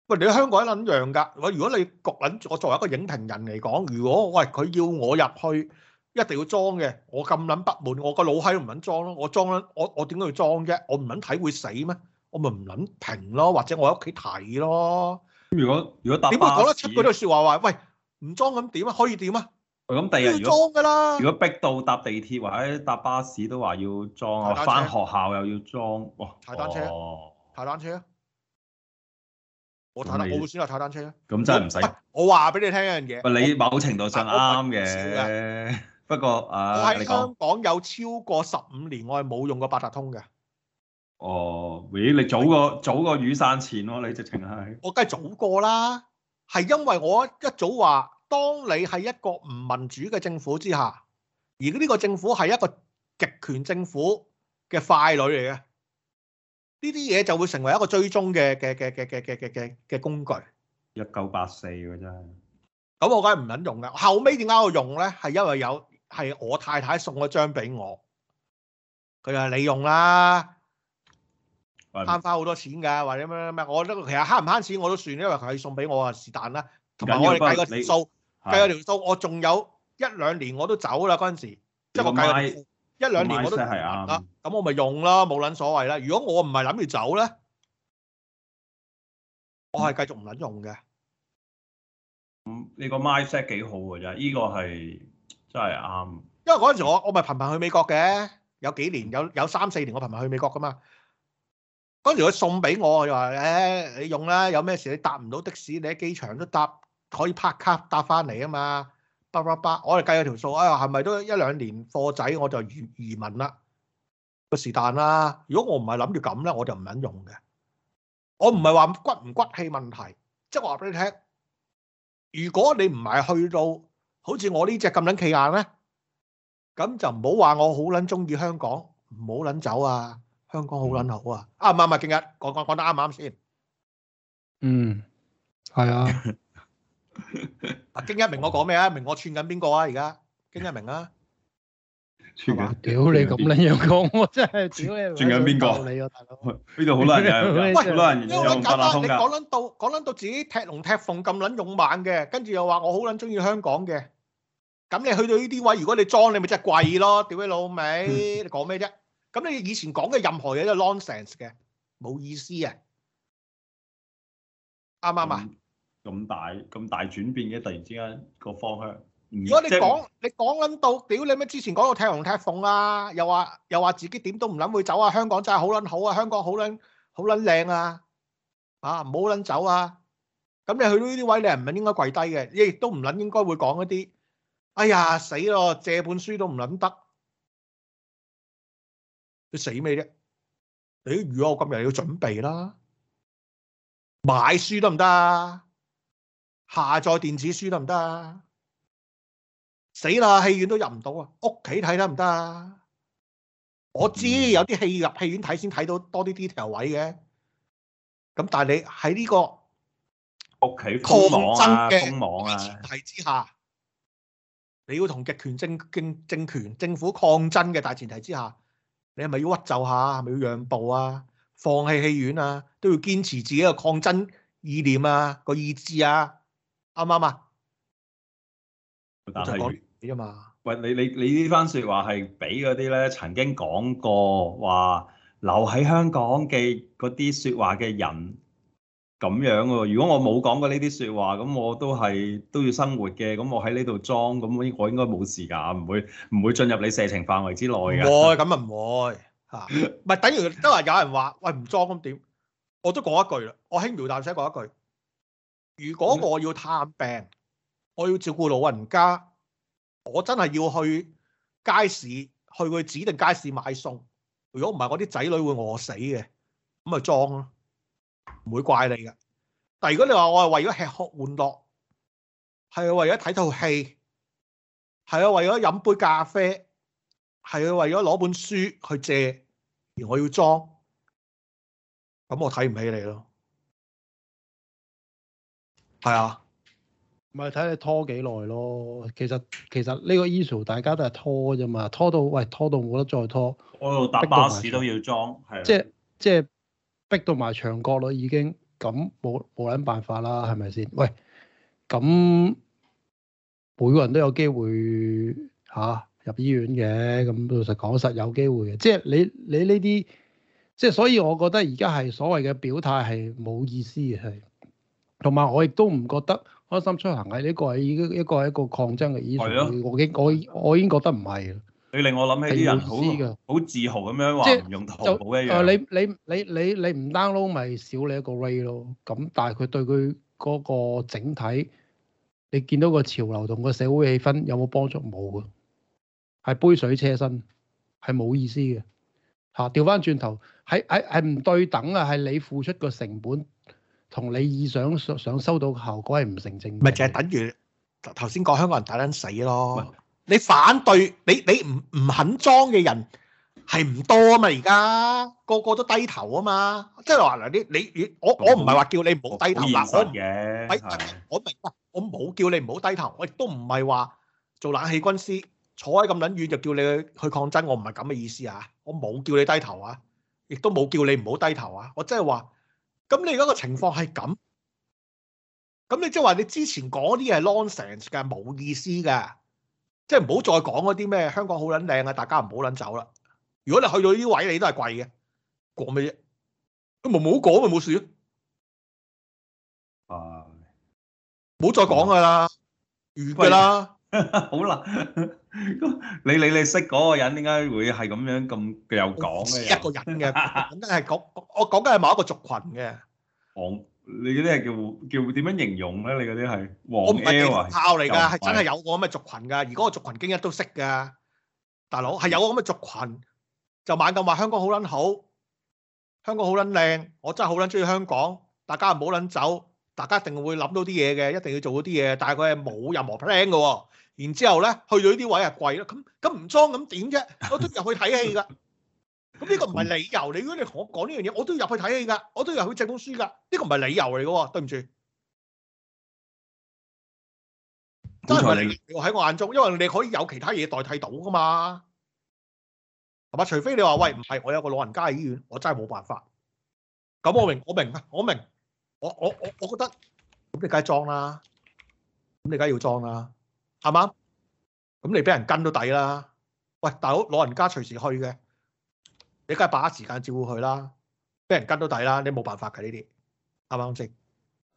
喂，你喺香港一撚樣㗎？我如果你焗撚，我作為一個影評人嚟講，如果喂佢要我入去，一定要裝嘅。我咁撚不滿，我個腦都唔撚裝咯。我裝咧，我我點解要裝啫？我唔撚睇會死咩？我咪唔撚停咯，或者我喺屋企睇咯。如果如果搭巴士，點會講得出嗰啲説話話？喂，唔裝咁點啊？可以點啊？我咁第日如果要裝㗎啦。如果逼到搭地鐵或者搭巴士都話要裝啊，翻學校又要裝哇，踩單車，哦，踩單車。我睇得，我會選擇踩單車啊！咁真係唔使。我話俾你聽一樣嘢。你某程度上啱嘅，不過啊，我喺香港有超過十五年，我係冇用過八達通嘅。哦，咦？你早過的早過雨傘前咯，你直情係？我梗係早過啦，係因為我一早話：當你係一個唔民主嘅政府之下，而呢個政府係一個極權政府嘅傀儡嚟嘅。呢啲嘢就會成為一個追蹤嘅嘅嘅嘅嘅嘅嘅嘅嘅嘅工具。一九八四喎，真係。咁我梗係唔肯用嘅。後尾點解我用咧？係因為有係我太太送咗張俾我。佢話你用啦，慳翻好多錢㗎，或者咩咩咩。我呢個其實慳唔慳錢我都算，因為佢送俾我啊，是但啦。同埋我哋計個條數，計個條數，我仲有一兩年我都走啦嗰陣時，即係我計。一兩年我都，啊，咁我咪用啦，冇撚所謂啦。如果我唔係諗住走咧，我係繼續唔撚用嘅。嗯，你個 Mindset 幾好㗎真係，呢個係真係啱。因為嗰陣時我我咪頻頻去美國嘅，有幾年有有三四年我頻頻去美國㗎嘛。嗰陣時佢送俾我，佢話誒，你用啦，有咩事你搭唔到的士，你喺機場都搭可以拍卡搭翻嚟啊嘛。八八八，我哋計咗條數，哎呀，係咪都一兩年貨仔我就移移民啦？個是但啦，如果我唔係諗住咁咧，我就唔捻用嘅。我唔係話骨唔骨氣問題，即係話俾你聽，如果你唔係去到好似我呢隻咁捻企硬咧，咁就唔好話我好捻中意香港，唔好捻走啊！香港好捻好啊！啱唔啱啊？今日講講講得啱唔啱先？嗯，係啊。啊，京一明我講咩啊？明我串緊邊個啊？而家京一明啊，串緊。屌你咁撚樣講，我真係屌你！串緊邊個？屌你啊大佬！呢度好撚嘅！喂，好撚嘅！你講捻到講捻到自己踢龍踢鳳咁撚勇猛嘅，跟住又話我好捻中意香港嘅。咁你去到呢啲位，如果你裝，你咪真係貴咯。屌你老味，你講咩啫？咁你以前講嘅任何嘢都係 nonsense 嘅，冇意思啊。啱唔啱啊？咁大咁大轉變嘅，突然之間個方向。如果你講你講緊到，屌你咩？之前講到踢龍踢鳳啊，又話又話自己點都唔諗會走啊。香港真係好撚好啊，香港好撚好撚靚啊，啊唔好撚走啊。咁你去到呢啲位，你係唔係應該跪低嘅？咦，都唔撚應該會講一啲，哎呀死咯，借本書都唔撚得，佢死未啫？誒，如果我今日要準備啦，買書得唔得啊？下載電子書得唔得啊？死啦！戲院都入唔到啊！屋企睇得唔得啊？我知有啲戲入戲院睇先睇到多啲 detail 位嘅。咁但係你喺呢個屋企抗爭嘅前提之下，你要同極權政政政權政府抗爭嘅大前提之下，你係咪要屈就下？係咪要讓步啊？放棄戲院啊？都要堅持自己嘅抗爭意念啊，個意志啊？啱唔啱啊？就講你啫嘛。喂，你你你呢番説話係俾嗰啲咧曾經講過話留喺香港嘅嗰啲説話嘅人咁樣喎。如果我冇講過呢啲説話，咁我都係都要生活嘅。咁我喺呢度裝，咁我應該冇事㗎，唔會唔會進入你射程範圍之內㗎。唔會，咁啊唔會嚇。唔係，等於都話有人話，喂唔裝咁點？我都講一句啦，我輕描淡寫講一句。如果我要探病，我要照顧老人家，我真係要去街市去佢指定街市買餸。如果唔係，我啲仔女會餓死嘅。咁咪裝咯，唔會怪你嘅。但如果你話我係為咗吃喝玩樂，係為咗睇套戲，係啊為咗飲杯咖啡，係為咗攞本書去借，而我要裝，咁我睇唔起你咯。係啊，唔係睇你拖幾耐咯。其實其實呢個 issue 大家都係拖啫嘛，拖到喂，拖到冇得再拖，我度搭巴士都要裝，係啊，即係即係逼到埋牆角咯，已經咁冇冇捻辦法啦，係咪先？喂，咁每個人都有機會吓、啊、入醫院嘅，咁老實講實有機會嘅。即係你你呢啲，即係所以我覺得而家係所謂嘅表態係冇意思嘅，係。同埋我亦都唔覺得開心出行係呢個係一一個一個抗爭嘅意思。係咯的，我已我我已經覺得唔係。你令我諗起啲人好好自豪咁樣話唔用淘寶一樣。就是、你你你你你唔 download 咪少你一個 ray 咯。咁但係佢對佢嗰個整體，你見到個潮流同個社會氣氛有冇幫助？冇嘅，係杯水車薪，係冇意思嘅。嚇，調翻轉頭喺喺係唔對等啊！係你付出個成本。同你意想想收到嘅效果係唔成正比，咪就係等於頭先講香港人大粒死咯。是你反對你你唔唔肯裝嘅人係唔多啊嘛？而家個個都低頭啊嘛，即係話嗱你你我我唔係話叫你唔好低頭啊，我明嘅，我冇叫你唔好低頭，我亦都唔係話做冷氣軍師坐喺咁撚遠就叫你去去抗爭，我唔係咁嘅意思啊，我冇叫你低頭啊，亦都冇叫你唔好低頭啊，我即係話。咁你而個情況係咁，咁你即係話你之前講啲嘢係 nonsense 嘅，冇意思嘅，即係唔好再講嗰啲咩香港好撚靚啊，大家唔好撚走啦。如果你去到呢啲位，你都係貴嘅，講咩啫？咁唔好講咪冇事咯。啊，唔好、嗯、再講佢啦，完㗎啦，好啦。你你你識嗰個人，點解會係咁樣咁又講嘅？一個人嘅，講緊係講，我講緊係某一個族羣嘅。黃，你嗰啲係叫，叫點樣形容咧？你嗰啲係黃咩炮嚟㗎？係真係有個咁嘅族羣㗎。而嗰個族羣今日都識㗎，大佬，係有個咁嘅族羣，就猛咁話香港好撚好，香港好撚靚，我真係好撚鍾意香港，大家唔好撚走。大家一定會諗到啲嘢嘅，一定要做嗰啲嘢，但係佢係冇任何 plan 嘅、哦。然之後咧，去到呢啲位又貴啦。咁咁唔裝咁點啫？我都入去睇戲㗎。咁呢個唔係理由。你如果你同我講呢樣嘢，我都入去睇戲㗎，我都入去製公司㗎。呢、這個唔係理由嚟嘅喎，對唔住。真係你喺我眼中，因為你可以有其他嘢代替到㗎嘛，係嘛？除非你話喂唔係，我有個老人家喺醫院，我真係冇辦法。咁我明，我明，我明。我明。我我我我覺得咁你梗係裝啦，咁你梗係要裝啦，係嘛？咁你俾人跟都抵啦。喂，大佬，老人家隨時去嘅，你梗係把握時間照顧佢啦。俾人跟都抵啦，你冇辦法嘅呢啲，啱唔啱先？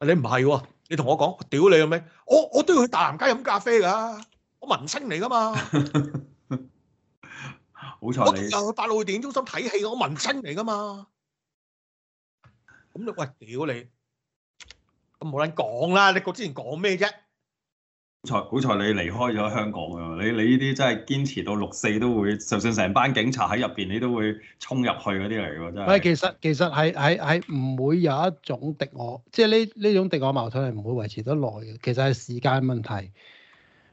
你唔係喎，你同我講，我屌你阿妹，我我都要去大南街飲咖啡噶，我文青嚟噶嘛。好彩！我成日去八路電影中心睇戲，我文青嚟噶嘛。咁你喂，屌你！冇捻講啦！你個之前講咩啫？好彩你離開咗香港啊！你你呢啲真係堅持到六四都會，就算成班警察喺入邊，你都會衝入去嗰啲嚟喎，真係。喂，其實其實係係係唔會有一種敵我，即係呢呢種敵我矛盾係唔會維持得耐嘅。其實係時間問題，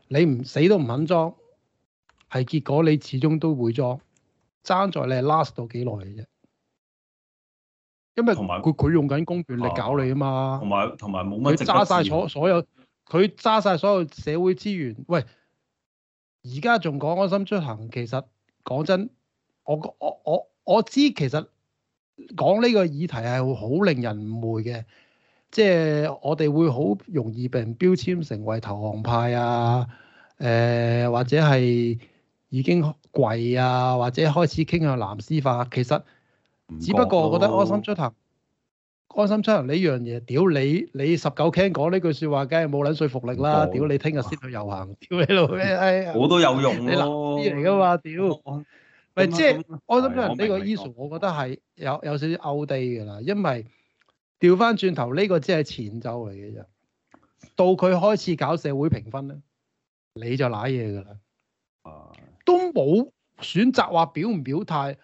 你唔死都唔肯裝，係結果你始終都會裝，爭在你係 last 到幾耐嘅啫。因為佢佢用緊公權力搞你啊嘛，同埋同埋冇乜佢揸晒所所有，佢揸曬所有社會資源。喂，而家仲講安心出行，其實講真，我我我我知其實講呢個議題係會好令人誤會嘅，即係我哋會好容易被人標籤成為投降派啊，誒或者係已經跪啊，或者開始傾向藍絲化。其實。只不過我覺得安心出行，安心出行呢樣嘢，屌你你 19Ken 講呢句說話，梗係冇卵說服力啦！屌你聽日先去遊行，屌你老咩？好、哎、多有用你垃圾嚟噶嘛？屌，喂，即係安心出行呢個 issue，我，我覺得係有有，有少少 outdated 噶啦，因為調翻轉頭呢個只係前奏嚟嘅啫，到佢開始搞社會評分咧，你就瀨嘢噶啦，都冇選擇話表唔表態。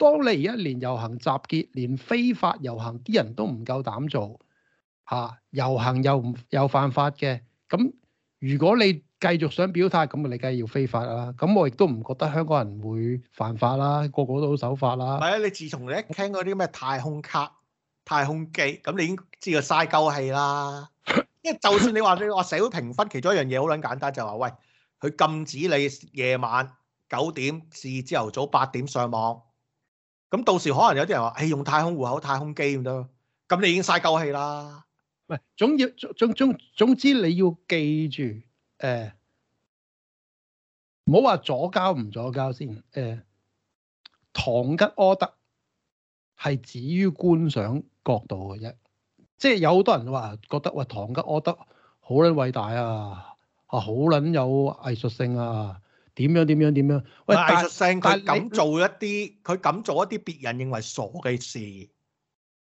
當你而一年遊行集結，連非法遊行啲人都唔夠膽做嚇、啊，遊行又唔又犯法嘅，咁如果你繼續想表態，咁你梗係要非法啦。咁我亦都唔覺得香港人會犯法啦，個個都好守法啦。係啊，你自從你一聽嗰啲咩太空卡、太空機，咁你已經知道嘥鳩氣啦。因為就算你話你話社會評分其中一樣嘢好撚簡單，就係話喂，佢禁止你夜晚九點至朝頭早八點上網。咁到時可能有啲人話：誒用太空戶口、太空機咁都，咁你已經嘥夠氣啦。唔係，總要總總總總之，你要記住，誒，唔好話左膠唔左膠先。誒，唐吉柯德係止於觀賞角度嘅啫，即係有好多人話覺得，哇，唐吉柯德好撚偉大啊，啊好撚有藝術性啊。點樣點樣點樣？喂，但藝術生佢敢做一啲，佢你敢做一啲別人認為傻嘅事，佢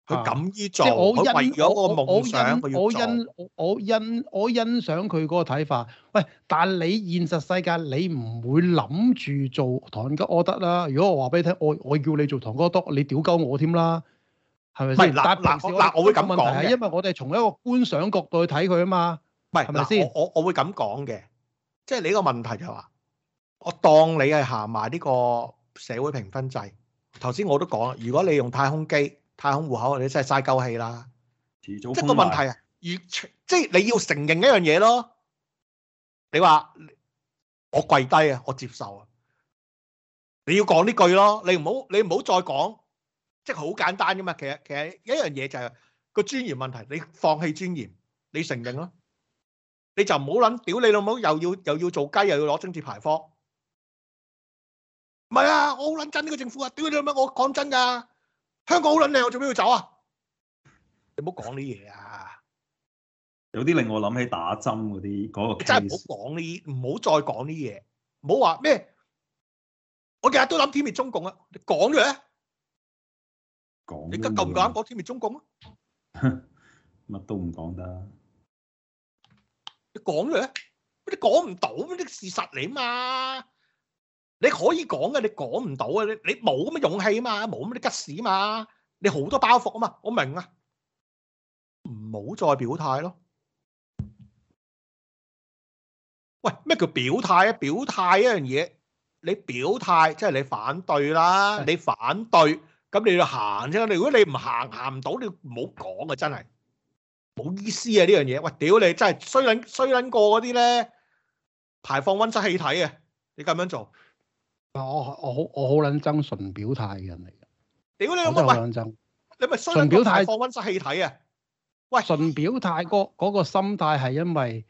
是、啊、敢依做。我為咗個夢想我我，我欣我欣我欣我欣賞佢嗰個睇法。喂，但係你現實世界你唔會諗住做唐哥我得啦唐吉訶德。如果我話俾你聽，我我叫你做唐吉訶德，你屌鳩我添啦，係咪先？係，嗱嗱嗱，我會咁講嘅，因為我哋從一個觀賞角度去睇佢啊嘛。唔係係咪先？我我會咁講嘅，即係你個問題就話。我當你係行埋呢個社會評分制，頭先我都講啦。如果你用太空機、太空戶口，你真係嘥夠氣啦。即係個問題啊，完全即係你要承認一樣嘢咯。你話我跪低啊，我接受啊。你要講呢句咯，你唔好你唔好再講。即係好簡單噶嘛。其實其實一樣嘢就係個尊嚴問題。你放棄尊嚴，你承認咯。你就唔好諗屌你老母又要又要做雞，又要攞政治牌坊。唔係啊，我好撚憎呢個政府啊！屌你老母，我講真㗎，香港好撚靚，我做咩要走啊？你唔好講呢啲嘢啊！有啲令我諗起打針嗰啲嗰個 case。真係唔好講呢啲嘢，唔好再講呢啲嘢，唔好話咩。我日日都諗天滅中共啊！你講嘅，講你而家夠唔夠膽講天滅中共啊？乜都唔講得。你講嘅，你講唔到，呢啲事實嚟嘛？你可以講嘅，你講唔到啊！你你冇咁嘅勇氣啊嘛，冇咁啲吉屎啊嘛，你好多包袱啊嘛，我明啊，唔好再表態咯。喂，咩叫表態啊？表態一樣嘢，你表態即係你反對啦，你反對，咁你要行先啦。你如果你唔行，行唔到，你唔好講啊！真係冇意思啊！呢樣嘢，喂，屌你，真係衰撚衰撚過嗰啲咧，排放溫室氣體啊，你咁樣做。我我好我好捻憎純表態嘅人嚟嘅，屌你個，喂，你咪純表態放溫室氣體啊？喂，純表態個嗰個心態係因為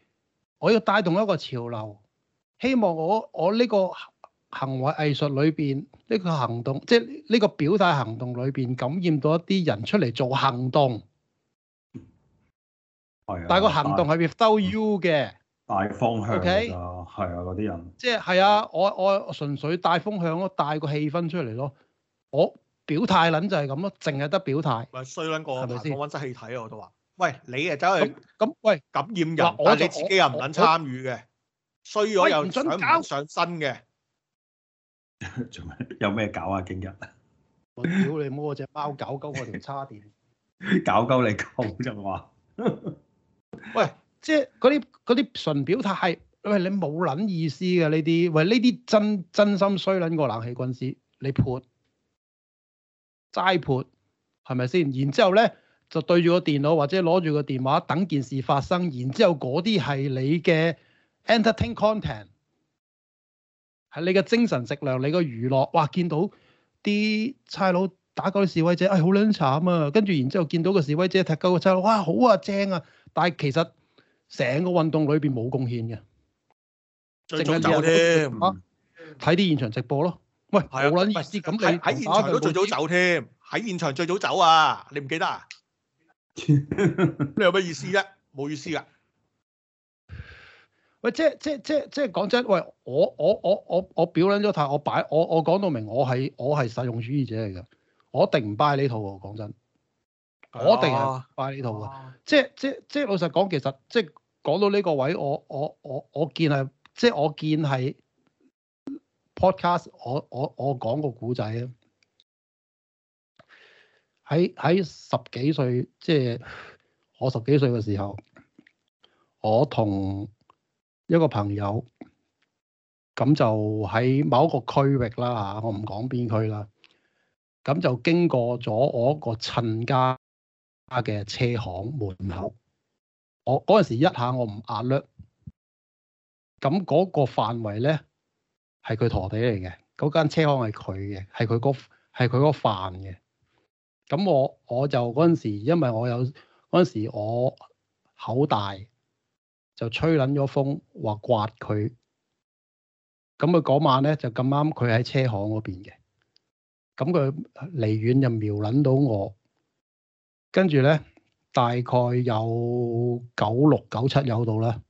我要帶動一個潮流，希望我我呢個行為藝術裏邊呢個行動，即係呢個表態行動裏邊感染到一啲人出嚟做行動，係的，但係個行動係變收 u 嘅。嗯大方向咋，係 Okay, 啊嗰啲人，即係係啊，我我純粹帶風向咯，帶個氣氛出嚟咯，我表態捻就係咁咯，淨係得表態。咪 [LAUGHS] 衰捻過，係咪先？我溫室氣體我都話，喂，你啊走去咁喂感染人，我哋、嗯、自己參與又唔捻參與嘅，衰咗又上唔上身嘅。做 [LAUGHS] 咩今天？有 [LAUGHS] 咩搞啊？今日我屌你冇嗰隻貓搞鳩我條叉電， [LAUGHS] 搞鳩你講啫嘛？喂！ [LAUGHS] [LAUGHS] [LAUGHS] 即係嗰啲啲純表態係餵你冇撚意思嘅呢啲，喂呢啲真真心衰撚過冷氣軍師，你判齋判係咪先？然之後咧就對住個電腦或者攞住個電話等件事發生，然之後嗰啲係你嘅 entertaining content，係你嘅精神食糧、你個娛樂。哇！見到啲差佬打鳩啲示威者，唉好撚慘啊！跟住然之後見到個示威者踢鳩個差佬，哇好啊，正啊！但係其實成個運動裏邊冇貢獻嘅，最早走添，睇啲現場直播咯。喂，冇撚意思咁，喺喺現場都最早走添，喺現場最早走啊！你唔記得啊？你有咩意思啫？冇意思噶。喂，即即即即講真，喂，我我我我我表撚咗態，我擺我我講到明，我係我係實用主義者嚟嘅，我一定唔 buy 呢套喎。講真，我一定係 buy 呢套嘅。即即即老實講，其實即。講到呢個位，我我我我見係，即係我見係 podcast，我我我講個古仔啊！喺喺十幾歲，即係我十幾歲嘅時候，我同一個朋友咁就喺某一個區域啦吓，我唔講邊區啦，咁就經過咗我一個親家嘅車行門口。我嗰陣時一下我唔壓略，咁嗰個範圍咧係佢陀地嚟嘅，嗰間車行係佢嘅，係佢個係佢個範嘅。咁我我就嗰陣時，因為我有嗰陣時我口大就吹捻咗風，話刮佢。咁佢嗰晚咧就咁啱佢喺車行嗰邊嘅，咁佢離遠就瞄捻到我，跟住咧。大概有九六九七有到啦，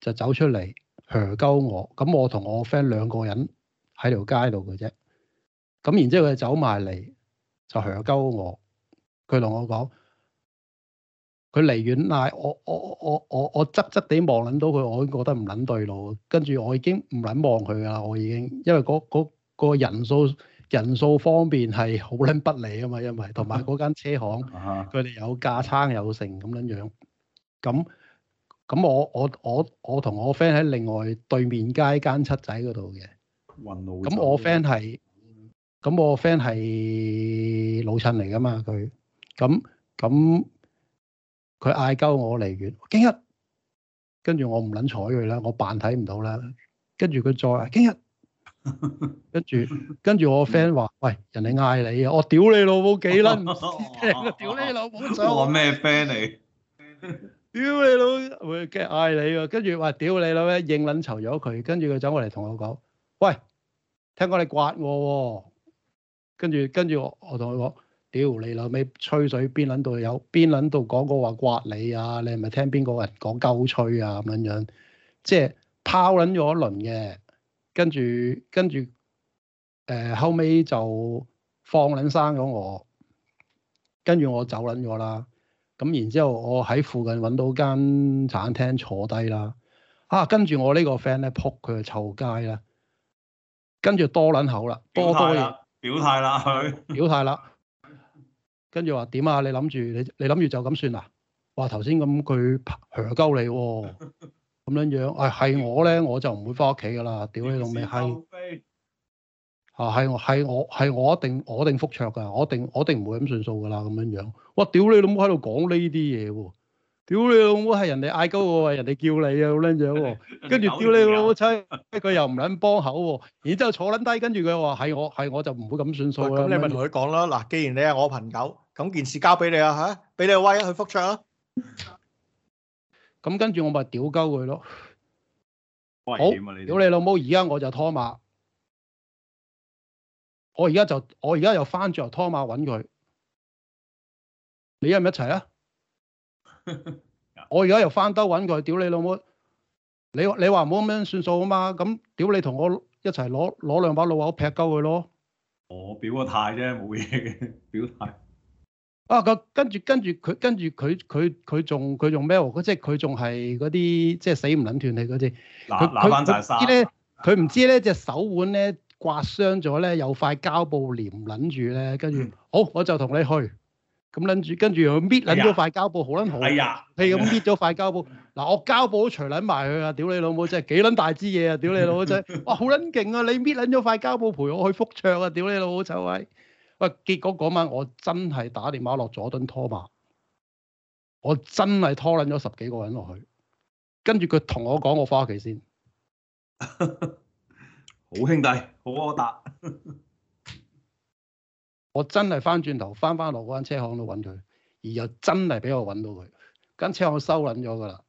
就走出嚟，僆鳩我。咁我同我 friend 兩個人喺條街度嘅啫。咁然之後，佢走埋嚟，就僆鳩我。佢同我講，佢離遠嗌我，我我我我我側側側地望，諗到佢，我已經覺得唔諗對路。跟住我已經唔諗望佢㗎啦，我已經因為嗰、嗰、嗰、個嗰個嗰個、人數。人數方面係好撚不利啊嘛，因為同埋嗰間車行佢哋 [LAUGHS] 有架撐有剩咁樣樣，咁咁我我我我同我 friend 喺另外對面街間七仔嗰度嘅，雲路。咁我 friend 係，咁我 friend 係老襯嚟噶嘛佢，咁咁佢嗌交我嚟完，京一跟住我唔撚睬佢啦，我扮睇唔到啦，跟住佢再京一。京一 [LAUGHS] 跟住，跟住我 friend 話，喂，人哋嗌你啊，我屌你老母幾撚唔正啊！屌你老母我咩 friend 你？屌你老母，嗌你，你，你，你，你啊！跟住話，屌你老味，應撚嘈咗佢。跟住佢走過嚟同我講，喂，聽過你刮、哦、我，我跟住跟住我，同佢講，屌你老味，吹水邊撚度有，邊撚度講過話刮你啊？你係咪聽邊個人講鳩吹啊？咁樣樣，即係拋撚咗一輪嘅。跟住跟住，誒、呃、後尾就放撚生咗我，跟住我走撚咗啦。咁然之後，我喺附近揾到間餐廳坐低啦。啊，跟住我個呢個 friend 咧，撲佢去湊街啦。跟住多撚口啦，多多嘢。表態啦，佢表態啦。 [LAUGHS] 跟住話點啊？你諗住你你諗住就咁算啦。話頭先咁，佢河溝你喎。 [LAUGHS] 咁樣樣，誒、啊，係我咧，我就唔會翻屋企噶啦。屌你老味，係是啊，係我，係我，係我一定，我一定覆桌噶，我一定，我一定唔會咁算數噶啦。咁樣樣，我屌你老母喺度講呢啲嘢喎，屌你老母係人哋嗌交喎，人哋叫你，你，、嗯、你，你，你啊，咁樣樣。跟住屌你老母妻，佢又唔捻幫口喎，然之後坐捻低，跟住佢話係我，係我就唔會咁算數啦。咁你咪同佢講啦，嗱，既然你係我朋友，咁件事交俾你啊，吓，俾你威啊，去覆桌啊。 [LAUGHS] 咁跟住我咪屌鳩佢咯，屌你老母！而家我就拖馬，我而家就我而家又翻着拖馬揾佢，你係咪一唔一齊啊？ [LAUGHS] 我而家又翻兜揾佢，屌你老母！你你，話唔好咁樣算數啊嘛？咁屌你同我一齊攞攞兩把老鷹劈鳩佢咯！我表個態啫，冇嘢嘅表態。 [LAUGHS] 啊！佢跟住跟住佢跟住佢佢佢仲佢仲咩？即係佢仲係嗰啲即係死唔撚斷氣嗰啲。攬攬翻曬衫。佢唔知咧隻手腕咧刮傷咗咧，有塊膠布黏撚住咧。跟住好，我就同你去。咁撚住，跟住佢搣撚咗塊膠布，好撚好。係啊。係咁搣咗塊膠布。嗱，我膠布都除撚埋佢啊！屌你老母，真係幾撚大支嘢啊！屌你老母真係。哇！好撚勁啊！你搣撚咗塊膠布陪我去腹搶啊！屌你老母臭閪！唔係，結果嗰晚我真係打電話落佐敦拖馬，我真係拖撚咗十幾個人落去，跟住佢同我講：我翻屋企先， [LAUGHS] 好兄弟，好柯達。 [LAUGHS] 我真係翻轉頭翻翻落嗰間車行度揾佢，而又真係俾我揾到佢間車行我收撚咗㗎啦。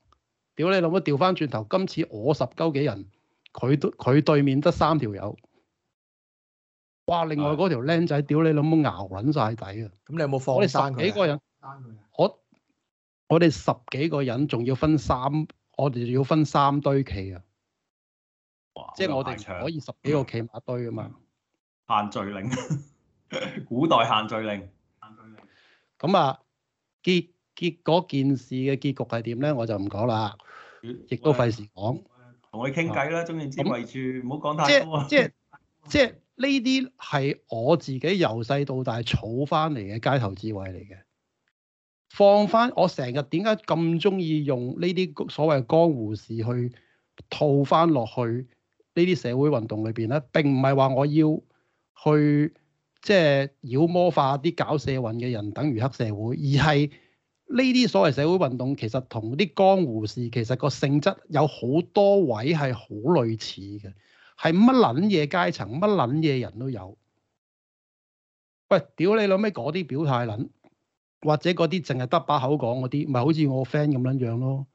屌你老母！調翻轉頭，今次我十鳩幾人，佢對佢對面得三條友。哇！另外嗰條僆仔，屌你老母熬撚晒底啊！咁你有冇放散佢？我我哋十幾個人仲要分三，我哋要分三堆棋啊！即係哇我哋可以十幾個棋埋一堆啊嘛！限聚令，古代限聚令。 [LAUGHS] 嗯、限聚令。咁啊，結結嗰件事嘅結局係點咧？我就唔講啦，亦都費事講。同佢傾偈啦，中意之圍住，唔、嗯、好講太多啊！即即即呢啲係我自己由細到大儲翻嚟嘅街頭智慧嚟嘅，放翻我成日點解咁中意用呢啲所謂江湖事去套翻落去呢啲社會運動裏邊咧？並唔係話我要去即係、就是、妖魔化啲搞社運嘅人，等於黑社會，而係呢啲所謂社會運動其實同啲江湖事其實個性質有好多位係好類似嘅。係乜撚嘢階層，乜撚嘢人都有。喂，屌你老味嗰啲表態撚，或者嗰啲淨係得把口講嗰啲，咪好似我 friend 咁撚樣咯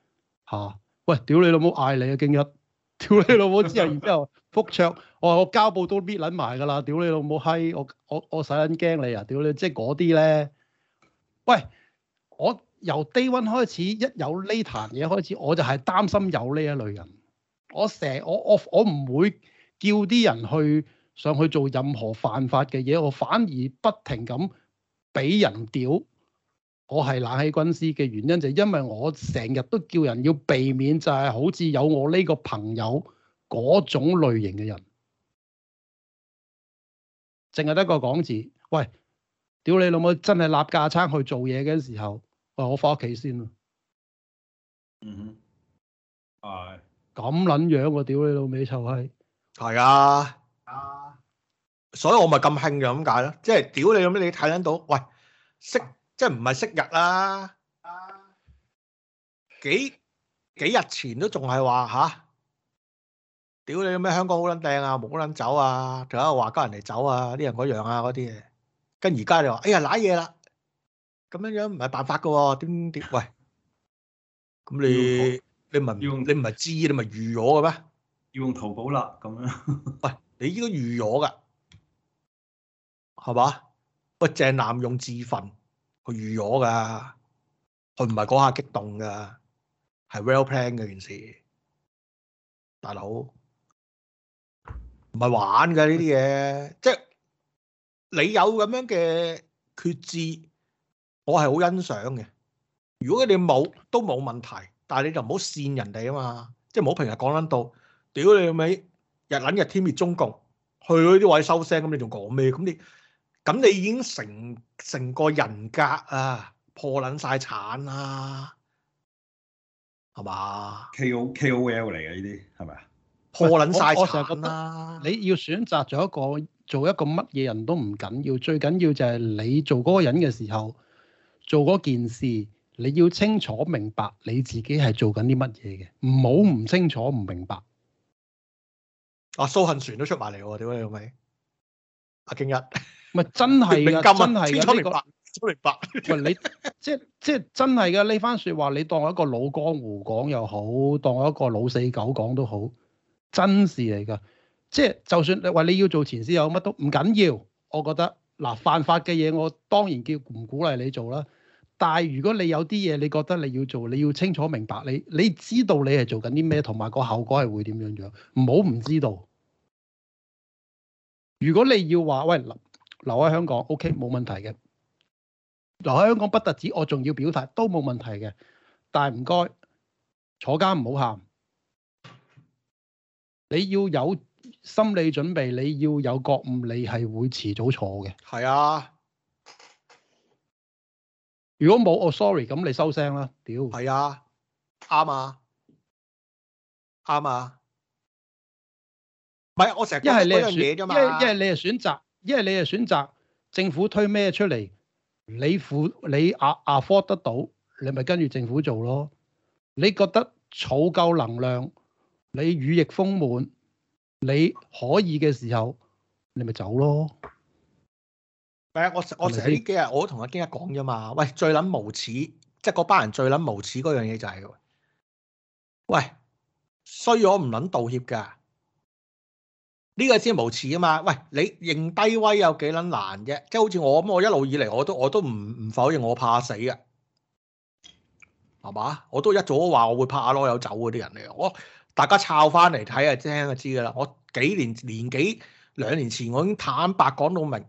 吓、啊，喂，屌你老母嗌你啊，經一，屌你老母之後，然之後福卓，我我交報都搣撚埋噶啦。屌你老母閪，我我我使捻驚你啊！屌你，即係嗰啲咧。喂，我由低 a y 開始，一有呢壇嘢開始，我就係擔心有呢一類人。我成我我我唔會叫啲人去上去做任何犯法嘅嘢，我反而不停咁俾人屌。我係冷氣軍師嘅原因就係因為我成日都叫人要避免就係好似有我呢個朋友嗰種類型嘅人，淨係得個講字。喂，屌你老母！真係立架撐去做嘢嘅時候，喂，我返屋企先啦。嗯哼。Mm-hmm，係。Hmm. Uh-huh. 咁撚樣喎！屌你老味臭閪，係啊，所以，我咪咁興嘅咁解咯。即係屌你咁樣，你睇撚到？喂，息即係唔係息日啦？幾幾日前都仲係話吓，屌你咁樣，香港好撚靚啊，冇撚走啊，仲有一個華家人嚟走啊，啲人嗰樣啊嗰啲嘢。跟而家就話：哎呀，瀨嘢啦，咁樣樣唔係辦法㗎喎。點點喂？咁你？你唔係用，你唔係知，你咪預咗嘅咩？要用淘寶啦，咁樣。喂、 [LAUGHS] 哎，你應該預咗噶，係嘛？我鄭南用自焚佢預咗噶，佢唔係嗰下激動噶，係 well plan 嘅件事。大佬唔係玩嘅呢啲嘢，即係、就是、你有咁樣嘅決志，我係好欣賞嘅。如果你冇，都冇問題。但係你就唔好煽人哋啊嘛，即係唔好平日講撚到，屌你尾日撚日天滅中共，去嗰啲位收聲咁，你仲講咩？咁你咁你已經成成個人格啊破撚曬產啦，係嘛？K O K O L 嚟嘅呢啲係咪啊？破撚曬產啦！你要選擇做一個做一個乜嘢人都唔緊要，最緊要就係你做嗰個人嘅時候做嗰件事。你要清楚明白你自己係做緊啲乜嘢嘅，唔好唔清楚唔明白。阿蘇杏璇都出埋嚟喎，屌你老味！阿、啊、京一，唔係真係噶，真係、啊、清楚明白，這個，明白。 [LAUGHS] 你即係即係真係嘅。呢番說話，你當我一個老江湖講又好，當我一個老死狗講都好，真事嚟噶。即、就、係、是、就算你話你要做前司友乜都唔緊要，要，我覺得嗱、啊，犯法嘅嘢我當然叫唔鼓勵你做啦。但係如果你有啲嘢，你覺得你要做，你要清楚明白你，你知道你係做緊啲咩，同埋個效果係會點樣樣，唔好唔知道。如果你要話喂留留喺香港，OK 冇問題嘅。留喺香港不特止，我仲要表態都冇問題嘅。但係唔該，坐監唔好喊。你要有心理準備，你要有覺悟，你係會遲早坐嘅。係啊。如果冇哦，oh，sorry，咁你收聲啦，屌！係啊，啱啊，啱啊，唔係我成日一係你一係你係選擇，一係你係選擇政府推咩出嚟，你付你 afford 得到，你咪跟住政府做咯。你覺得儲夠能量，你羽翼豐滿，你可以嘅時候，你咪走咯。誒、哎，我我成呢幾日，我都同阿京一講啫嘛。喂，最撚無恥，即係嗰班人最撚無恥嗰樣嘢就係、是，喂衰咗唔撚道歉㗎，呢、這個先係無恥啊嘛。喂，你認低威有幾撚難啫？即係好似我咁，我一路以嚟我都我都唔唔否認我怕死啊，係嘛？我都一早都話我會怕下攞有走嗰啲人嚟，我大家抄翻嚟睇下，聽啊知㗎啦。我幾年年幾兩年前，我已經坦白講到明。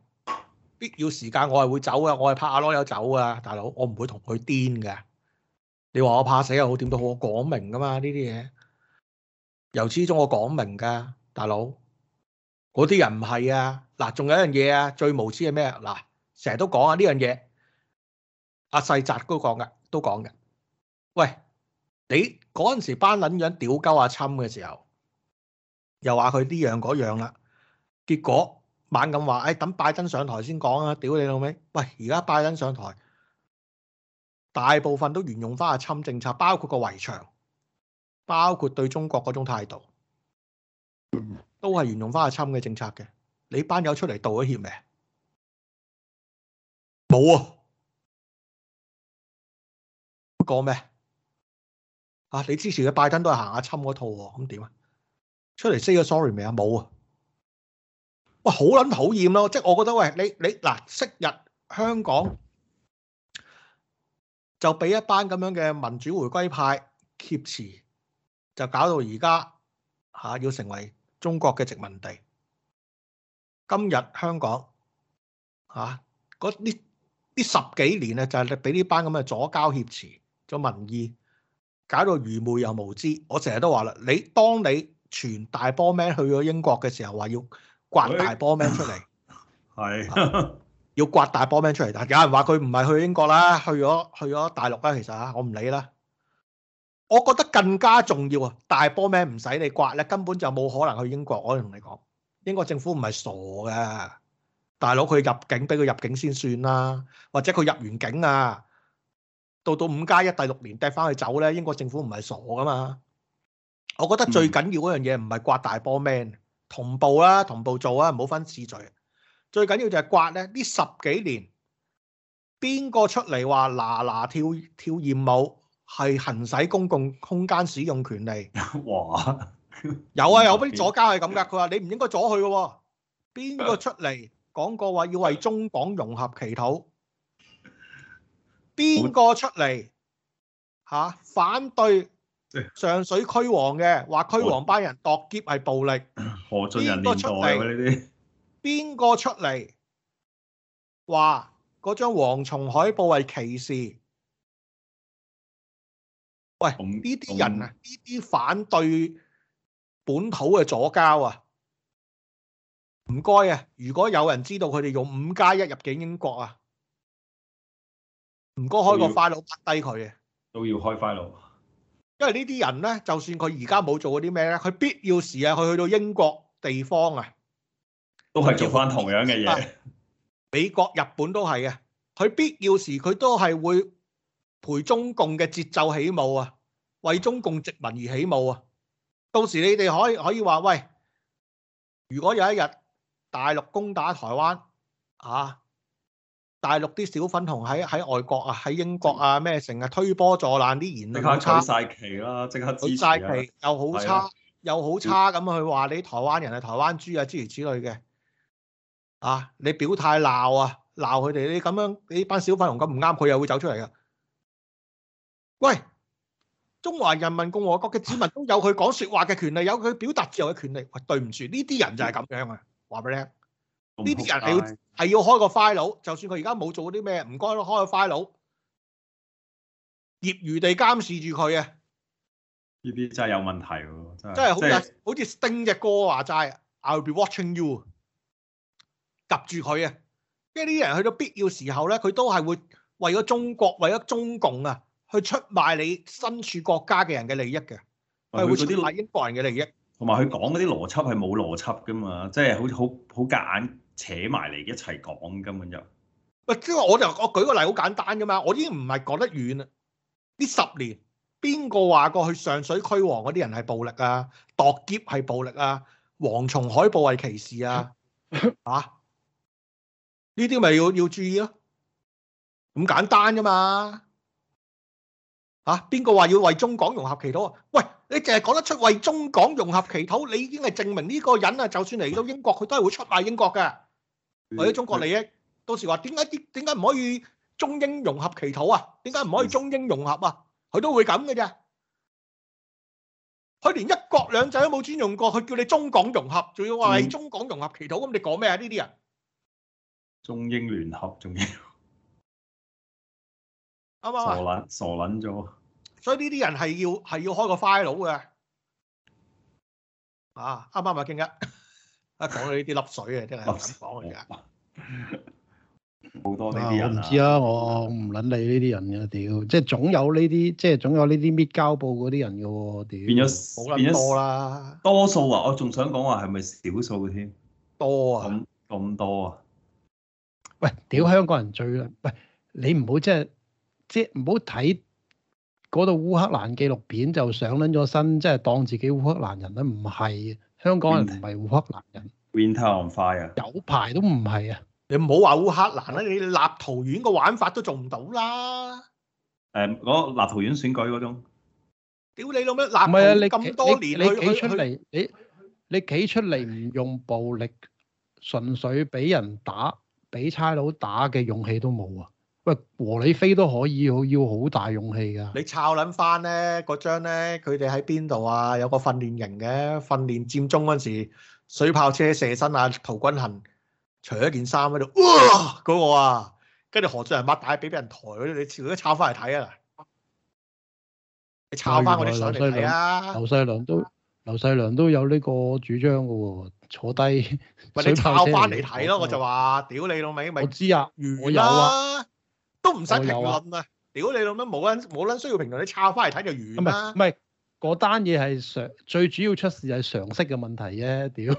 必要時間我係會走啊，我係怕阿攞有走啊。大佬我唔會同佢癲嘅。你話我怕死又好點都好，我講明噶嘛呢啲嘢。由始終我講明噶，大佬嗰啲人唔係啊。嗱，仲有一樣嘢啊，最無知係咩？嗱、啊，成日都講啊呢樣嘢。阿世澤都講噶，都講嘅。喂，你嗰陣時班撚樣屌鳩阿侵嘅時候，又話佢呢樣嗰樣啦，結果。猛咁話，誒、哎，等拜登上台先講啊！屌你老味，喂，而家拜登上台，大部分都沿用翻阿侵政策，包括個圍牆，包括對中國嗰種態度，都係沿用翻阿侵嘅政策嘅。你班友出嚟道咗歉未？冇啊！講咩啊？你之前嘅拜登都係行阿侵嗰套喎，咁點啊？出嚟 say 個 sorry 未啊？冇啊！好撚討厭咯！即係我覺得，喂，你你嗱，昔日香港就俾一班咁樣嘅民主回歸派挾持，就搞到而家吓要成為中國嘅殖民地。今日香港吓嗰啲啲十幾年咧，就係俾呢班咁嘅左膠挾持咗民意，搞到愚昧又無知。我成日都話啦，你當你傳大波 man 去咗英國嘅時候，話要，刮大波 man 出嚟，係要刮大波 man 出嚟。但係有人話佢唔係去英國啦，去咗去咗大陸啦。其實啊，我唔理啦。我覺得更加重要啊！大波 man 唔使你刮咧，根本就冇可能去英國。我同你講，英國政府唔係傻㗎，大佬佢入境俾佢入境先算啦。或者佢入完境啊，到到五加一第六年掟翻去走咧，英國政府唔係傻噶嘛。我覺得最緊要嗰樣嘢唔係刮大波 man。同步啦，同步做啊，唔好分次序。最緊要就係刮咧，呢十幾年邊個出嚟話嗱嗱跳跳豔舞，係行使公共空間使用權利？哇！有啊，有啲左膠係咁㗎，佢話你唔應該阻佢嘅喎。邊個出嚟講過話要為中港融合祈禱？邊個出嚟吓反對？上水區王嘅話，區王班人度劫係暴力？何俊仁年代嘅呢啲，邊個出嚟話嗰張黃松海報係歧視？喂，呢啲懂人啊，呢啲懂反對本土嘅左膠啊，唔該啊！如果有人知道佢哋用五加一入境英國啊，唔該開個 file 拍低佢啊，都要開 file。因為呢啲人咧，就算佢而家冇做嗰啲咩咧，佢必要時啊，佢去到英國地方啊，都係做翻同樣嘅嘢。美國、日本都係嘅啊，佢必要時佢都係會陪中共嘅節奏起舞啊，為中共殖民而起舞啊。到時你哋可以可以話喂，如果有一日大陸攻打台灣啊。大陸啲小粉紅喺喺外國啊，喺英國啊咩成啊推波助瀾啲言論好差，即刻推晒旗啦，即刻支持。推晒旗又好差，的又好差咁去話你台灣人係台灣豬啊，台灣豬啊，諸如此類嘅啊，你表態鬧啊，鬧佢哋，你咁樣你班小粉紅咁唔啱，佢又會走出嚟噶。喂，中華人民共和國嘅子民都有佢講說話嘅權利， [LAUGHS] 有佢表達自由嘅權利。喂，對唔住，呢啲人就係咁樣啊，話俾你聽。呢啲人係要係要開個 file，就算佢而家冇做啲咩，唔該開個 file，業餘地監視住佢啊！呢啲真係有問題喎，真係即係好似 Sting 隻歌話齋，I'll be watching you，及住佢啊！即係呢啲人去到必要時候咧，佢都係會為咗中國、為咗中共啊，去出賣你身處國家嘅人嘅利益嘅。係會嗰啲英國人嘅利益，同埋佢講嗰啲邏輯係冇邏輯噶嘛，即係好好好揀。扯埋嚟一齊講，根本就喂，即係我就我舉個例好簡單嘅嘛，我已經唔係講得遠啦。呢十年邊個話過去上水區王嗰啲人係暴力啊，奪劫係暴力啊，蝗蟲海報係歧視啊， [LAUGHS] 啊？呢啲咪要要注意咯，啊，咁簡單啫嘛。嚇、啊，邊個話要為中港融合祈禱？喂，你淨係講得出為中港融合祈禱，你已經係證明呢個人啊，就算嚟到英國，佢都係會出賣英國嘅。為咗中國利益，到時話點解啲，點解唔可以中英融合祈禱啊？點解唔可以中英融合啊？佢都會咁嘅啫。佢連一國兩制都冇尊用過，佢叫你中港融合，仲要話係中港融合祈禱，咁、嗯、你講咩啊？呢啲人中英聯合，仲要啱唔啱啊？傻捻，傻捻咗。所以呢啲人係要係要開個 file 嘅。 [LAUGHS] 啊，啱唔啱啊？京一。一講到呢啲粒水嘅真係唔敢講噶，好 [LAUGHS] 多呢啲人唔、啊、知啊。我唔撚、啊、理呢啲人嘅、啊、屌，即係總有呢啲，即係總有呢啲搣膠布嗰啲人嘅、啊、喎，屌變咗好撚多啦、啊！多數啊，我仲想講話係咪少數嘅、啊、添？多啊，咁多啊？喂，屌香港人最啦！喂，你唔好即係即係唔好睇嗰度烏克蘭紀錄片就上撚咗身，即、就、係、是、當自己烏克蘭人啦、啊！唔係。香港人唔係烏克蘭人。Winter on fire。有排都唔係啊！你唔好話烏克蘭啦，你立陶宛個玩法都做唔到啦。誒，嗰立陶宛選舉嗰種，屌你老味，立陶宛唔係啊！你咁多年，你你你企出嚟，你你企出嚟唔用暴力，純粹俾人打，俾差佬打嘅勇氣都冇啊！和你飛都可以，要好大勇氣噶。你抄捻翻咧，嗰張咧，佢哋喺邊度啊？有個訓練營嘅訓練佔中嗰陣時，水炮車射身啊，陶君行除咗件衫喺度，嗰個啊，跟住何俊仁擘大嘴俾人抬嗰啲，你如果抄翻嚟睇啊，你抄翻我哋上嚟睇啊，啊。劉世良，劉世良都劉世良都有呢個主張嘅喎，坐低。喂，你抄翻嚟睇咯，我，我就話：屌你老味，我知啊，有啊！」都唔使評論啊！屌你老乜冇撚冇撚需要評論，你叉翻嚟睇就完啦。唔係，唔係嗰單嘢係，常最主要出事係常識嘅問題啫。屌，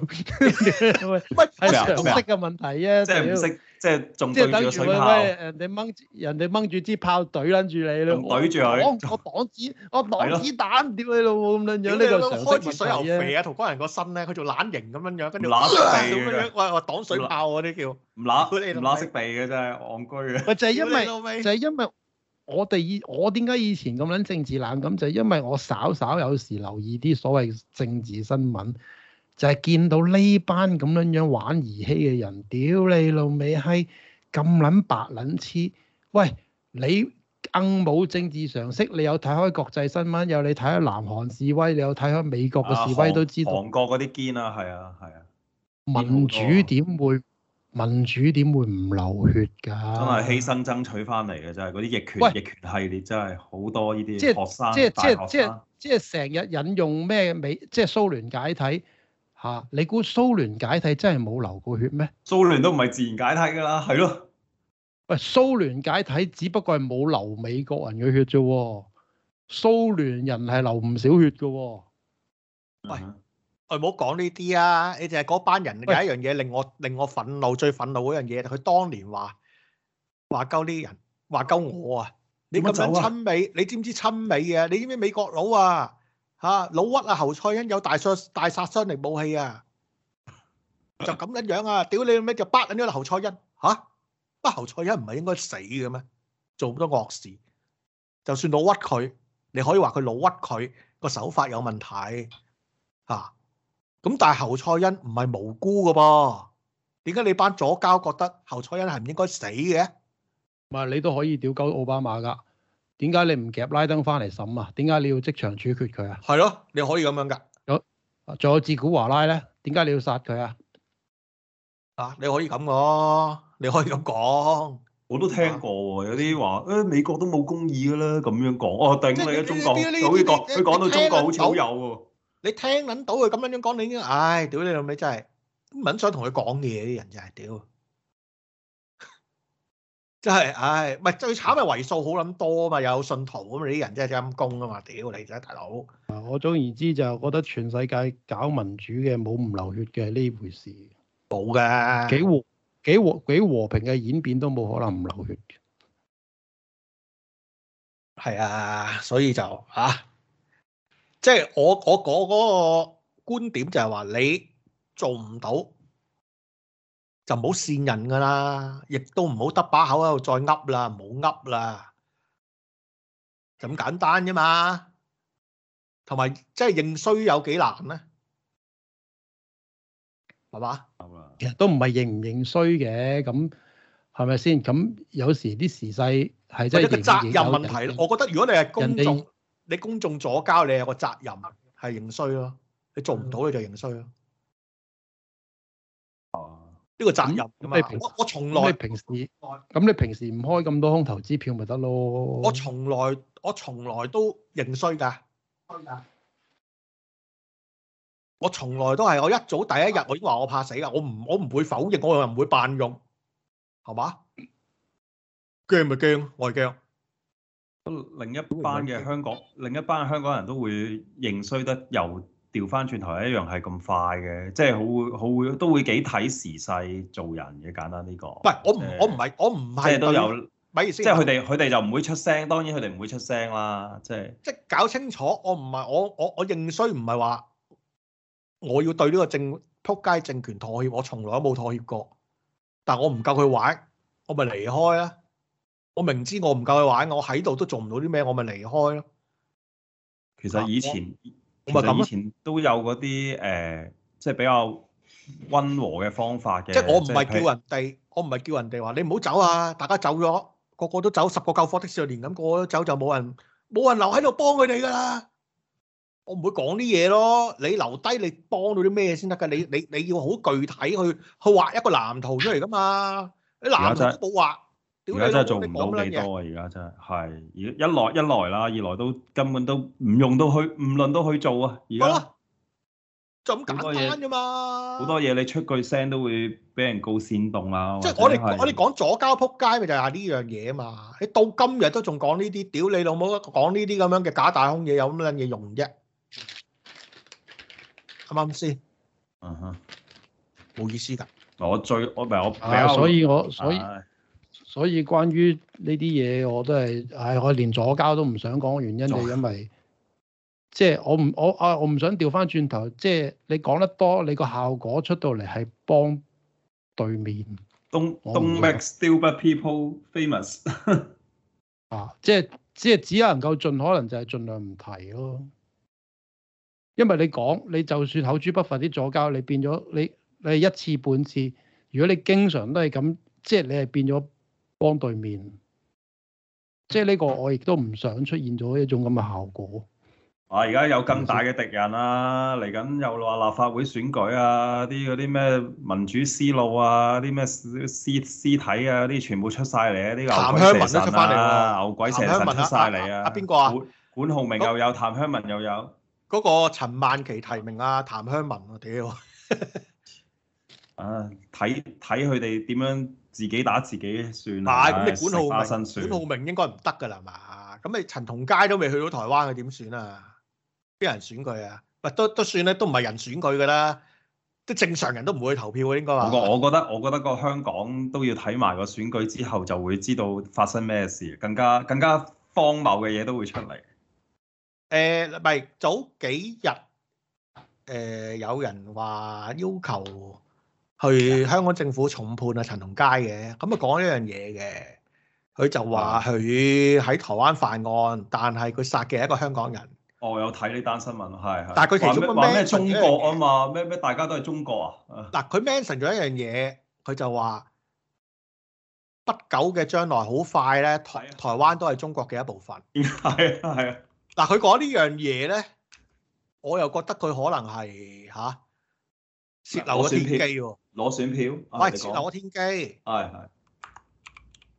係 [LAUGHS] [LAUGHS] 常識嘅問題啫。即係唔即係仲對住水炮，人哋掹人哋掹住支炮，懟撚住你啦，懟住佢。我擋，我我擋子彈，屌你老母咁樣樣。你個開住水喉肥啊，同灣人個身咧，佢做懶型咁樣樣，跟住唔識避我擋水炮啲叫唔識避，唔識避嘅真係戇居啊！就係、是、因為就係、是、因為我哋以我點解以前咁撚政治冷感，就係、是、因為我稍稍有時留意啲所謂政治新聞。就係見到呢班咁樣樣玩兒戲嘅人，屌你老尾係咁撚白撚痴！喂，你更冇政治常識，你有睇開國際新聞，有你睇開南韓示威，你有睇開美國嘅示威都知道。韓國嗰啲堅啊，係啊，係啊。民主點會？民主點會唔流血㗎？真係犧牲爭取翻嚟嘅，就係，嗰啲逆權逆權系列真係好多呢啲學生、大學生，即係成日引用咩美即係蘇聯解體。嚇！你估蘇聯解體真係冇流過血咩？蘇聯都唔係自然解體噶啦，係咯？喂，蘇聯解體只不過係冇流美國人嘅血啫喎，蘇聯人係流唔少血噶喎。嗯、喂，誒唔好講呢啲啊！你淨係嗰班人有一樣嘢喂令我令我憤怒，最憤怒嗰樣嘢佢當年話話鳩呢啲人話鳩我啊！你咁樣親美，啊、你知唔知親美啊？你知唔知美國佬啊？嚇、啊，老屈啊！侯賽恩有大殺大殺傷力武器啊，就咁樣樣啊！屌你咩就巴緊啲侯賽恩，嚇、啊，巴、啊、侯賽恩唔係應該死嘅咩？做好多惡事，就算老屈佢，你可以話佢老屈佢個手法有問題嚇。咁、啊、但係侯賽恩唔係無辜嘅噃，點解你班左膠覺得侯賽恩係唔應該死嘅？咪你都可以屌鳩奧巴馬噶。點解你唔夾拉登翻嚟審啊？點解你要即場處決佢啊？係咯，你可以咁樣噶。有仲有哲古華拉咧？點解你要殺佢啊？啊，你可以咁講，你可以咁講。我都聽過喎，有啲話誒，美國都冇公義㗎啦，咁樣講。哦，頂你喺中國，喺國，佢講到中國好似好有喎。你聽撚到佢咁樣樣講，你已經唉，屌你老味，真係唔想同佢講嘢，啲人真係屌。真係，唉、哎，唔係最慘，咪維數好諗多啊嘛，又有信徒咁你啲人真係陰功啊嘛，屌你啫大佬！我總言之就覺得全世界搞民主嘅冇唔流血嘅呢回事，冇嘅，幾和幾和幾和平嘅演變都冇可能唔流血嘅，係啊，所以就啊，即係我我嗰嗰個觀點就係話你做唔到。就唔好善人噶啦，亦都唔好得把口喺度再噏啦，唔好噏啦，咁簡單啫嘛。同埋即係認衰有幾難咧，係嘛？其實都唔係認唔認衰嘅，咁係咪先？咁有時啲時勢係即係一個責任問題咯，緊緊我覺得如果你係公眾，定你公眾左交，你有個責任係認衰咯，你做唔到你就認衰咯。嗯。呢個責任嘛、嗯，嗯、我、嗯、我從來，咁、嗯、你平時唔開咁多空頭支票咪得咯？我從來，我從來,來都認衰㗎，我從來都係我一早第一日，我已經話我怕死㗎，我唔我唔會否認，我又唔會扮勇。係嘛？驚咪驚，我係驚。 [LAUGHS] 另一班嘅香港，另一班香港人都會認衰得又。調翻轉頭一樣係咁快嘅，即係好會好會都會幾睇時勢做人嘅簡單呢個。唔係我唔我唔係我唔係即係都有，咪意思即係佢哋佢哋就唔會出聲，當然佢哋唔會出聲啦。即係即係搞清楚，我唔係我我我認衰，唔係話我要對呢個政撲街政權妥協，我從來都冇妥協過。但我唔夠佢玩，我咪離開啦。我明知我唔夠佢玩，我喺度都做唔到啲咩，我咪離開咯。其實以前。咁咪咁以前都有嗰啲誒，即係比較溫和嘅方法嘅。即係我唔係叫人哋，如我唔係叫人哋話你唔好走啊！大家走咗，個個都走，十個救火的少年咁個個都走，就冇人冇人留喺度幫佢哋㗎啦。我唔會講啲嘢咯，你留低你幫到啲咩先得㗎？你你你要好具體去去畫一個藍圖出嚟㗎嘛？你藍圖都冇畫。而家真係做唔到幾多啊！而家真係係而一來一來啦，二來都根本都唔用到去，唔論到去做啊！而家就咁簡單啫嘛。好多嘢你出句聲都會俾人告煽動啊！即係我哋我哋講左膠撲街咪就係呢樣嘢啊嘛！你到今日都仲講呢啲，屌你老母講呢啲咁樣嘅假大空嘢，有乜撚嘢用啫？啱唔啱先？嗯哼，冇意思㗎。嗱，我最我唔係我係啊，所以我所以。所以關於呢啲嘢，我都係，係我連左膠都唔想講嘅原因就因為，即係我唔我啊，我唔想調翻轉頭，即係你講得多，你個效果出到嚟係幫對面。Don't make stupid people famous [LAUGHS] 啊，即係即係只能夠盡可能就係儘量唔提咯，因為你講你就算口誅筆伐啲左膠，你變咗你你一次半次，如果你經常都係咁，即係你係變咗。幫對面，即係呢個，我亦都唔想出現咗一種咁嘅效果。啊！而家有更大嘅敵人啊，嚟緊又話立法會選舉啊，啲嗰啲咩民主思路啊，啲咩屍屍體啊，啲全部出晒嚟啊！啲牛鬼蛇神啊，牛鬼蛇神出晒嚟啊！阿邊個啊？啊啊管浩明又有，譚香文又有。嗰個陳曼琪提名啊，譚香文啊，屌！啊，睇睇佢哋點樣。自己打自己算啦，咁、哎、你管浩明，管浩明應該唔得噶啦，係嘛？咁你陳同佳都未去到台灣，佢點算啊？邊人選佢啊？唔係都都算咧，都唔係人選佢噶啦，啲正常人都唔會去投票嘅應該話。不過我覺得，我覺得個香港都要睇埋個選舉之後，就會知道發生咩事，更加更加荒謬嘅嘢都會出嚟。誒唔係早幾日誒、呃、有人話要求去香港政府重判啊陳同佳嘅，咁啊講一樣嘢嘅，佢就話佢喺台灣犯案，但係佢殺嘅係一個香港人。哦，有睇呢單新聞，係係。但係佢其實講咩中國啊嘛？咩咩大家都係中國啊？嗱，佢 mention 咗一樣嘢，佢就話不久嘅將來，好快咧，台台灣都係中國嘅一部分。係啊！係啊！嗱，佢講呢樣嘢咧，我又覺得佢可能係嚇。洩漏咗天機喎，攞選票喂，洩漏咗天機係係係啊，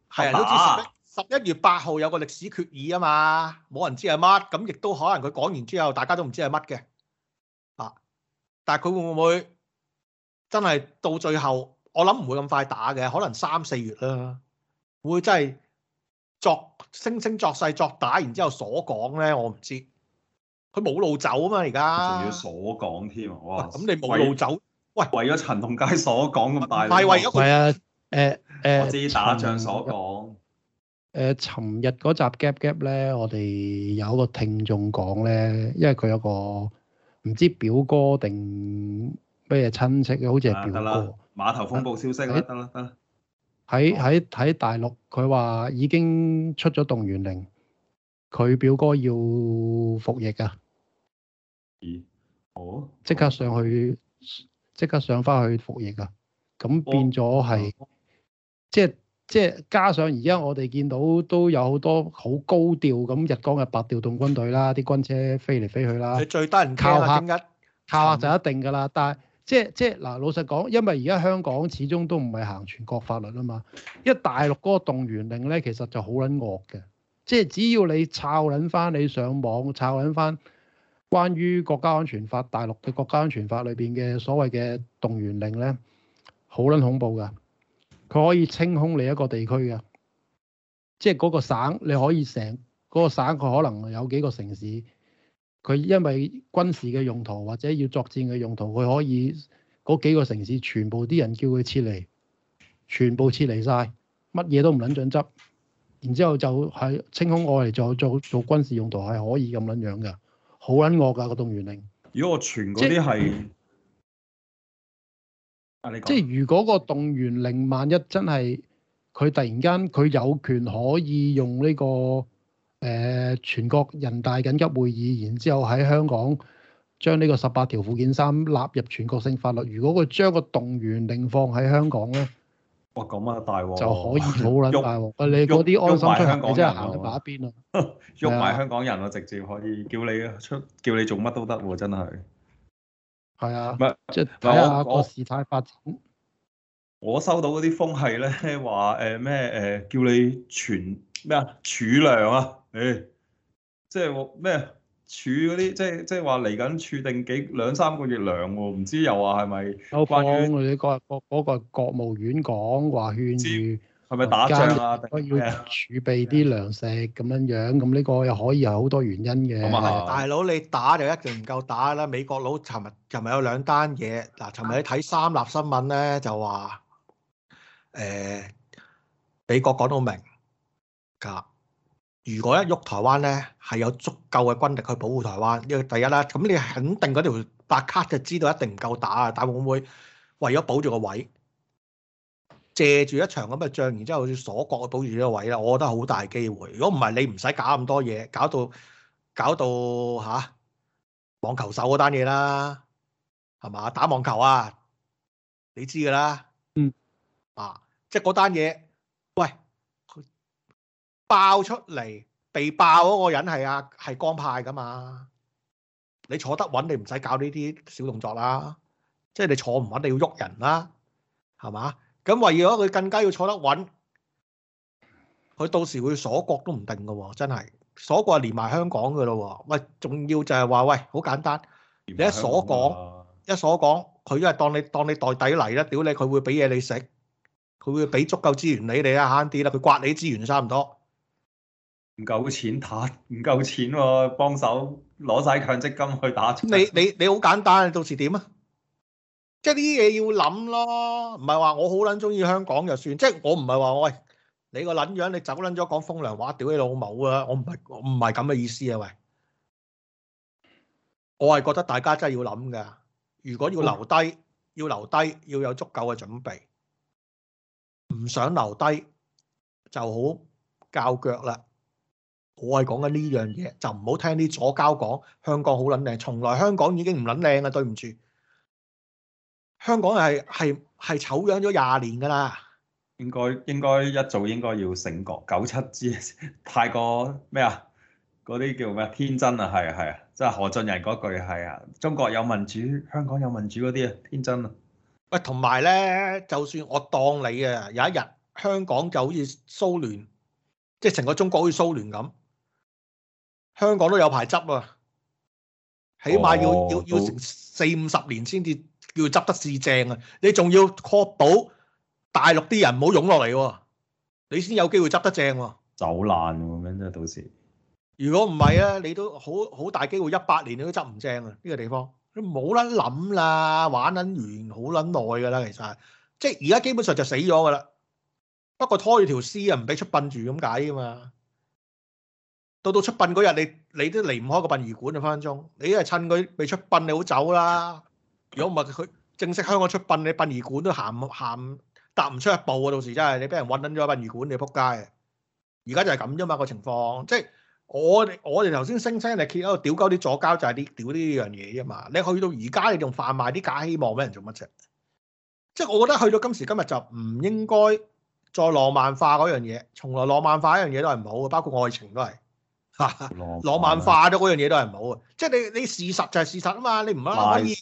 係人都知十一月八號有個歷史決議啊嘛，冇人知係乜，咁亦都可能佢講完之後，大家都唔知係乜嘅啊，但係佢會唔會真係到最後，我諗唔會咁快打嘅，可能三四月啦，會真係作惺惺作勢作打，然之後所講咧，我唔知，佢冇路走啊嘛，而家仲要所講添啊，哇，咁你冇路走。喂，為咗陳同佳所講咁大，係為咗唔係啊？誒、呃、誒，呃、我知打仗所講、呃。誒、呃，尋日嗰、呃、集 gap gap 咧，我哋有一個聽眾講咧，因為佢有個唔知表哥定咩嘢親戚好似係表哥。得啦、啊，碼頭風暴消息啦，得啦得啦。喺喺喺大陸，佢話已經出咗動員令，佢表哥要服役噶。咦？哦，即刻上去。即刻上翻去服役啊！咁變咗係、哦，即係即係加上而家我哋見到都有好多好高調咁日光日白調動軍隊啦，啲軍車飛嚟飛去啦。你最得人、啊、靠下，緊急何靠下就一定噶啦，但係即係即係嗱，老實講，因為而家香港始終都唔係行全國法律啊嘛，因為大陸嗰個動員令咧，其實就好撚惡嘅，即係只要你抄撚翻你上網，抄撚翻。關於國家安全法，大陸嘅國家安全法裏邊嘅所謂嘅動員令咧，好撚恐怖噶。佢可以清空你一個地區嘅，即係嗰個省，你可以成嗰、那個省，佢可能有幾個城市，佢因為軍事嘅用途或者要作戰嘅用途，佢可以嗰幾個城市全部啲人叫佢撤離，全部撤離晒，乜嘢都唔捻准執，然之後就喺清空我嚟做做做軍事用途係可以咁捻樣噶。好撚惡㗎個動員令，如果我傳嗰啲係，即係、啊、你講、如果個動員令萬一真係佢突然間佢有權可以用呢、這個誒、呃、全國人大緊急會議，然之後喺香港將呢個十八條附件三納入全國性法律，如果佢將個動員令放喺香港咧？哇，咁啊大鑊就可以好啦，喐大鑊，誒你喐埋香港人即係行去把邊啊，喐埋香港人我直接可以叫你出，叫你做乜都得喎，真係係啊，唔係即係睇下個事態發展我。我收到嗰啲風係咧，話誒咩誒叫你存咩啊儲糧啊，誒即係咩？就是儲嗰啲即係即係話嚟緊儲定幾兩三個月糧喎、哦，唔知又話係咪？我講我哋國國嗰個國務院講話勸住，係咪打仗啊？我要儲備啲糧食咁樣麼樣，咁呢個又可以有好多原因嘅。大佬你打就一定唔夠打啦！美國佬尋日尋日有兩單嘢，嗱尋日你睇三立新聞咧就話，誒、欸、美國講到明㗎。如果一喐台灣咧，係有足夠嘅軍力去保護台灣，呢個第一啦，咁你肯定嗰條白卡就知道一定唔夠打啊！但會唔會為咗保住個位，借住一場咁嘅仗，然之後鎖國去保住呢個位咧？我覺得好大機會。如果唔係，你唔使搞咁多嘢，搞到搞到嚇、啊、網球手嗰單嘢啦，係嘛？打網球啊，你知噶啦，嗯，啊，即係嗰單嘢。爆出嚟被爆嗰個人係啊係江派噶嘛？你坐得穩，你唔使搞呢啲小動作啦。即係你坐唔穩，你要喐人啦，係嘛？咁為咗佢更加要坐得穩，佢到時會鎖國都唔定噶喎，真係鎖國係連埋香港噶咯喎。喂，仲要就係話喂，好簡單，你一鎖港一鎖港，佢因為當你當你代底嚟啦。屌你，佢會俾嘢你食，佢會俾足夠資源你你啦，慳啲啦，佢刮你資源差唔多。唔夠錢打，唔夠錢喎，幫手攞晒強積金去打，打你。你你你好簡單，到時點啊？即係呢啲嘢要諗咯，唔係話我好捻中意香港就算，即係我唔係話我喂你個捻樣，你，你走捻咗講風涼話，屌你老母啊！我唔係我唔係咁嘅意思啊，喂！我係覺得大家真係要諗噶，如果要留低，要留低，要有足夠嘅準備，唔想留低就好較腳啦。我係講緊呢樣嘢，就唔好聽啲左膠講香港好撚靚，從來香港已經唔撚靚啦，對唔住，香港係係係醜樣咗廿年㗎啦。應該應該一早應該要醒覺，九七之太過咩啊？嗰啲叫咩？天真啊，係啊係啊，即係何俊仁嗰句係啊。中國有民主，香港有民主嗰啲啊，天真啊。喂，同埋咧，就算我當你啊，有一日香港就好似蘇聯，即係成個中國好似蘇聯咁。香港都有排執啊，起碼要、哦、要要四五十年先至叫執得是正啊！你仲要確保大陸啲人唔好湧落嚟，你先有機會執得正。走爛咁樣，真係到時。如果唔係啊，你都好好大機會一百年你都執唔正啊！呢、呢個地方你冇得諗啦，玩捻完好捻耐噶啦，其實。即係而家基本上就死咗噶啦，不過拖住條屍啊，唔俾出殯住咁解啊嘛。到到出殯嗰日，你你都離唔開個殯儀館啊！分分鐘你都係趁佢未出殯，你好走啦。如果唔係佢正式香港出殯，你殯儀館都行行，行踏唔出一步啊！到時真係你俾人搵咗個殯儀館，你撲街啊！而家就係咁啫嘛個情況，即係我哋我哋頭先聲稱你揭嗰個屌鳩啲左膠就係啲屌呢樣嘢啊嘛！你去到而家，你仲販賣啲假希望俾人做乜啫？即係我覺得去到今時今日就唔應該再浪漫化嗰樣嘢，從來浪漫化一樣嘢都係唔好嘅，包括愛情都係。吓，浪漫化咗嗰樣嘢都係唔好啊！即係你你事實就係事實啊嘛，你唔可以，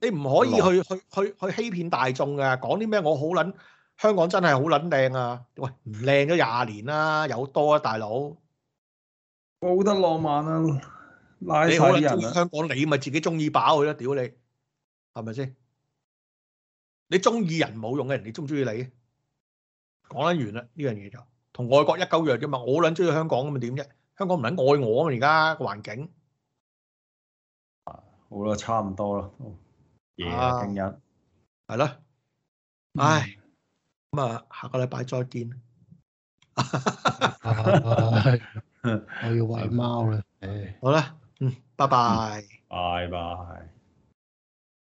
你唔可以去浪漫去去去欺騙大眾啊。講啲咩我好捻香港真係好捻靚啊！喂，唔靚咗廿年啦，有多啊大佬，冇得浪漫啊！你可能中意香港，你咪自己中意飽佢啦。屌你，係咪先？你中意人冇用嘅，人哋中唔中意你？講得完啦呢樣嘢就同外國一鳩樣嘅嘛，我捻中意香港咁嘛，點啫？香港唔係愛我啊！而家個環境，好啦，差唔多啦。耶，京一，係啦，唉，咁啊，下個禮拜再見。我要喂貓啦。唉，好啦，嗯，拜拜。拜拜。